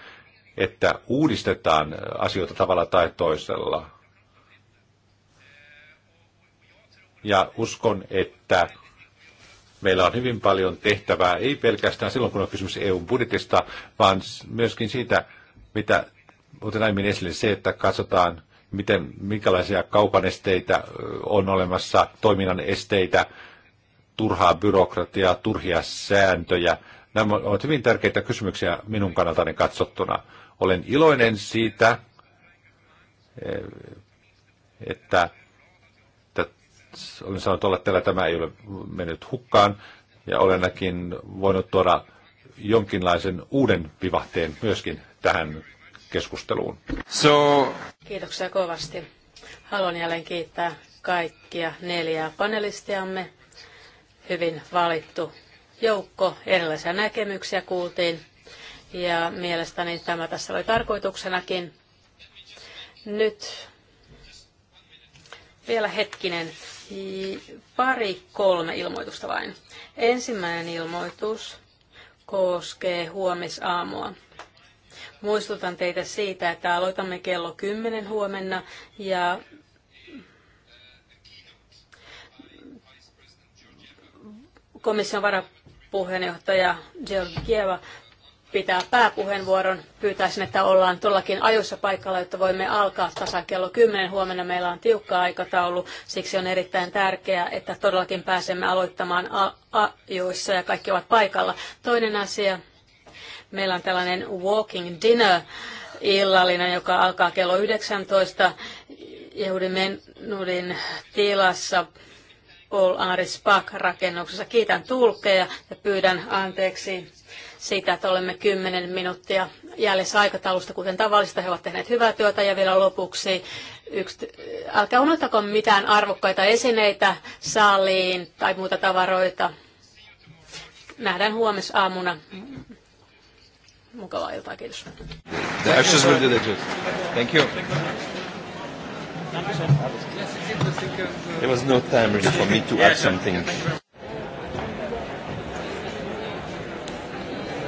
Speaker 1: että uudistetaan asioita tavalla tai toisella. Ja uskon, että meillä on hyvin paljon tehtävää, ei pelkästään silloin, kun on kysymys EUn budjetista, vaan myöskin siitä, mitä otin aiemmin esille, se, että katsotaan, miten, minkälaisia kaupan esteitä on olemassa, toiminnan esteitä, turhaa byrokratiaa, turhia sääntöjä. Nämä ovat hyvin tärkeitä kysymyksiä minun kannaltani katsottuna. Olen iloinen siitä, eh, että, että olen sanonut olla tällä, tämä ei ole mennyt hukkaan, ja olen ainakin voinut tuoda jonkinlaisen uuden vivahteen myöskin tähän keskusteluun. So...
Speaker 2: Kiitoksia kovasti. Haluan jälleen kiittää kaikkia neljää panelistiamme hyvin valittu joukko erilaisia näkemyksiä kuultiin. Ja mielestäni tämä tässä oli tarkoituksenakin. Nyt vielä hetkinen, pari kolme ilmoitusta vain. Ensimmäinen ilmoitus koskee huomisaamua. Muistutan teitä siitä, että aloitamme kello 10 huomenna ja komission varapuheenjohtaja Georgieva pitää pääpuheenvuoron. Pyytäisin, että ollaan todellakin ajoissa paikalla, jotta voimme alkaa tasan kello 10. Huomenna meillä on tiukka aikataulu, siksi on erittäin tärkeää, että todellakin pääsemme aloittamaan ajoissa ja kaikki ovat paikalla. Toinen asia, meillä on tällainen walking dinner illallinen, joka alkaa kello 19 Jehudi Menudin tilassa Paul Aris Park-rakennuksessa. Kiitän tulkeja ja pyydän anteeksi siitä, että olemme 10 minuuttia jäljessä aikataulusta, kuten tavallista. He ovat tehneet hyvää työtä ja vielä lopuksi yksi, älkää unohtako mitään arvokkaita esineitä saaliin tai muuta tavaroita. Nähdään aamuna. Mukavaa iltaa, kiitos. Thank you. There
Speaker 1: was
Speaker 3: no time really for me to add something.